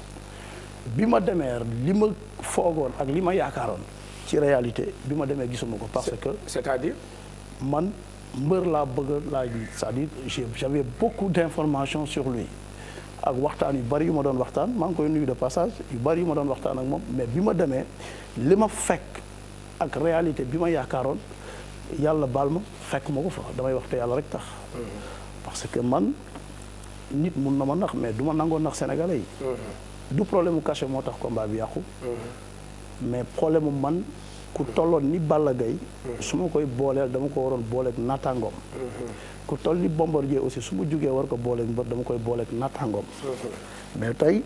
bi ma demee li ma foogoon ak li ma yaakaaroon ci réalité bi ma demee gisuma ko parce que c'est-à-dire man mbër laa bëgg laa ji c'est-à-dire j'avais beaucoup d'informations sur lui ak waxtaan yu bari yu ma doon waxtaan maa ngi koy nuyu de passage yu bari yu ma doon waxtaan ak moom mais bi ma demee li ma fekk ak réalité bi ma yaakaaroon yàlla baal ma fekk ma ko fa damay wax yàlla rek tax mhm. parce que man nit mun na ma nax mais du ma nangoo nax sénégalais yi mhm. du problème mu cachet moo tax combat bi yàqu. mais problème mu man ku tolloon ni Balla Gaye su ma koy booleel dama ko waroon booleeg nattaangoom. ku toll ni Bombardier aussi su ma jógee war ko booleeg mbër dama koy booleeg nattaangoom. mais tey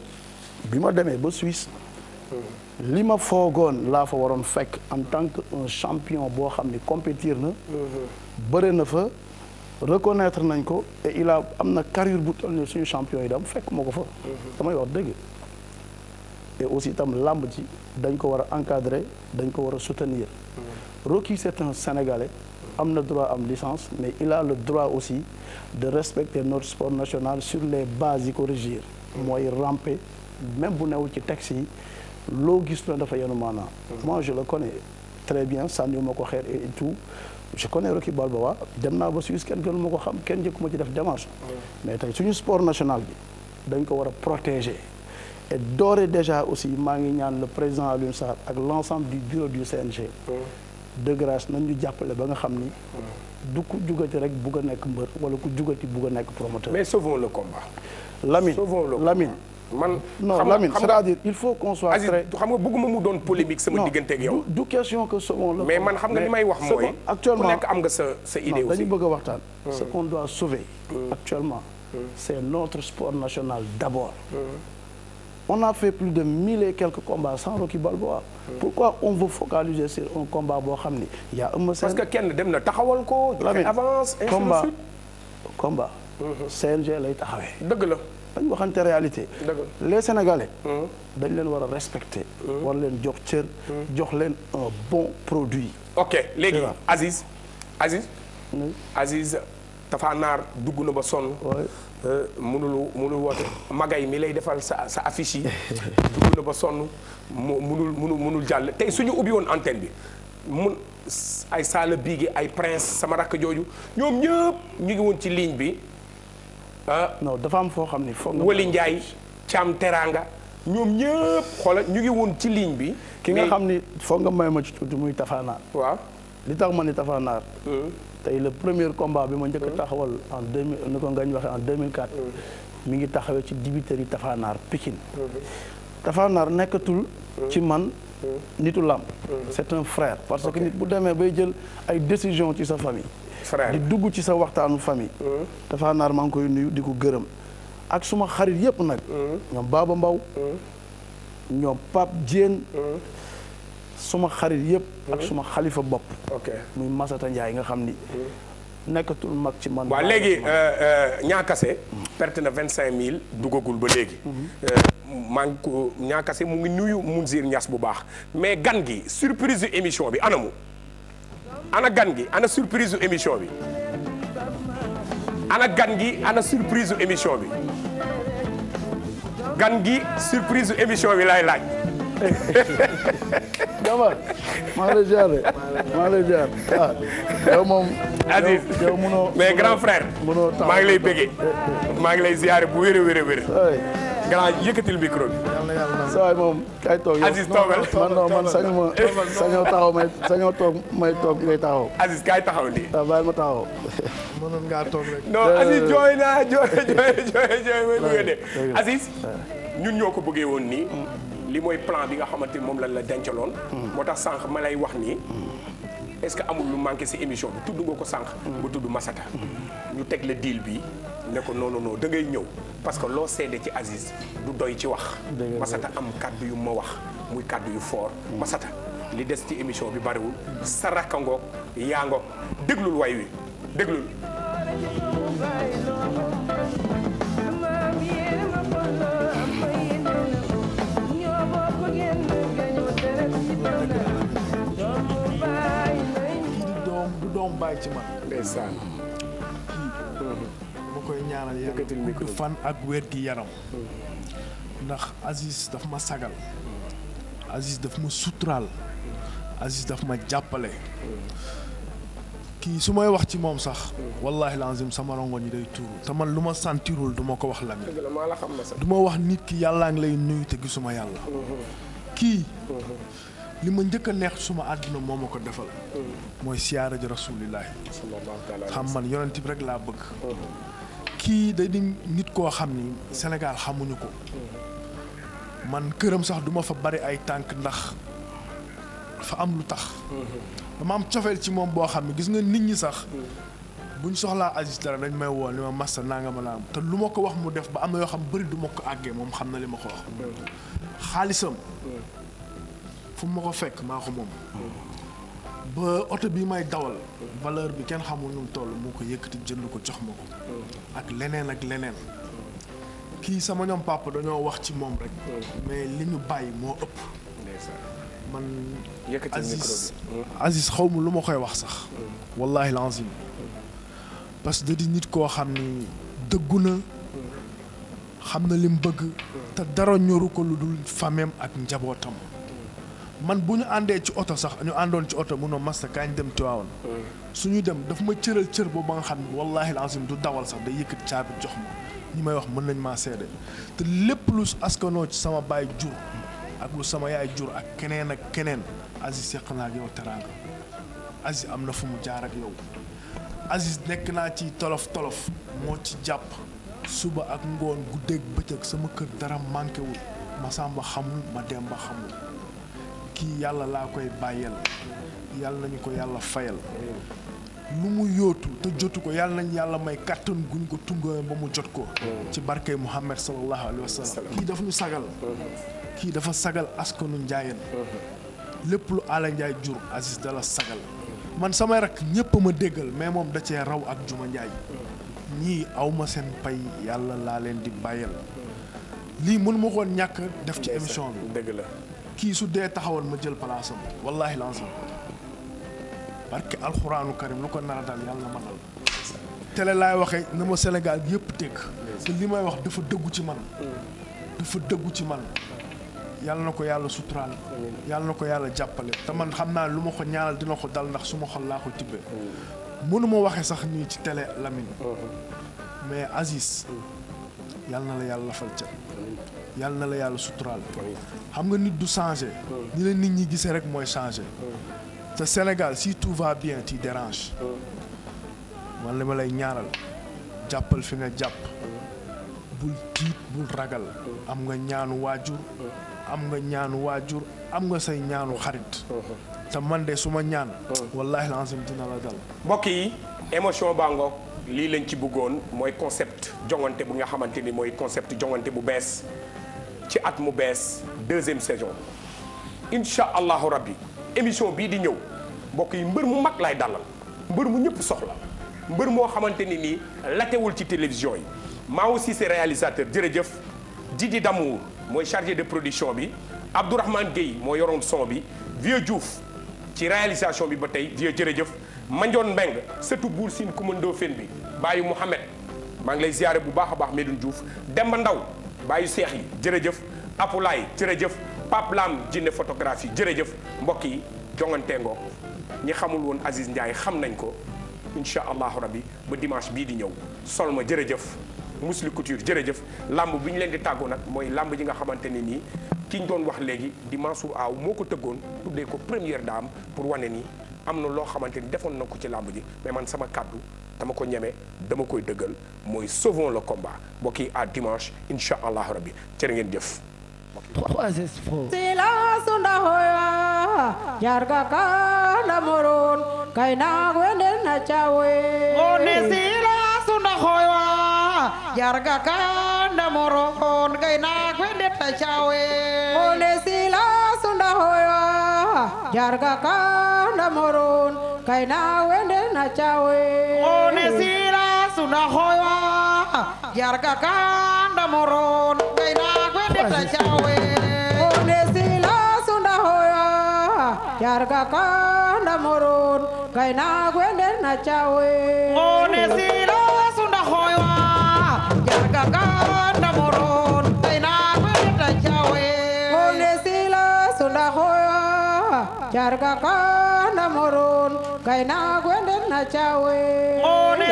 bi ma demee ba Suisse. li ma foogoon laa fa waroon fekk en tant que un champion boo xam ni compétir na. bëre na fa reconnaître nañ ko te il am na carrière bu toll ni suñu champion yi dam fekk moo ko fa. damay wax dëgg. et aussi tam làmb ji dañ ko war a encadrer dañ ko war a soutenir Rocky c'est un am na droit am licence mais il a le droit aussi de respecter notre sport national sur les bases yi ko régir mooy ramper même bu newul ci texte yi loo gis na dafa yenu maanaa moi je la connais très bien sànniwu ma ko xeer et tout je connais Rocky waa dem naa ba Suisse kenn gënu ma ko xam kenn njëkku ma ci def démarche mais tey suñu sport national bi dañ ko war a protéger et d'ores et déjà aussi maa ngi ñaan le président Alioune Sarr ak l'ensemble du bureau du CNG. Mm. de grâce nañ ñu jàppale ba nga xam ni. Mm. du ku jugati rek bugga nekk mbër wala ku jugati bugg nekk promoteur. mais sauvons le combat. Lamine sauvons le Lamine. man non Lamine c'est-à-dire il faut qu'on soit très xam nga bëgguma mu doon polémique sama diggante ak yow. du question que sauvons le combat mais man xam nga li may wax mooy. actuellement am nga sa sa idée aussi dañu bëgg a waxtaan. Mm. ce qu'on doit sauver. actuellement. c'est notre sport national d'abord. on a fait plus de mille et quelques combats sans Rocky Balboa. pourquoi on veut focaliser sur un combat boo xam ni y' a Eumeu Sène. parce que kenn dem na taxawal ko. joxe avance combat combat. Mhm. CNG lay taxawee. dëgg la. dañ waxante réalité. les sénégalais. Mhm. dañ leen war a respecter. Mhm. war leen jox cër. jox leen un bon produit. ok léegi Aziz. Aziz. Aziz dugg na ba sonn. Euh, munul munul woote magay mi lay defal sa sa affiche dugg na ba sonn mu munul munul munul jàll tey suñu ubbi woon antenne bi mun ay saala biigi ay prince sama rakk jooju ñoom ñëpp ñu ngi woon ci ligne bi ah. non dafa am foo xam ne foog nga Wali Ndiaye Thiam ñoom ñëpp xoola ñu ngi woon ci ligne bi ki nga xam ni foog nga may ma ci tuuti muy Tafanaar waaw li tax ma ni Tafanaar hmm. tey le première combat bi ma njëkk a mm-hmm. taxawal en 2000 ni ko ngañ waxee en 2004. Mm-hmm. mi ngi taxawee ci dibiteri Tafanaar Pikine. Mm-hmm. Tafanaar nekkatul. ci man. nitu làmb. c'est un frère. parce que nit bu demee bay jël ay décision ci sa famille. di dugg ci sa waxtaanu famille. Tafanaar maa ngi koy nuyu di ko gërëm. ak suma xarit yépp nag. ñoom Baba Mbaw ñoom Pape Dieng. suma xarit yëpp. ak mhm. suma xalifa bopp. ok muy Masata Ndiaye nga xam ni. Mhm. nekkatul mag ci man. waa léegi ñaakase. Euh, euh, perte na vingt cinq mille duggagul ba léegi. Mhm. Euh, maa ngi ko ñaakase mu ngi nuyu Mounzir ñas bu baax mais gan gi surprise yu émission bi anamu. ana gan gi ana surprise yu émission bi. ana gan gi ana surprise yu émission bi. gan gi surprise yu émission bi laay laaj. jabar maa ngi lay ziare maa ah, ngi grand frère. munoo maa ngi lay bëggee eh, eh, eh. maa ngi lay ziare bu wér a wér grand yëkkatil micro bi. sawaay moom kay toog yow Aziz man non man sañu ma sañ taxaw may sañoo toog may toog ngay taxaw. Aziz kay taxaw nii. waaw ah, bàyyi ma taxaw. mënoon ngaa toog rek. non Aziz jooy naa jooy jooy jooy jooy may bëgg a dee. ñoo ko bëggee woon li mooy plan bi nga xamante ni moom lañ la dencaloon. moo tax sànq ma lay wax nii. est-ce que amul lu manqué si émission bi tudd nga ko sànq. bu tudd Masata. ñu teg la deal bi ne ko non non ñëw parce que loo seede ci Aziz du doy ci wax. Masata am kàddu yu ma wax muy kàddu yu fort. Masata li des ci émission bi bariwul saraka ngoog yaa ngoog déglul way wi déglul. doom bàyyi ci man. ndeysaan. ma koy ñaanal yàlla fan ak wér gi yaram. Mm. ndax Aziz daf ma sagal. Mm. Aziz daf ma suturaal. Mm. Aziz daf ma jàppale. kii su may wax ci moom sax. wallahi lazim sama rongo ñi day tuuru te lu ma sentirul duma ko wax lan. dëgg wax nit ki yàllaa ngi lay nuyu te gisuma yàlla. Mm-hmm. kii. Mm-hmm. li ma njëkk a neex suma àdduna moo ma ko defal mooy siyaara ji rasulillahi xam man yonent bi rek laa bëgg kii day nit koo xam ni Sénégal xamuñu ko man këram sax duma fa bari ay tànk ndax fa am lu tax dama am cofeel ci moom boo xam ne gis nga nit ñi sax buñ soxlaa Aziz dara dañ may woo li ma massa naa nga ma la am te lu ma ko wax mu def ba am na yoo xam bari duma ko àggee moom xam na li ma ko wax xaalisam fu ma ko fekk maa ko moom ba oto bi may dawal valeur bi kenn xamul nu mu toll moo ko yëkkati jënd ko jox ma ko ak leneen ak leneen kii sama ñoom papa dañoo wax ci moom rek mais li ñu bàyyi moo ëpp man Aziz xaw ma lu ma koy wax sax wallahi lazim parce que da di nit koo xam ni dëggu na xam na li bëgg te dara ñoru ko lu dul fameem ak njabootam man bu ñu àndee ci oto sax ñu àndoon ci oto munoo masta kaañ dem Tiwaawan suñu dem daf ma cëral cër boobu ba nga xam ne wallaahi alazim du dawal sax day yëkkati caabi jox ma ñi may wax mën nañ maa seede te lépp lu askanoo ci sama baay jur ak lu sama yaay jur ak keneen ak keneen Aziz seq naa ak yow teraanga Aziz am na fu mu jaar ak yow Aziz nekk naa ci tolof tolof moo ci jàpp suba ak ngoon guddeeg bëccëg sama kër dara manqué wul Masamba xamul ma Demba kii yàlla laa koy bàyyeel yàlla nañu ko yàlla fayal lu mu yóotu te jotu ko yàlla nañ yàlla may kàttan guñ ko tungoon ba mu jot ko ci barkey Muhammad sallallahu alayhi wa sallam kii daf ñu sagal kii dafa sagal askanu njaayeen lépp lu ala njaay jur Aziz dala sagal man samay rak ñépp ma déggal mais moom da cee raw ak juma njaay ñii aw seen pay yàlla laa leen di bàyyal lii mënuma koon ñàkk def ci émission bi la kii su dee taxawal ma jël palaasam wallaahi lancé barke alxuraanu karim lu ko nar a dal yàlla na ma dal tele laay waxee na ma Sénégal yëpp dégg te li may wax dafa dëggu ci man dafa dëggu ci man yàlla na ko yàlla suturaal yàlla na ko yàlla jàppale te man xam naa lu ma ko ñaanal dina ko dal ndax su ma xol laa ko tibbee mënu ma waxee sax nii ci télé Lamine mm-hmm. mais Aziz yàlla na la yàlla fal ca yàlla na la yàlla suturaal xam nga nit du changer ni la nit ñi gisee rek mooy changer te Sénégal si tout va bien tu déranges man li ma lay ñaaral jàppal fi nga jàpp bul tiit bul ragal am nga ñaanu waajur am nga ñaanu waajur am nga say ñaanu xarit te man de su ma ñaan wallaahi lancim dina la dal mbokk yi émotion baa lii lañ ci bëggoon mooy concept jongante bu nga xamante ni mooy concept jongante bu bees ci at mu bees deuxième saison incha allahu rabbi émission bii di ñëw mbokk yi mbër mu mag lay dalal mbër mu ñëpp soxla mbër moo xamante ni nii latewul ci télévision yi maa aussi c'est réalisateur jërëjëf di Damour mooy chargé de production bi Abdourahmane Gueye moo yoroon son bi Vieux Diouf ci réalisation bi ba tey Vieux jërëjëf Mandione Mbengue sëtu buur siin ku mën Ndofène bi bàyyi Mouhamed maa ngi ziare bu baax a baax Medoune Diouf Demba Ndaw bàyyi seex yi jërëjëf Apulaay jërëjëf jëf Lam jinne photographie jërëjëf mbokk yi jongante ngoo ñi xamul woon Aziz Ndiaye xam nañ ko incha allahu rabbi ba dimanche bii di ñëw sol ma jërëjëf Mousli Couture jërëjëf làmb bi ñu leen di tàggoo nag mooy làmb ji nga xamante ne nii kiñ ñu doon wax léegi di Mansour Aw moo ko tëggoon tuddee ko première dame pour wane ni am na loo xamante ni defoon na ko ci làmb man sama kàddu dama ko ñeme koy dëggal mooy sauvons le combat jarga kana moron kayna wenden na na cawe oni silasu ndaxoya jarga kanda moron kaina wende na chawe one sira suna hoya jarga kanda moron kaina wende na chawe one sira suna hoya jarga kanda moron kaina wende na chawe one sira suna hoya jarga kanda carga kaana moroon gaynaak we nden na caawe oone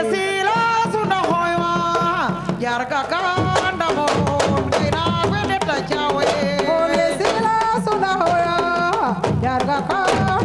hoywa carga kaana moroon gaynaak we nden na caawe oone hoywa carga kaana